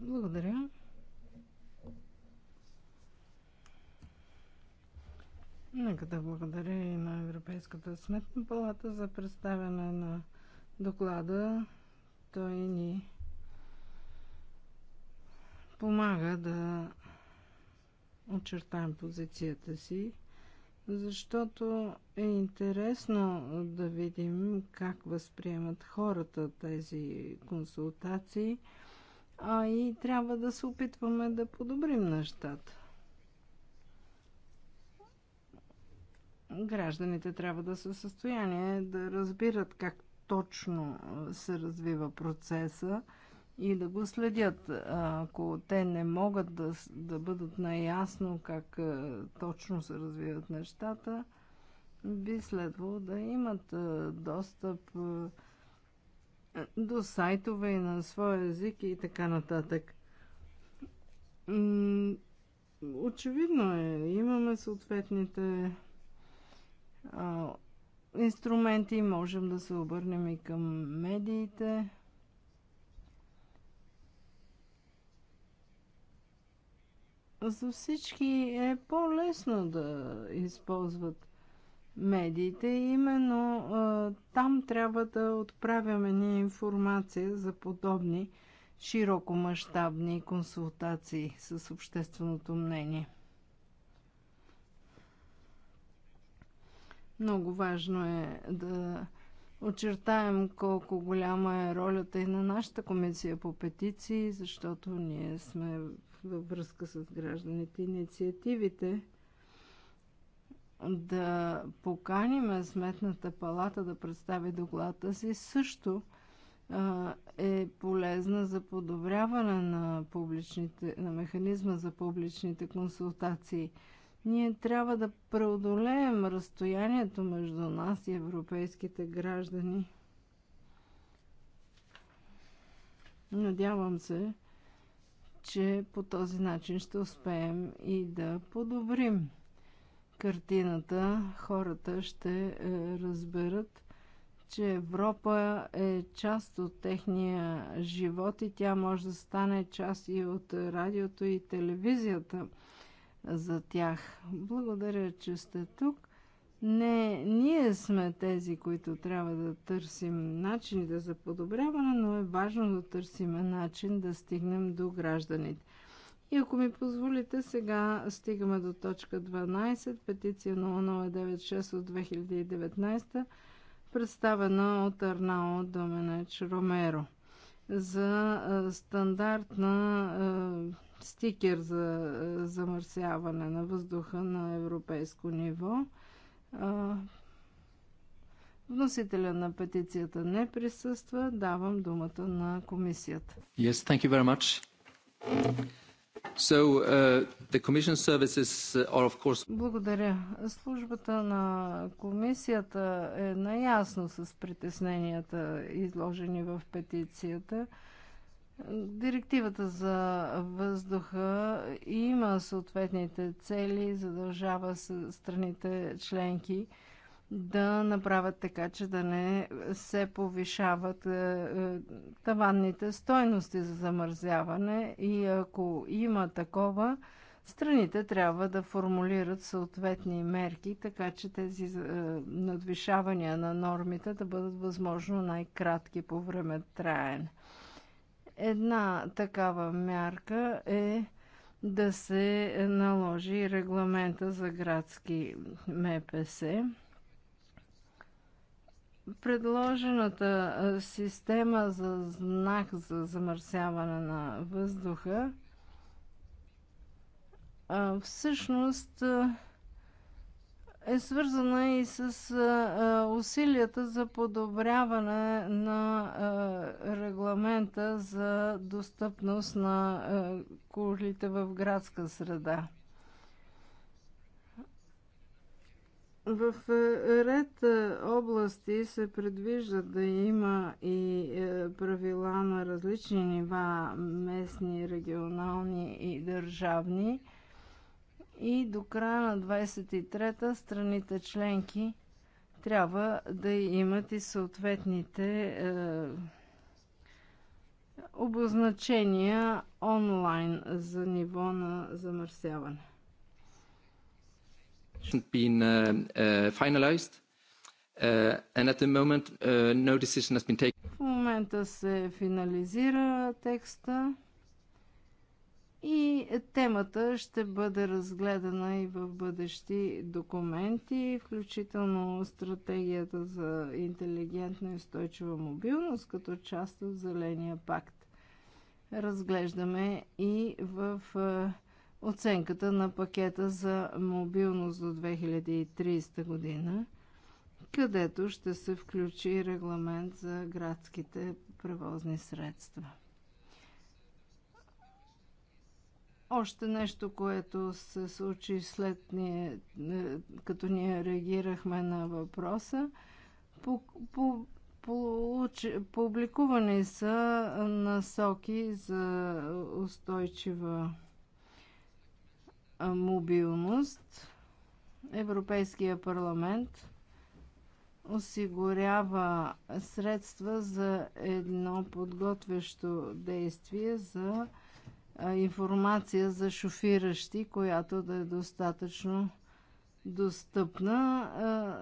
Благодаря. Нека да благодаря и на Европейската сметна палата за представяне на доклада. Той ни помага да очертаем позицията си, защото е интересно да видим как възприемат хората тези консултации, а и трябва да се опитваме да подобрим нещата. Гражданите трябва да са в състояние да разбират как точно се развива процеса, и да го следят. Ако те не могат да, да бъдат наясно как е, точно се развиват нещата, би следвало да имат е, достъп е, до сайтове и на своя език и така нататък. Очевидно е, имаме съответните инструменти, можем да се обърнем и към медиите. за всички е по-лесно да използват медиите. Именно а, там трябва да отправяме ни информация за подобни широкомащабни консултации с общественото мнение. Много важно е да очертаем колко голяма е ролята и на нашата комисия по петиции, защото ние сме във връзка с гражданите инициативите да поканим Сметната палата да представи доклада си също е полезна за подобряване на, публичните, на механизма за публичните консултации. Ние трябва да преодолеем разстоянието между нас и европейските граждани. Надявам се, че по този начин ще успеем и да подобрим картината. Хората ще е, разберат, че Европа е част от техния живот и тя може да стане част и от радиото и телевизията за тях. Благодаря, че сте тук. Не, ние сме тези, които трябва да търсим начините за подобряване, но е важно да търсим начин да стигнем до гражданите. И ако ми позволите, сега стигаме до точка 12, петиция 0096 от 2019, представена от Арнао Доменеч Ромеро за стандартна стикер за замърсяване на въздуха на европейско ниво – Вносителя на петицията не присъства. Давам думата на комисията. Yes, thank you very much. So, uh, the commission services are of course... Благодаря. Службата на комисията е наясно с притесненията, изложени в петицията. Uh, Директивата за въздуха има съответните цели, задължава страните членки да направят така, че да не се повишават е, е, таванните стойности за замързяване и ако има такова, страните трябва да формулират съответни мерки, така че тези е, надвишавания на нормите да бъдат възможно най-кратки по време траене. Една такава мярка е да се наложи регламента за градски МПС. Предложената система за знак за замърсяване на въздуха всъщност е свързана и с усилията за подобряване на регламента за достъпност на кулите в градска среда. В ред области се предвижда да има и правила на различни нива местни, регионални и държавни – и до края на 23-та страните членки трябва да имат и съответните е, обозначения онлайн за ниво на замърсяване. Been uh, uh, finalized uh, and at the moment uh, no decision has been taken. В момента се финализира текста и темата ще бъде разгледана и в бъдещи документи, включително стратегията за интелигентна и устойчива мобилност като част от Зеления пакт. Разглеждаме и в е, оценката на пакета за мобилност до 2030 година, където ще се включи регламент за градските превозни средства. Още нещо, което се случи след ние, е, като ние реагирахме на въпроса, по, по, получи, публикувани са насоки за устойчива мобилност. Европейския парламент осигурява средства за едно подготвящо действие за информация за шофиращи, която да е достатъчно достъпна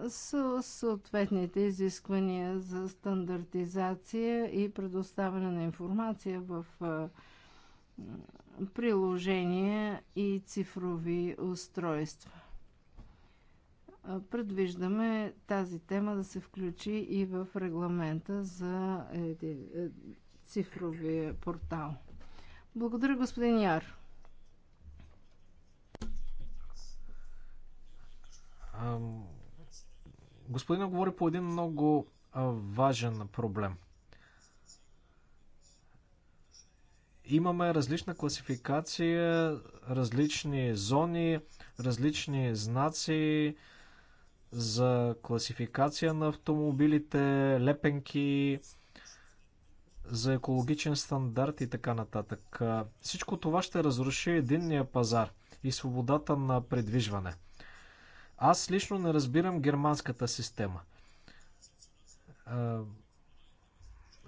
с съответните изисквания за стандартизация и предоставяне на информация в приложения и цифрови устройства. Предвиждаме тази тема да се включи и в регламента за е, цифровия портал. Благодаря, господин Яр. Господин говори по един много важен проблем. Имаме различна класификация, различни зони, различни знаци за класификация на автомобилите, лепенки, за екологичен стандарт и така нататък. Всичко това ще разруши единния пазар и свободата на предвижване. Аз лично не разбирам германската система.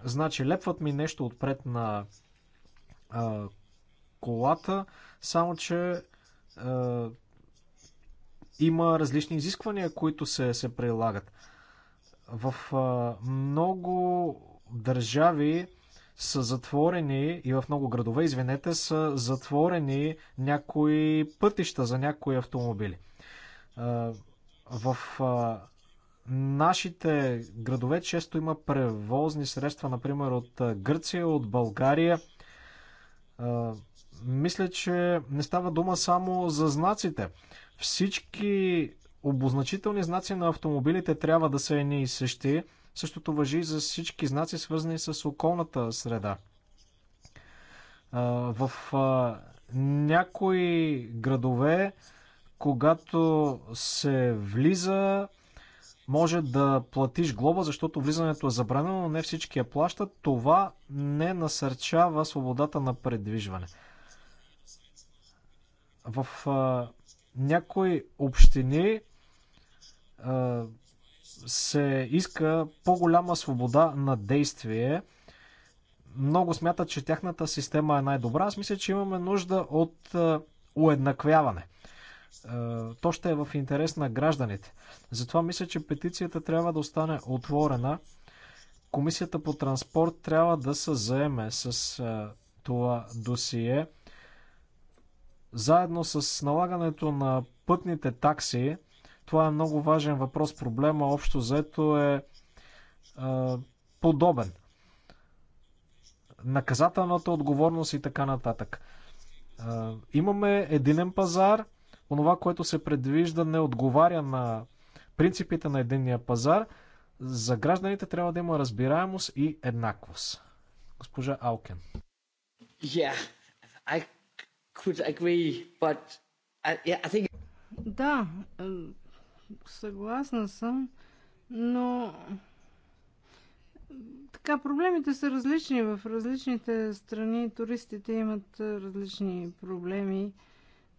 Значи, лепват ми нещо отпред на а, колата, само че а, има различни изисквания, които се, се прилагат. В а, много държави са затворени и в много градове, извинете, са затворени някои пътища за някои автомобили. В нашите градове често има превозни средства, например от Гърция, от България. Мисля, че не става дума само за знаците. Всички обозначителни знаци на автомобилите трябва да са едни и същи Същото въжи за всички знаци, свързани с околната среда. В някои градове, когато се влиза, може да платиш глоба, защото влизането е забранено, но не всички я плащат. Това не насърчава свободата на предвижване. В някои общини се иска по-голяма свобода на действие. Много смятат, че тяхната система е най-добра. Аз мисля, че имаме нужда от е, уеднаквяване. Е, то ще е в интерес на гражданите. Затова мисля, че петицията трябва да остане отворена. Комисията по транспорт трябва да се заеме с е, това досие. Заедно с налагането на пътните такси, това е много важен въпрос. Проблема общо заето е, а, подобен. Наказателната отговорност и така нататък. А, имаме единен пазар. Онова, което се предвижда, не отговаря на принципите на единния пазар. За гражданите трябва да има разбираемост и еднаквост. Госпожа Алкен. Yeah, I could agree, but I, yeah, I think... Да, Съгласна съм, но така, проблемите са различни. В различните страни туристите имат различни проблеми.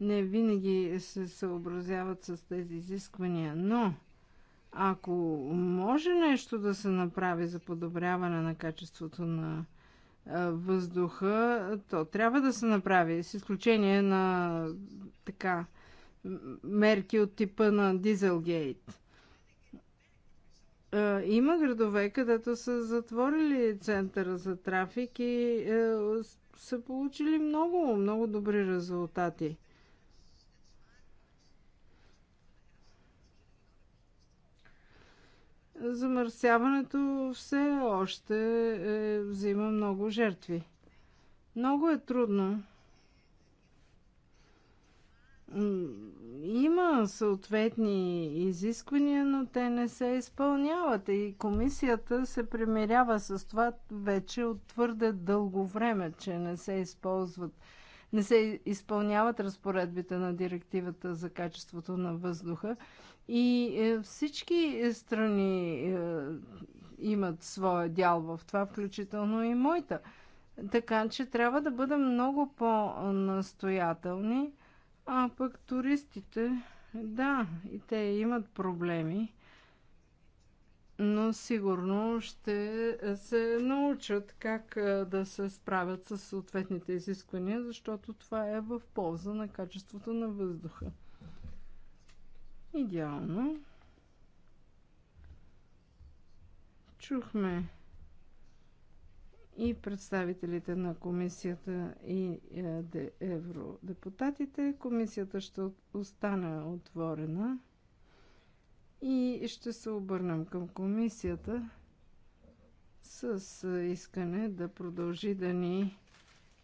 Не винаги се съобразяват с тези изисквания. Но, ако може нещо да се направи за подобряване на качеството на въздуха, то трябва да се направи, с изключение на така мерки от типа на Дизелгейт. Има градове, където са затворили центъра за трафик и е, са получили много, много добри резултати. замърсяването все още е, взима много жертви. Много е трудно има съответни изисквания, но те не се изпълняват и комисията се примирява с това вече от твърде дълго време, че не се използват не се изпълняват разпоредбите на директивата за качеството на въздуха и е, всички страни е, имат своя дял в това, включително и моята. Така че трябва да бъдем много по-настоятелни а пък туристите, да, и те имат проблеми, но сигурно ще се научат как да се справят с съответните изисквания, защото това е в полза на качеството на въздуха. Идеално. Чухме и представителите на комисията и е, евродепутатите. Комисията ще остане отворена и ще се обърнем към комисията с е, искане да продължи да ни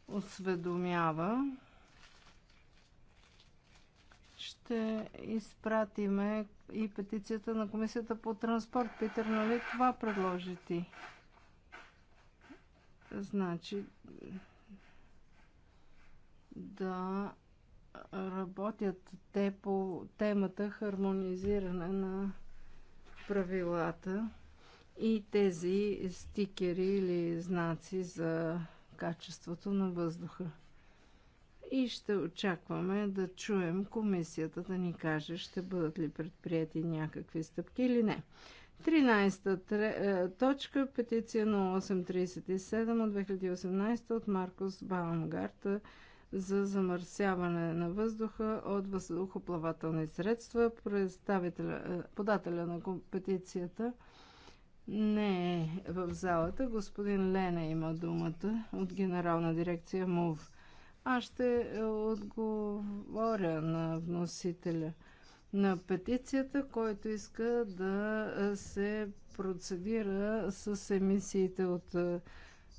осведомява. Ще изпратиме и петицията на комисията по транспорт. Питър, нали това предложи ти? Значи да работят те по темата хармонизиране на правилата и тези стикери или знаци за качеството на въздуха. И ще очакваме да чуем комисията да ни каже ще бъдат ли предприяти някакви стъпки или не. 13 е, точка, петиция 0837 от 2018 от Маркус Баумгарт за замърсяване на въздуха от въздухоплавателни средства. Е, подателя на петицията не е в залата. Господин Лена има думата от генерална дирекция МУВ. Аз ще отговоря на вносителя – на петицията, който иска да се процедира с емисиите от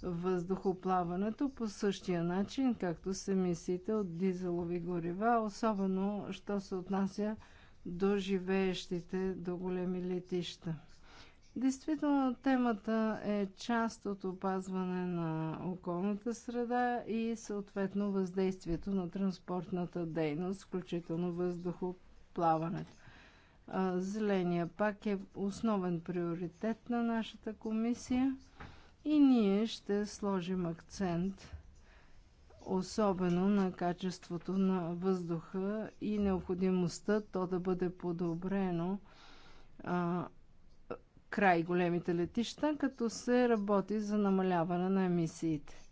въздухоплаването по същия начин, както с емисиите от дизелови горива, особено що се отнася до живеещите до големи летища. Действително темата е част от опазване на околната среда и съответно въздействието на транспортната дейност, включително въздухоплаването плаването. Зеления пак е основен приоритет на нашата комисия и ние ще сложим акцент особено на качеството на въздуха и необходимостта то да бъде подобрено а, край големите летища, като се работи за намаляване на емисиите.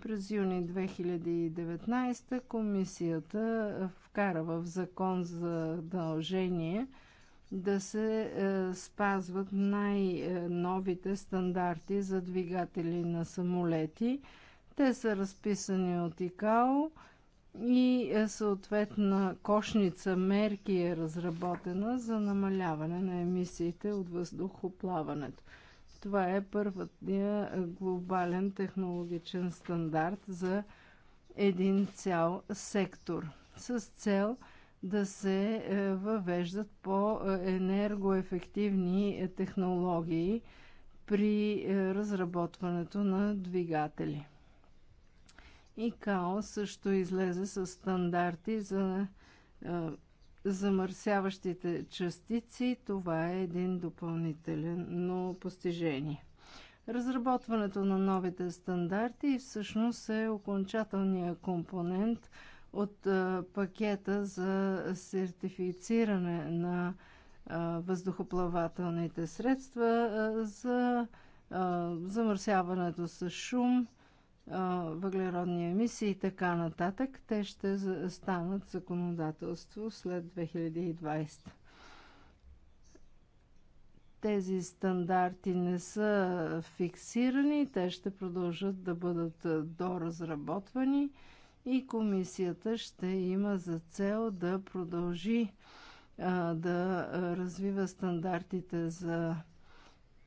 През юни 2019 комисията вкара в закон за дължение да се е, спазват най-новите стандарти за двигатели на самолети. Те са разписани от ИКАО и е, съответна кошница мерки е разработена за намаляване на емисиите от въздухоплаването. Това е първият е, глобален технологичен стандарт за един цял сектор с цел да се е, въвеждат по-енергоефективни е, технологии при разработването на двигатели. ИКАО също излезе с стандарти за замърсяващите частици, това е един допълнително постижение. Разработването на новите стандарти всъщност е окончателният компонент от пакета за сертифициране на въздухоплавателните средства за замърсяването с шум, въглеродни емисии и така нататък, те ще станат законодателство след 2020 тези стандарти не са фиксирани, те ще продължат да бъдат доразработвани и комисията ще има за цел да продължи да развива стандартите за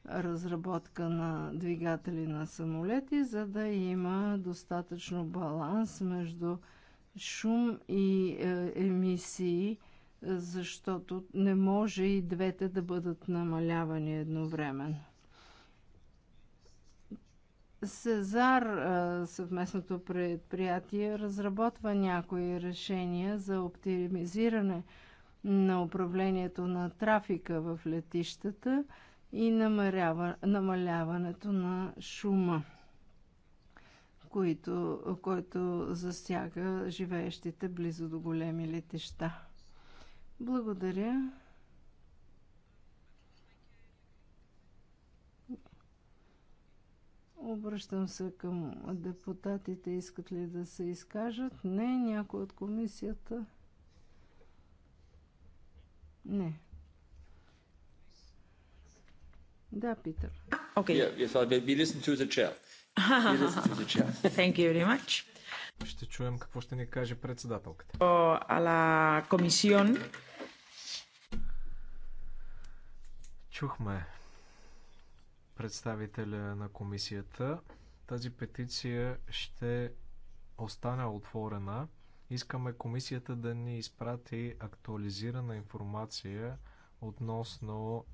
разработка на двигатели на самолети, за да има достатъчно баланс между шум и е, емисии, защото не може и двете да бъдат намалявани едновременно. Сезар, е, съвместното предприятие, разработва някои решения за оптимизиране на управлението на трафика в летищата – и намалява, намаляването на шума, който, който засяга живеещите близо до големи летища. Благодаря. Обръщам се към депутатите. Искат ли да се изкажат? Не, някой от комисията. Не, да, Питър. Окей. Yeah, so we listen to the *laughs* Thank you very much. Ще чуем какво ще ни каже председателката. Ала комисион. Чухме представителя на комисията. Тази петиция ще остане отворена. Искаме комисията да ни изпрати актуализирана информация относно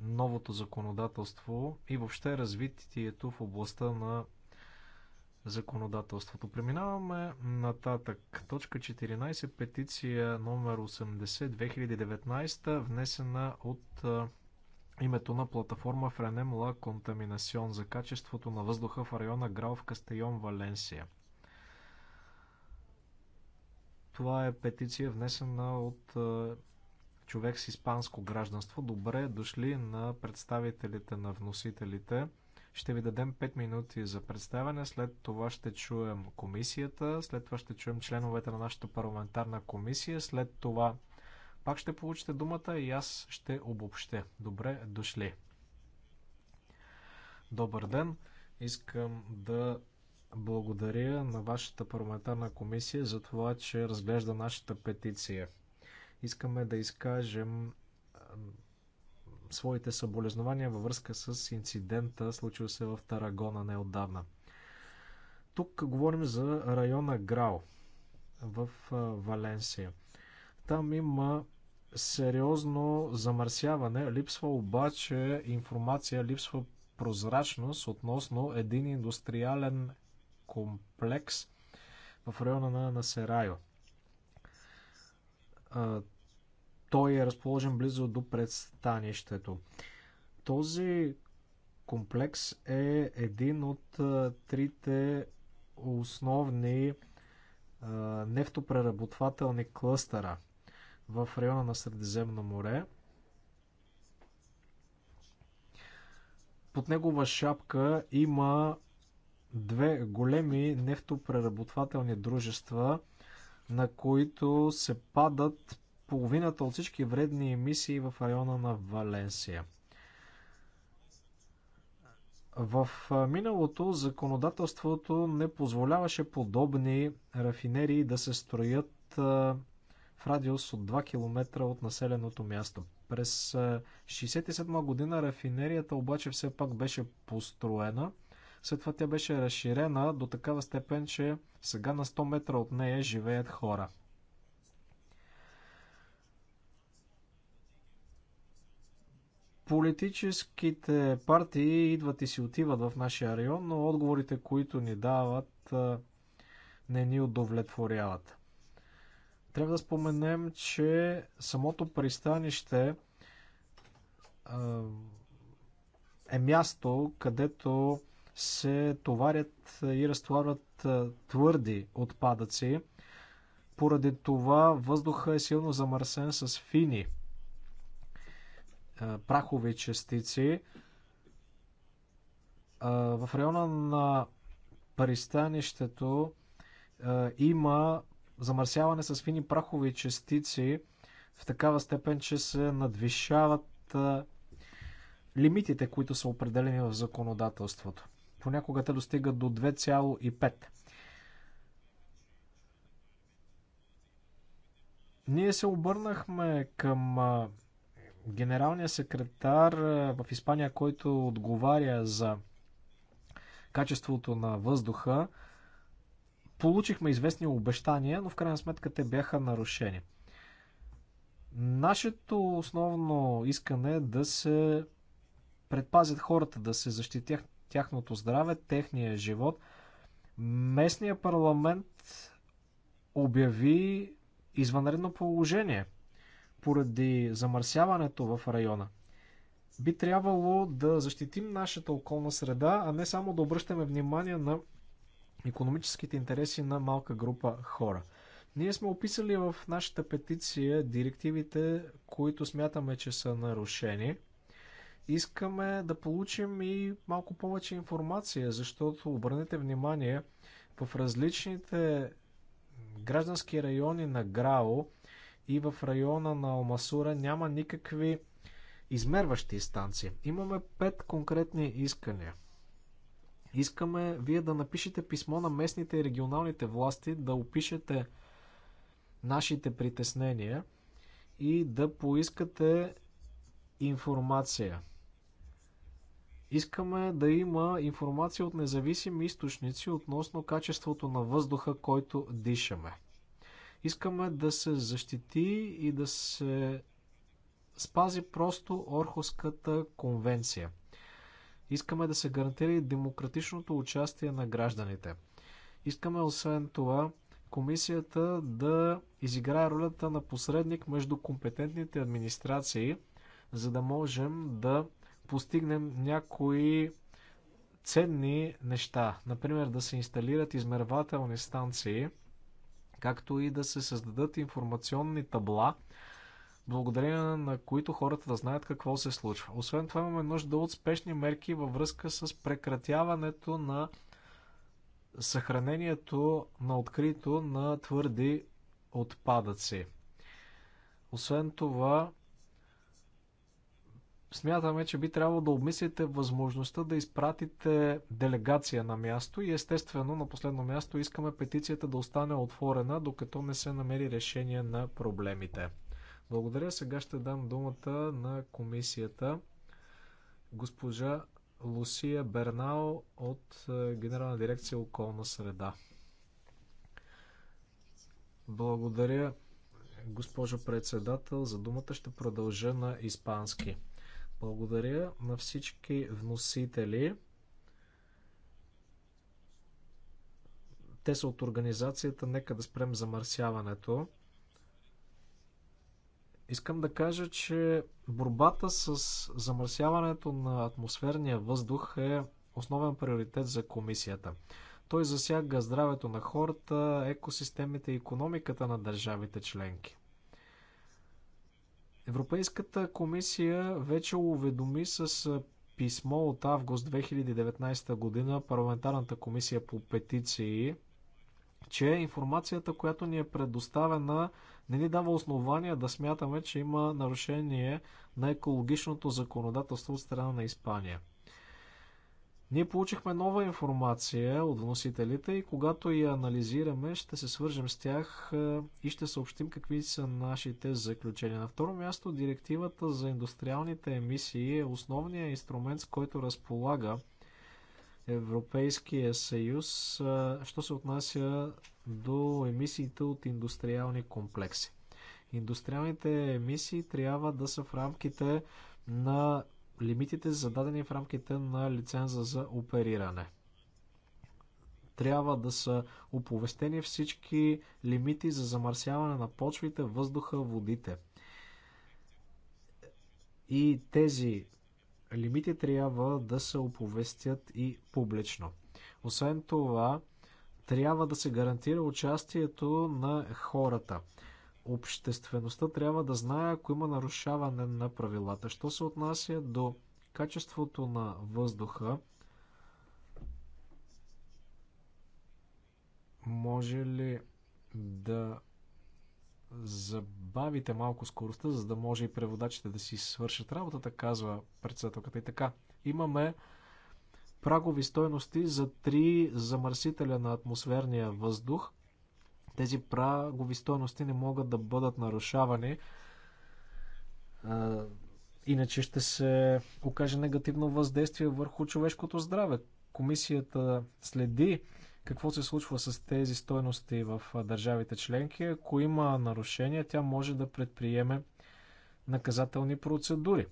новото законодателство и въобще развитието в областта на законодателството. Преминаваме нататък. Точка 14, петиция номер 80-2019, внесена от името на платформа Френем Ла Контаминасион за качеството на въздуха в района Грал в Кастейон, Валенсия. Това е петиция внесена от човек с испанско гражданство. Добре дошли на представителите на вносителите. Ще ви дадем 5 минути за представяне, след това ще чуем комисията, след това ще чуем членовете на нашата парламентарна комисия, след това пак ще получите думата и аз ще обобщя. Добре дошли! Добър ден! Искам да благодаря на вашата парламентарна комисия за това, че разглежда нашата петиция. Искаме да изкажем своите съболезнования във връзка с инцидента, случил се в Тарагона неотдавна. Тук говорим за района Грао в Валенсия. Там има сериозно замърсяване, липсва обаче информация, липсва прозрачност относно един индустриален комплекс в района на Насерайо. Той е разположен близо до предстанището. Този комплекс е един от трите основни нефтопреработвателни клъстера в района на Средиземно море. Под негова шапка има две големи нефтопреработвателни дружества, на които се падат половината от всички вредни емисии в района на Валенсия. В миналото законодателството не позволяваше подобни рафинерии да се строят в радиус от 2 км от населеното място. През 1967 година рафинерията обаче все пак беше построена – след това тя беше разширена до такава степен, че сега на 100 метра от нея живеят хора. Политическите партии идват и си отиват в нашия район, но отговорите, които ни дават, не ни удовлетворяват. Трябва да споменем, че самото пристанище е място, където се товарят и разтоварват твърди отпадъци. Поради това въздуха е силно замърсен с фини прахови частици. В района на пристанището има замърсяване с фини прахови частици в такава степен, че се надвишават лимитите, които са определени в законодателството. Понякога те достигат до 2,5. Ние се обърнахме към генералния секретар в Испания, който отговаря за качеството на въздуха. Получихме известни обещания, но в крайна сметка те бяха нарушени. Нашето основно искане е да се предпазят хората, да се защитят тяхното здраве, техния живот. Местния парламент обяви извънредно положение поради замърсяването в района. Би трябвало да защитим нашата околна среда, а не само да обръщаме внимание на економическите интереси на малка група хора. Ние сме описали в нашата петиция директивите, които смятаме, че са нарушени – искаме да получим и малко повече информация, защото обърнете внимание, в различните граждански райони на Грао и в района на Омасура няма никакви измерващи станции. Имаме пет конкретни искания. Искаме вие да напишете писмо на местните и регионалните власти, да опишете нашите притеснения и да поискате информация Искаме да има информация от независими източници относно качеството на въздуха, който дишаме. Искаме да се защити и да се спази просто Орховската конвенция. Искаме да се гарантира и демократичното участие на гражданите. Искаме освен това комисията да изиграе ролята на посредник между компетентните администрации, за да можем да постигнем някои ценни неща. Например, да се инсталират измервателни станции, както и да се създадат информационни табла, благодарение на които хората да знаят какво се случва. Освен това имаме нужда от спешни мерки във връзка с прекратяването на съхранението на открито на твърди отпадъци. Освен това, смятаме, че би трябвало да обмислите възможността да изпратите делегация на място и естествено на последно място искаме петицията да остане отворена, докато не се намери решение на проблемите. Благодаря. Сега ще дам думата на комисията госпожа Лусия Бернал от е, Генерална дирекция околна среда. Благодаря, госпожо председател. За думата ще продължа на испански. Благодаря на всички вносители. Те са от организацията Нека да спрем замърсяването. Искам да кажа, че борбата с замърсяването на атмосферния въздух е основен приоритет за комисията. Той засяга здравето на хората, екосистемите и економиката на държавите членки. Европейската комисия вече уведоми с писмо от август 2019 година парламентарната комисия по петиции, че информацията, която ни е предоставена, не ни дава основания да смятаме, че има нарушение на екологичното законодателство от страна на Испания. Ние получихме нова информация от вносителите и когато я анализираме, ще се свържем с тях е, и ще съобщим какви са нашите заключения. На второ място, директивата за индустриалните емисии е основният инструмент, с който разполага Европейския съюз, е, що се отнася до емисиите от индустриални комплекси. Индустриалните емисии трябва да са в рамките на лимитите, зададени в рамките на лиценза за опериране. Трябва да са оповестени всички лимити за замърсяване на почвите, въздуха, водите. И тези лимити трябва да се оповестят и публично. Освен това, трябва да се гарантира участието на хората. Обществеността трябва да знае, ако има нарушаване на правилата. Що се отнася до качеството на въздуха, може ли да забавите малко скоростта, за да може и преводачите да си свършат работата, казва председателката. И така, имаме прагови стойности за три замърсителя на атмосферния въздух. Тези прагови стойности не могат да бъдат нарушавани, иначе ще се окаже негативно въздействие върху човешкото здраве. Комисията следи какво се случва с тези стойности в държавите членки. Ако има нарушения, тя може да предприеме наказателни процедури.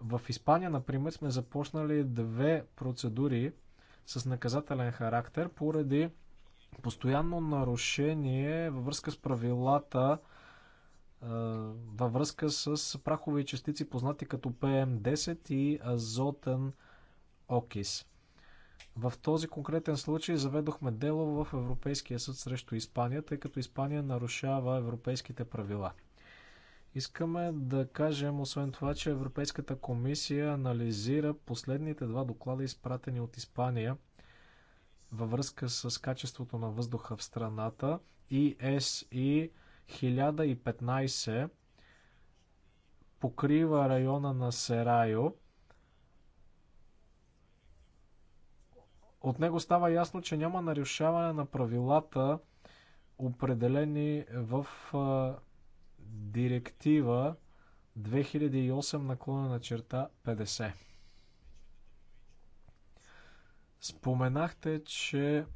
В Испания, например, сме започнали две процедури с наказателен характер поради постоянно нарушение във връзка с правилата във връзка с прахови частици, познати като PM10 и азотен окис. В този конкретен случай заведохме дело в Европейския съд срещу Испания, тъй като Испания нарушава европейските правила. Искаме да кажем, освен това, че Европейската комисия анализира последните два доклада, изпратени от Испания – във връзка с качеството на въздуха в страната и 1015 покрива района на Серайо. От него става ясно, че няма нарушаване на правилата, определени в директива 2008 наклона на черта 50. Споменахте, че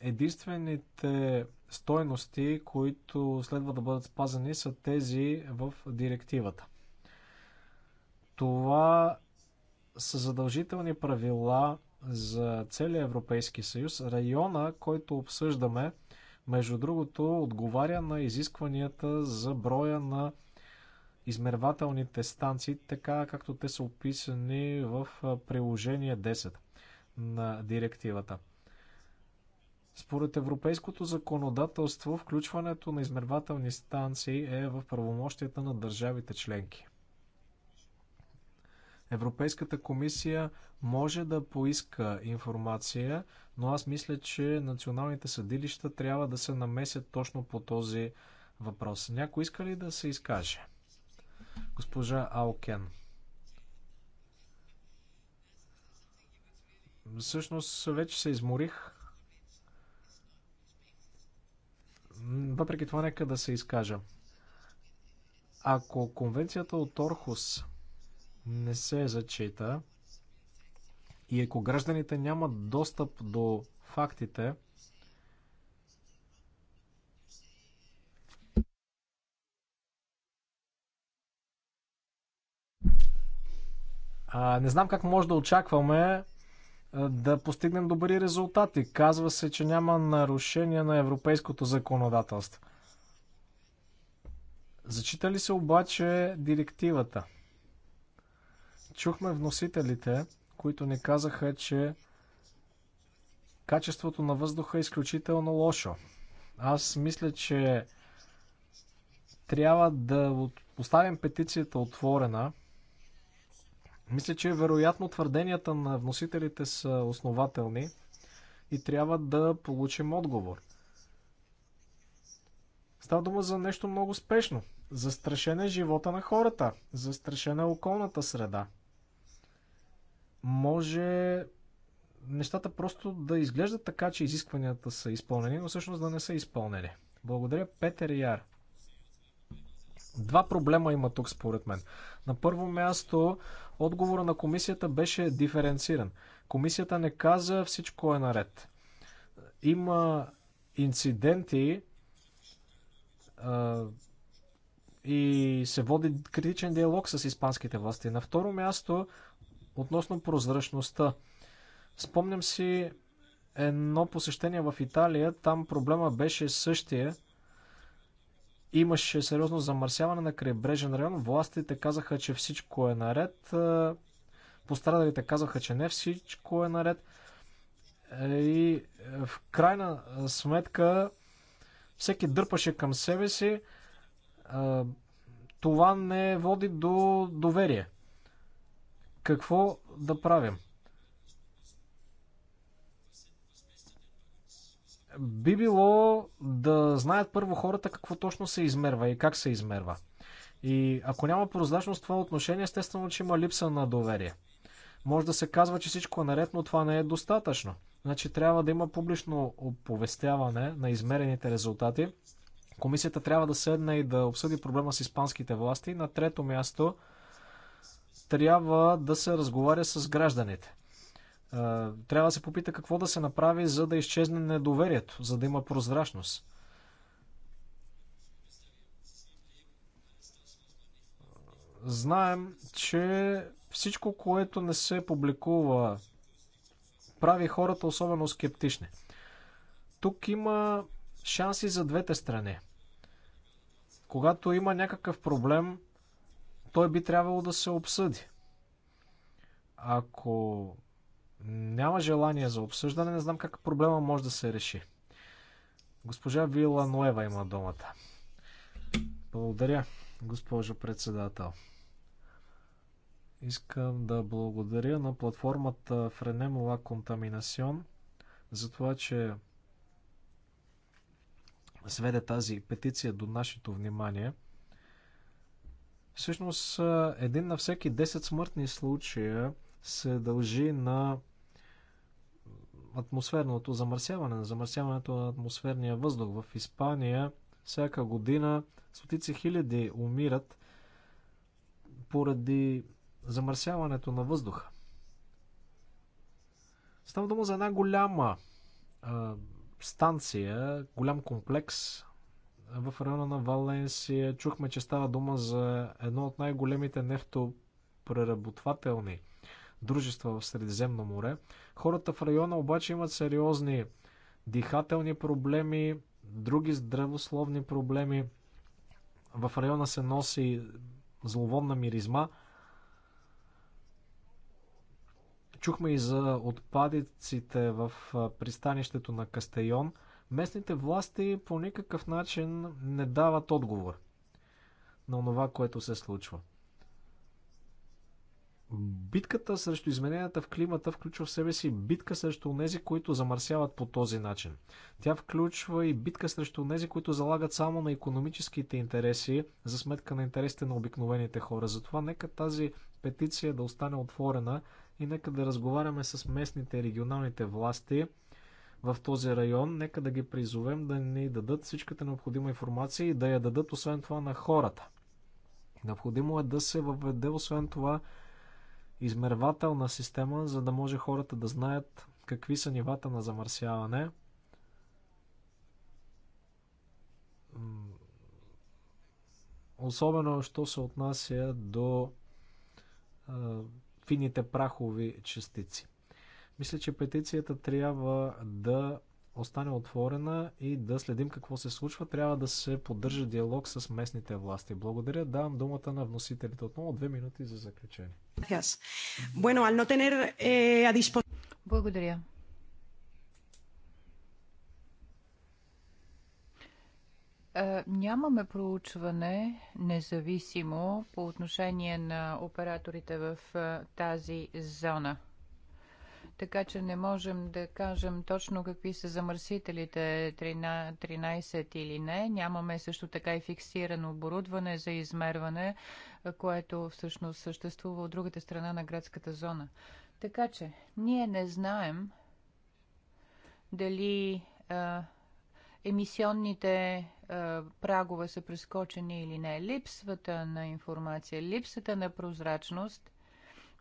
единствените стойности, които следва да бъдат спазени, са тези в директивата. Това са задължителни правила за целия Европейски съюз. Района, който обсъждаме, между другото, отговаря на изискванията за броя на измервателните станции, така както те са описани в приложение 10 на директивата. Според европейското законодателство, включването на измервателни станции е в правомощията на държавите членки. Европейската комисия може да поиска информация, но аз мисля, че националните съдилища трябва да се намесят точно по този въпрос. Някой иска ли да се изкаже? Госпожа Алкен. Всъщност вече се изморих. Въпреки това, нека да се изкажа. Ако конвенцията от Орхус не се зачита и ако гражданите нямат достъп до фактите, Не знам как може да очакваме да постигнем добри резултати. Казва се, че няма нарушение на европейското законодателство. Зачита ли се обаче директивата? Чухме вносителите, които ни казаха, че качеството на въздуха е изключително лошо. Аз мисля, че трябва да поставим петицията отворена – мисля, че вероятно твърденията на вносителите са основателни и трябва да получим отговор. Става дума за нещо много спешно. Застрашен е живота на хората, застрашена е околната среда. Може нещата просто да изглеждат така, че изискванията са изпълнени, но всъщност да не са изпълнени. Благодаря, Петър Яр. Два проблема има тук, според мен. На първо място, Отговора на комисията беше диференциран. Комисията не каза всичко е наред. Има инциденти а, и се води критичен диалог с испанските власти. На второ място, относно прозрачността. Спомням си едно посещение в Италия, там проблема беше същия имаше сериозно замърсяване на крайбрежен район. Властите казаха, че всичко е наред. Е, пострадалите казаха, че не всичко е наред. Е, и е, в крайна сметка всеки дърпаше към себе си. Това не води до доверие. Какво да правим? би било да знаят първо хората какво точно се измерва и как се измерва. И ако няма прозрачност в това отношение, естествено, че има липса на доверие. Може да се казва, че всичко е наред, но това не е достатъчно. Значи трябва да има публично оповестяване на измерените резултати. Комисията трябва да седне и да обсъди проблема с испанските власти. На трето място трябва да се разговаря с гражданите. Трябва да се попита какво да се направи, за да изчезне недоверието, за да има прозрачност. Знаем, че всичко, което не се публикува, прави хората особено скептични. Тук има шанси за двете страни. Когато има някакъв проблем, той би трябвало да се обсъди. Ако няма желание за обсъждане, не знам как проблема може да се реши. Госпожа Вила Ноева има думата. Благодаря, госпожо председател. Искам да благодаря на платформата Френемола Контаминацион за това, че сведе тази петиция до нашето внимание. Всъщност, един на всеки 10 смъртни случая се дължи на атмосферното замърсяване, на замърсяването на атмосферния въздух. В Испания всяка година стотици хиляди умират поради замърсяването на въздуха. Става дума за една голяма а, станция, голям комплекс в района на Валенсия. Чухме, че става дума за едно от най-големите нефтопреработвателни дружества в Средиземно море. Хората в района обаче имат сериозни дихателни проблеми, други здравословни проблеми. В района се носи зловонна миризма. Чухме и за отпадиците в пристанището на Кастейон. Местните власти по никакъв начин не дават отговор на това, което се случва. Битката срещу измененията в климата включва в себе си битка срещу нези, които замърсяват по този начин. Тя включва и битка срещу нези, които залагат само на економическите интереси за сметка на интересите на обикновените хора. Затова нека тази петиция да остане отворена и нека да разговаряме с местните и регионалните власти в този район. Нека да ги призовем да ни дадат всичката необходима информация и да я дадат освен това на хората. Необходимо е да се въведе освен това измервателна система, за да може хората да знаят какви са нивата на замърсяване. Особено, що се отнася до фините прахови частици. Мисля, че петицията трябва да остане отворена и да следим какво се случва. Трябва да се поддържа диалог с местните власти. Благодаря. Давам думата на вносителите отново. Две минути за заключение. Eh, Благодаря. Е, нямаме проучване независимо по отношение на операторите в е, тази зона така че не можем да кажем точно какви са замърсителите 13 или не. Нямаме също така и фиксирано оборудване за измерване, което всъщност съществува от другата страна на градската зона. Така че ние не знаем дали а, емисионните а, прагове са прескочени или не. Липсвата на информация, липсата на прозрачност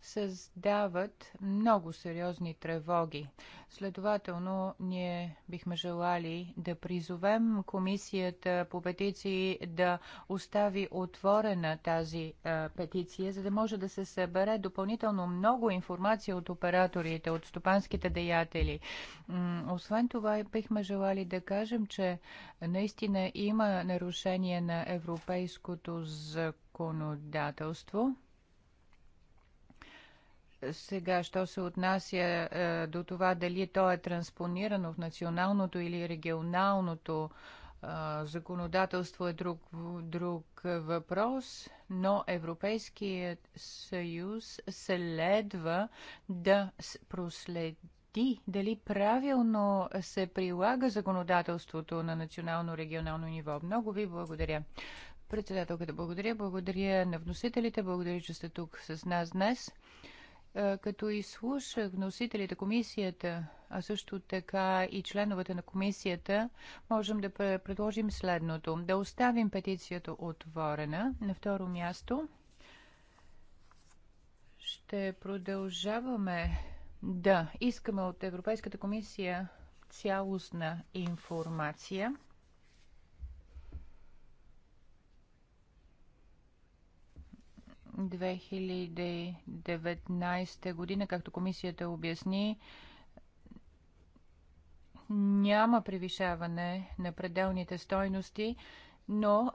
създават много сериозни тревоги. Следователно, ние бихме желали да призовем комисията по петиции да остави отворена тази а, петиция, за да може да се събере допълнително много информация от операторите, от стопанските деятели. Освен това, бихме желали да кажем, че наистина има нарушение на европейското законодателство сега, що се отнася е, до това дали то е транспонирано в националното или регионалното е, законодателство е друг, друг въпрос, но Европейският съюз следва да проследи ти дали правилно се прилага законодателството на национално-регионално ниво. Много ви благодаря. Председателката, благодаря. Благодаря на вносителите. Благодаря, че сте тук с нас днес. Е, като изслушах вносителите комисията, а също така и членовете на комисията, можем да предложим следното. Да оставим петицията отворена. На второ място ще продължаваме да искаме от Европейската комисия цялостна информация 2019 година, както комисията обясни, няма превишаване на пределните стойности, но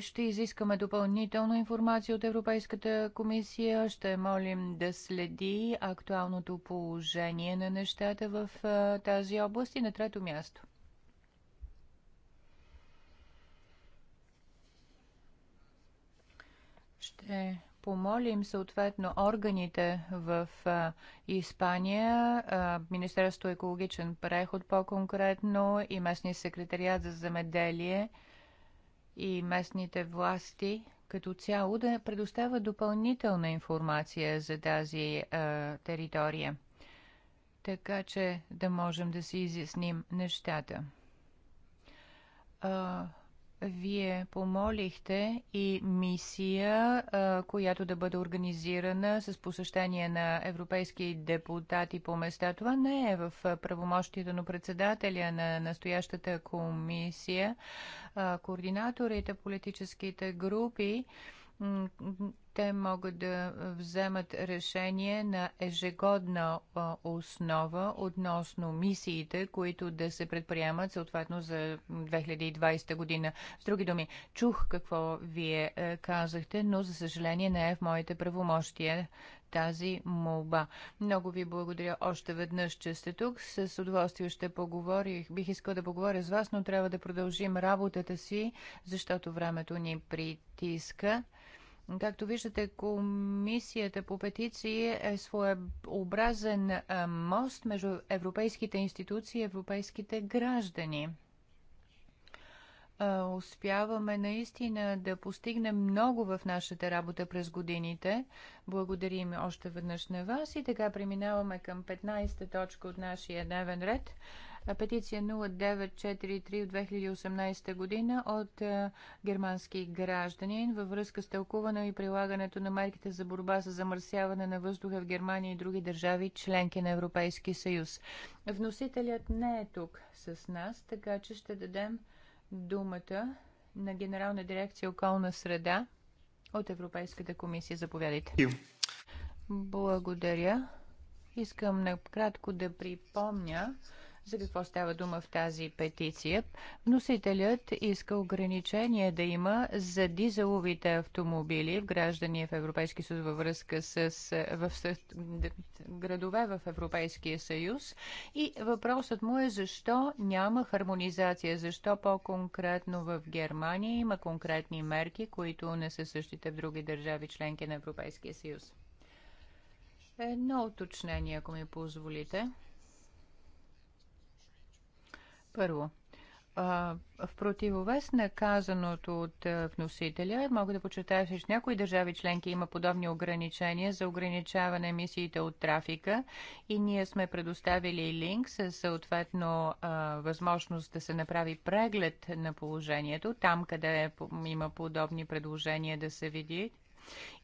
ще изискаме допълнителна информация от Европейската комисия. Ще молим да следи актуалното положение на нещата в тази област и на трето място. Ще помолим съответно органите в а, Испания, а, Министерство екологичен преход по-конкретно и местния секретариат за земеделие и местните власти като цяло да предоставя допълнителна информация за тази а, територия, така че да можем да си изясним нещата. А, вие помолихте и мисия, която да бъде организирана с посещение на европейски депутати по места. Това не е в правомощите на председателя на настоящата комисия. Координаторите, политическите групи те могат да вземат решение на ежегодна основа относно мисиите, които да се предприемат съответно за 2020 година. С други думи, чух какво вие е, казахте, но за съжаление не е в моите правомощия тази молба. Много ви благодаря още веднъж, че сте тук. С удоволствие ще поговорих. Бих искал да поговоря с вас, но трябва да продължим работата си, защото времето ни притиска. Както виждате, комисията по петиции е своеобразен мост между европейските институции и европейските граждани. Успяваме наистина да постигнем много в нашата работа през годините. Благодарим още веднъж на вас и така преминаваме към 15-та точка от нашия дневен ред – петиция 0943 от 2018 година от германски гражданин във връзка с тълкуване и прилагането на мерките за борба с замърсяване на въздуха в Германия и други държави, членки на Европейски съюз. Вносителят не е тук с нас, така че ще дадем думата на Генерална дирекция околна среда от Европейската комисия. Заповядайте. Благодаря. Искам накратко да припомня, за какво става дума в тази петиция? Вносителят иска ограничение да има за дизеловите автомобили в граждани в Европейски съюз във връзка с в, с, градове в Европейския съюз. И въпросът му е защо няма хармонизация, защо по-конкретно в Германия има конкретни мерки, които не са същите в други държави членки на Европейския съюз. Едно уточнение, ако ми позволите. Първо, в противовес на казаното от вносителя, мога да почетая, че някои държави членки има подобни ограничения за ограничаване емисиите от трафика и ние сме предоставили линк с съответно възможност да се направи преглед на положението, там къде е има подобни предложения да се види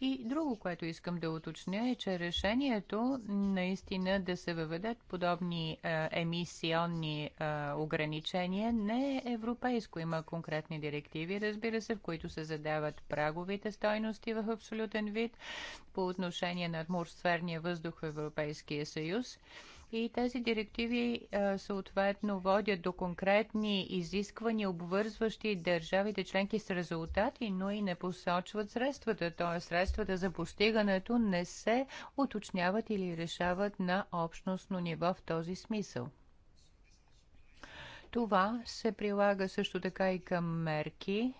и друго, което искам да уточня е, че решението наистина да се въведат подобни е, емисионни е, ограничения не е европейско. Има конкретни директиви, разбира се, в които се задават праговите стойности в абсолютен вид по отношение на атмосферния въздух в Европейския съюз. И тези директиви съответно водят до конкретни изисквания, обвързващи държавите членки с резултати, но и не посочват средствата. Т.е. средствата за постигането не се уточняват или решават на общностно ниво в този смисъл. Това се прилага също така и към мерки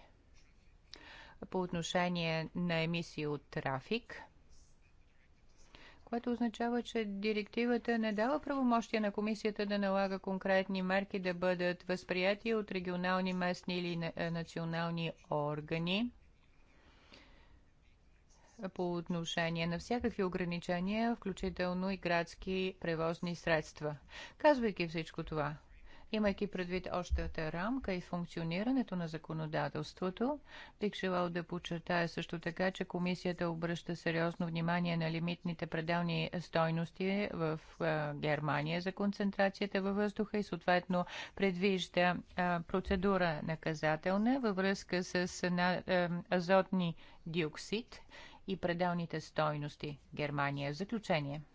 по отношение на емисии от трафик – което означава, че директивата не дава правомощия на комисията да налага конкретни мерки да бъдат възприяти от регионални, местни или е, национални органи по отношение на всякакви ограничения, включително и градски превозни средства. Казвайки всичко това, Имайки предвид общата рамка и функционирането на законодателството, бих желал да подчертая също така, че комисията обръща сериозно внимание на лимитните пределни стойности в Германия за концентрацията във въздуха и съответно предвижда процедура наказателна във връзка с азотни диоксид и пределните стойности Германия. Заключение –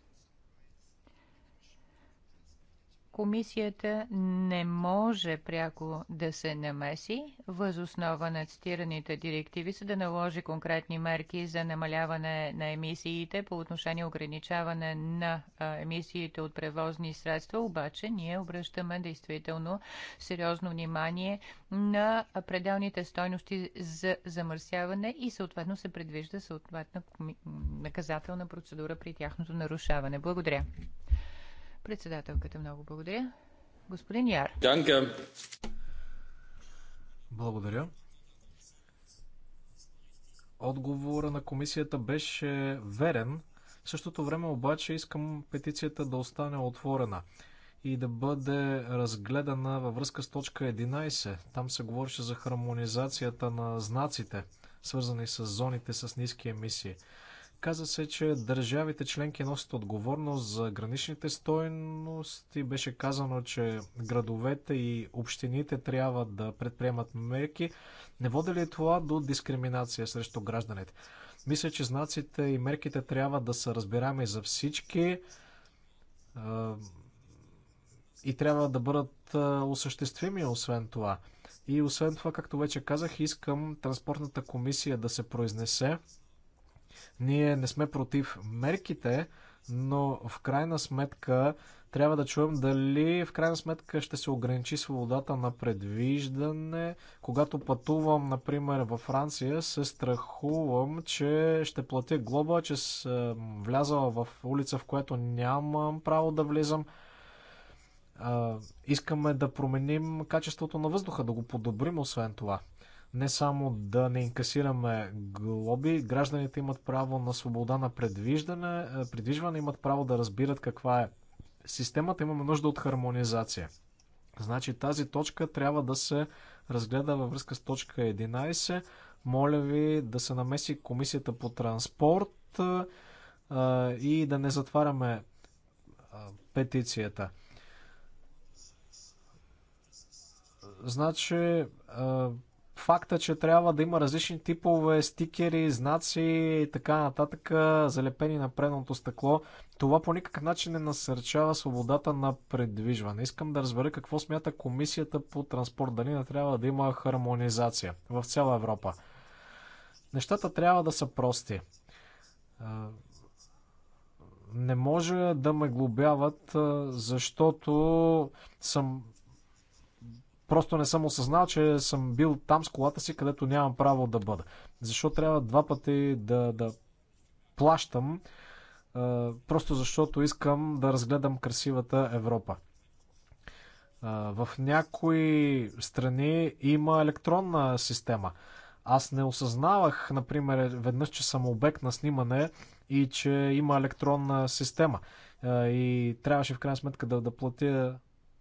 комисията не може пряко да се намеси възоснова на цитираните директиви, за да наложи конкретни мерки за намаляване на емисиите по отношение ограничаване на емисиите от превозни средства, обаче ние обръщаме действително сериозно внимание на пределните стойности за замърсяване и съответно се предвижда съответна наказателна процедура при тяхното нарушаване. Благодаря. Председателката, много благодаря. Господин Яр. Данка. Благодаря. Отговора на комисията беше верен. В същото време обаче искам петицията да остане отворена и да бъде разгледана във връзка с точка 11. Там се говореше за хармонизацията на знаците, свързани с зоните с ниски емисии. Каза се, че държавите членки носят отговорност за граничните стоености. Беше казано, че градовете и общините трябва да предприемат мерки. Не води ли това до дискриминация срещу гражданите? Мисля, че знаците и мерките трябва да са разбираме за всички и трябва да бъдат осъществими, освен това. И освен това, както вече казах, искам Транспортната комисия да се произнесе ние не сме против мерките, но в крайна сметка трябва да чуем дали в крайна сметка ще се ограничи свободата на предвиждане. Когато пътувам, например, във Франция, се страхувам, че ще платя глоба, че съм е, влязала в улица, в която нямам право да влизам. искаме да променим качеството на въздуха, да го подобрим, освен това не само да не инкасираме глоби, гражданите имат право на свобода на предвиждане, е, предвижване, имат право да разбират каква е системата, имаме нужда от хармонизация. Значи тази точка трябва да се разгледа във връзка с точка 11. Моля ви да се намеси комисията по транспорт е, е, и да не затваряме петицията. Значи факта, че трябва да има различни типове стикери, знаци и така нататък, залепени на предното стъкло, това по никакъв начин не насърчава свободата на предвижване. Искам да разбера какво смята комисията по транспорт, дали не трябва да има хармонизация в цяла Европа. Нещата трябва да са прости. Не може да ме глобяват, защото съм Просто не съм осъзнал, че съм бил там с колата си, където нямам право да бъда. Защо трябва два пъти да, да плащам, просто защото искам да разгледам красивата Европа. В някои страни има електронна система. Аз не осъзнавах, например, веднъж, че съм обект на снимане и че има електронна система. И трябваше в крайна сметка да, да платя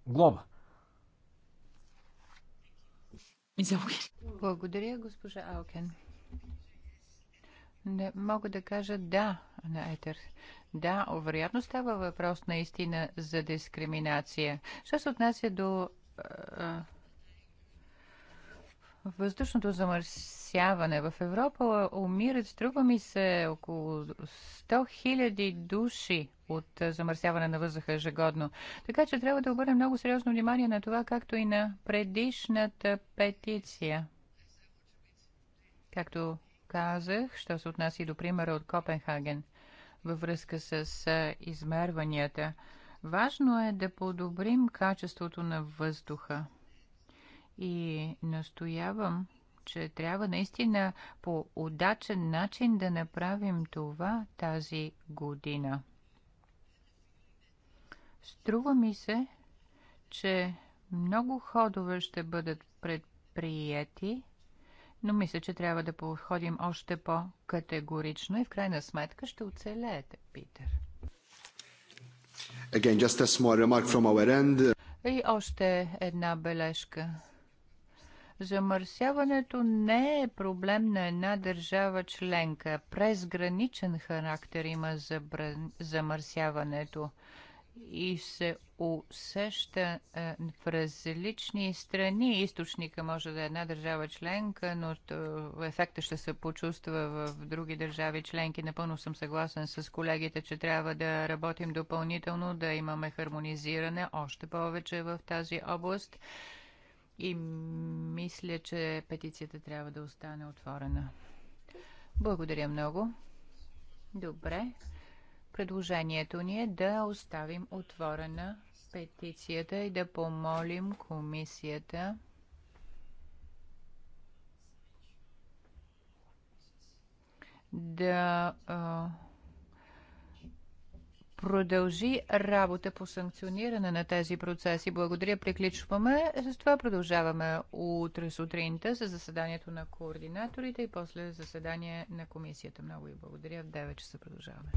глоба. Благодаря, госпожа Алкен. Не мога да кажа да на Етер. Да, вероятно става въпрос наистина за дискриминация. Що се отнася до а, въздушното замърсяване в Европа, умират, струва ми се, около 100 000 души от замърсяване на въздуха ежегодно. Така че трябва да обърнем много сериозно внимание на това, както и на предишната петиция. Както казах, що се отнася и до примера от Копенхаген във връзка с измерванията. Важно е да подобрим качеството на въздуха. И настоявам, че трябва наистина по удачен начин да направим това тази година. Струва ми се, че много ходове ще бъдат предприяти, но мисля, че трябва да подходим още по-категорично и в крайна сметка ще оцелеете, Питер. Again, just a small remark from our end. И още една бележка. Замърсяването не е проблем на една държава членка. През граничен характер има забран... замърсяването и се усеща а, е, в различни страни. Източника може да е една държава членка, но ефекта ще се почувства в други държави членки. Напълно съм съгласен с колегите, че трябва да работим допълнително, да имаме хармонизиране още повече в тази област. И мисля, че петицията трябва да остане отворена. Благодаря много. Добре. Предложението ни е да оставим отворена петицията и да помолим комисията да а, продължи работа по санкциониране на тези процеси. Благодаря, приключваме. С това продължаваме утре сутринта за заседанието на координаторите и после заседание на комисията. Много ви благодаря. В 9 часа продължаваме.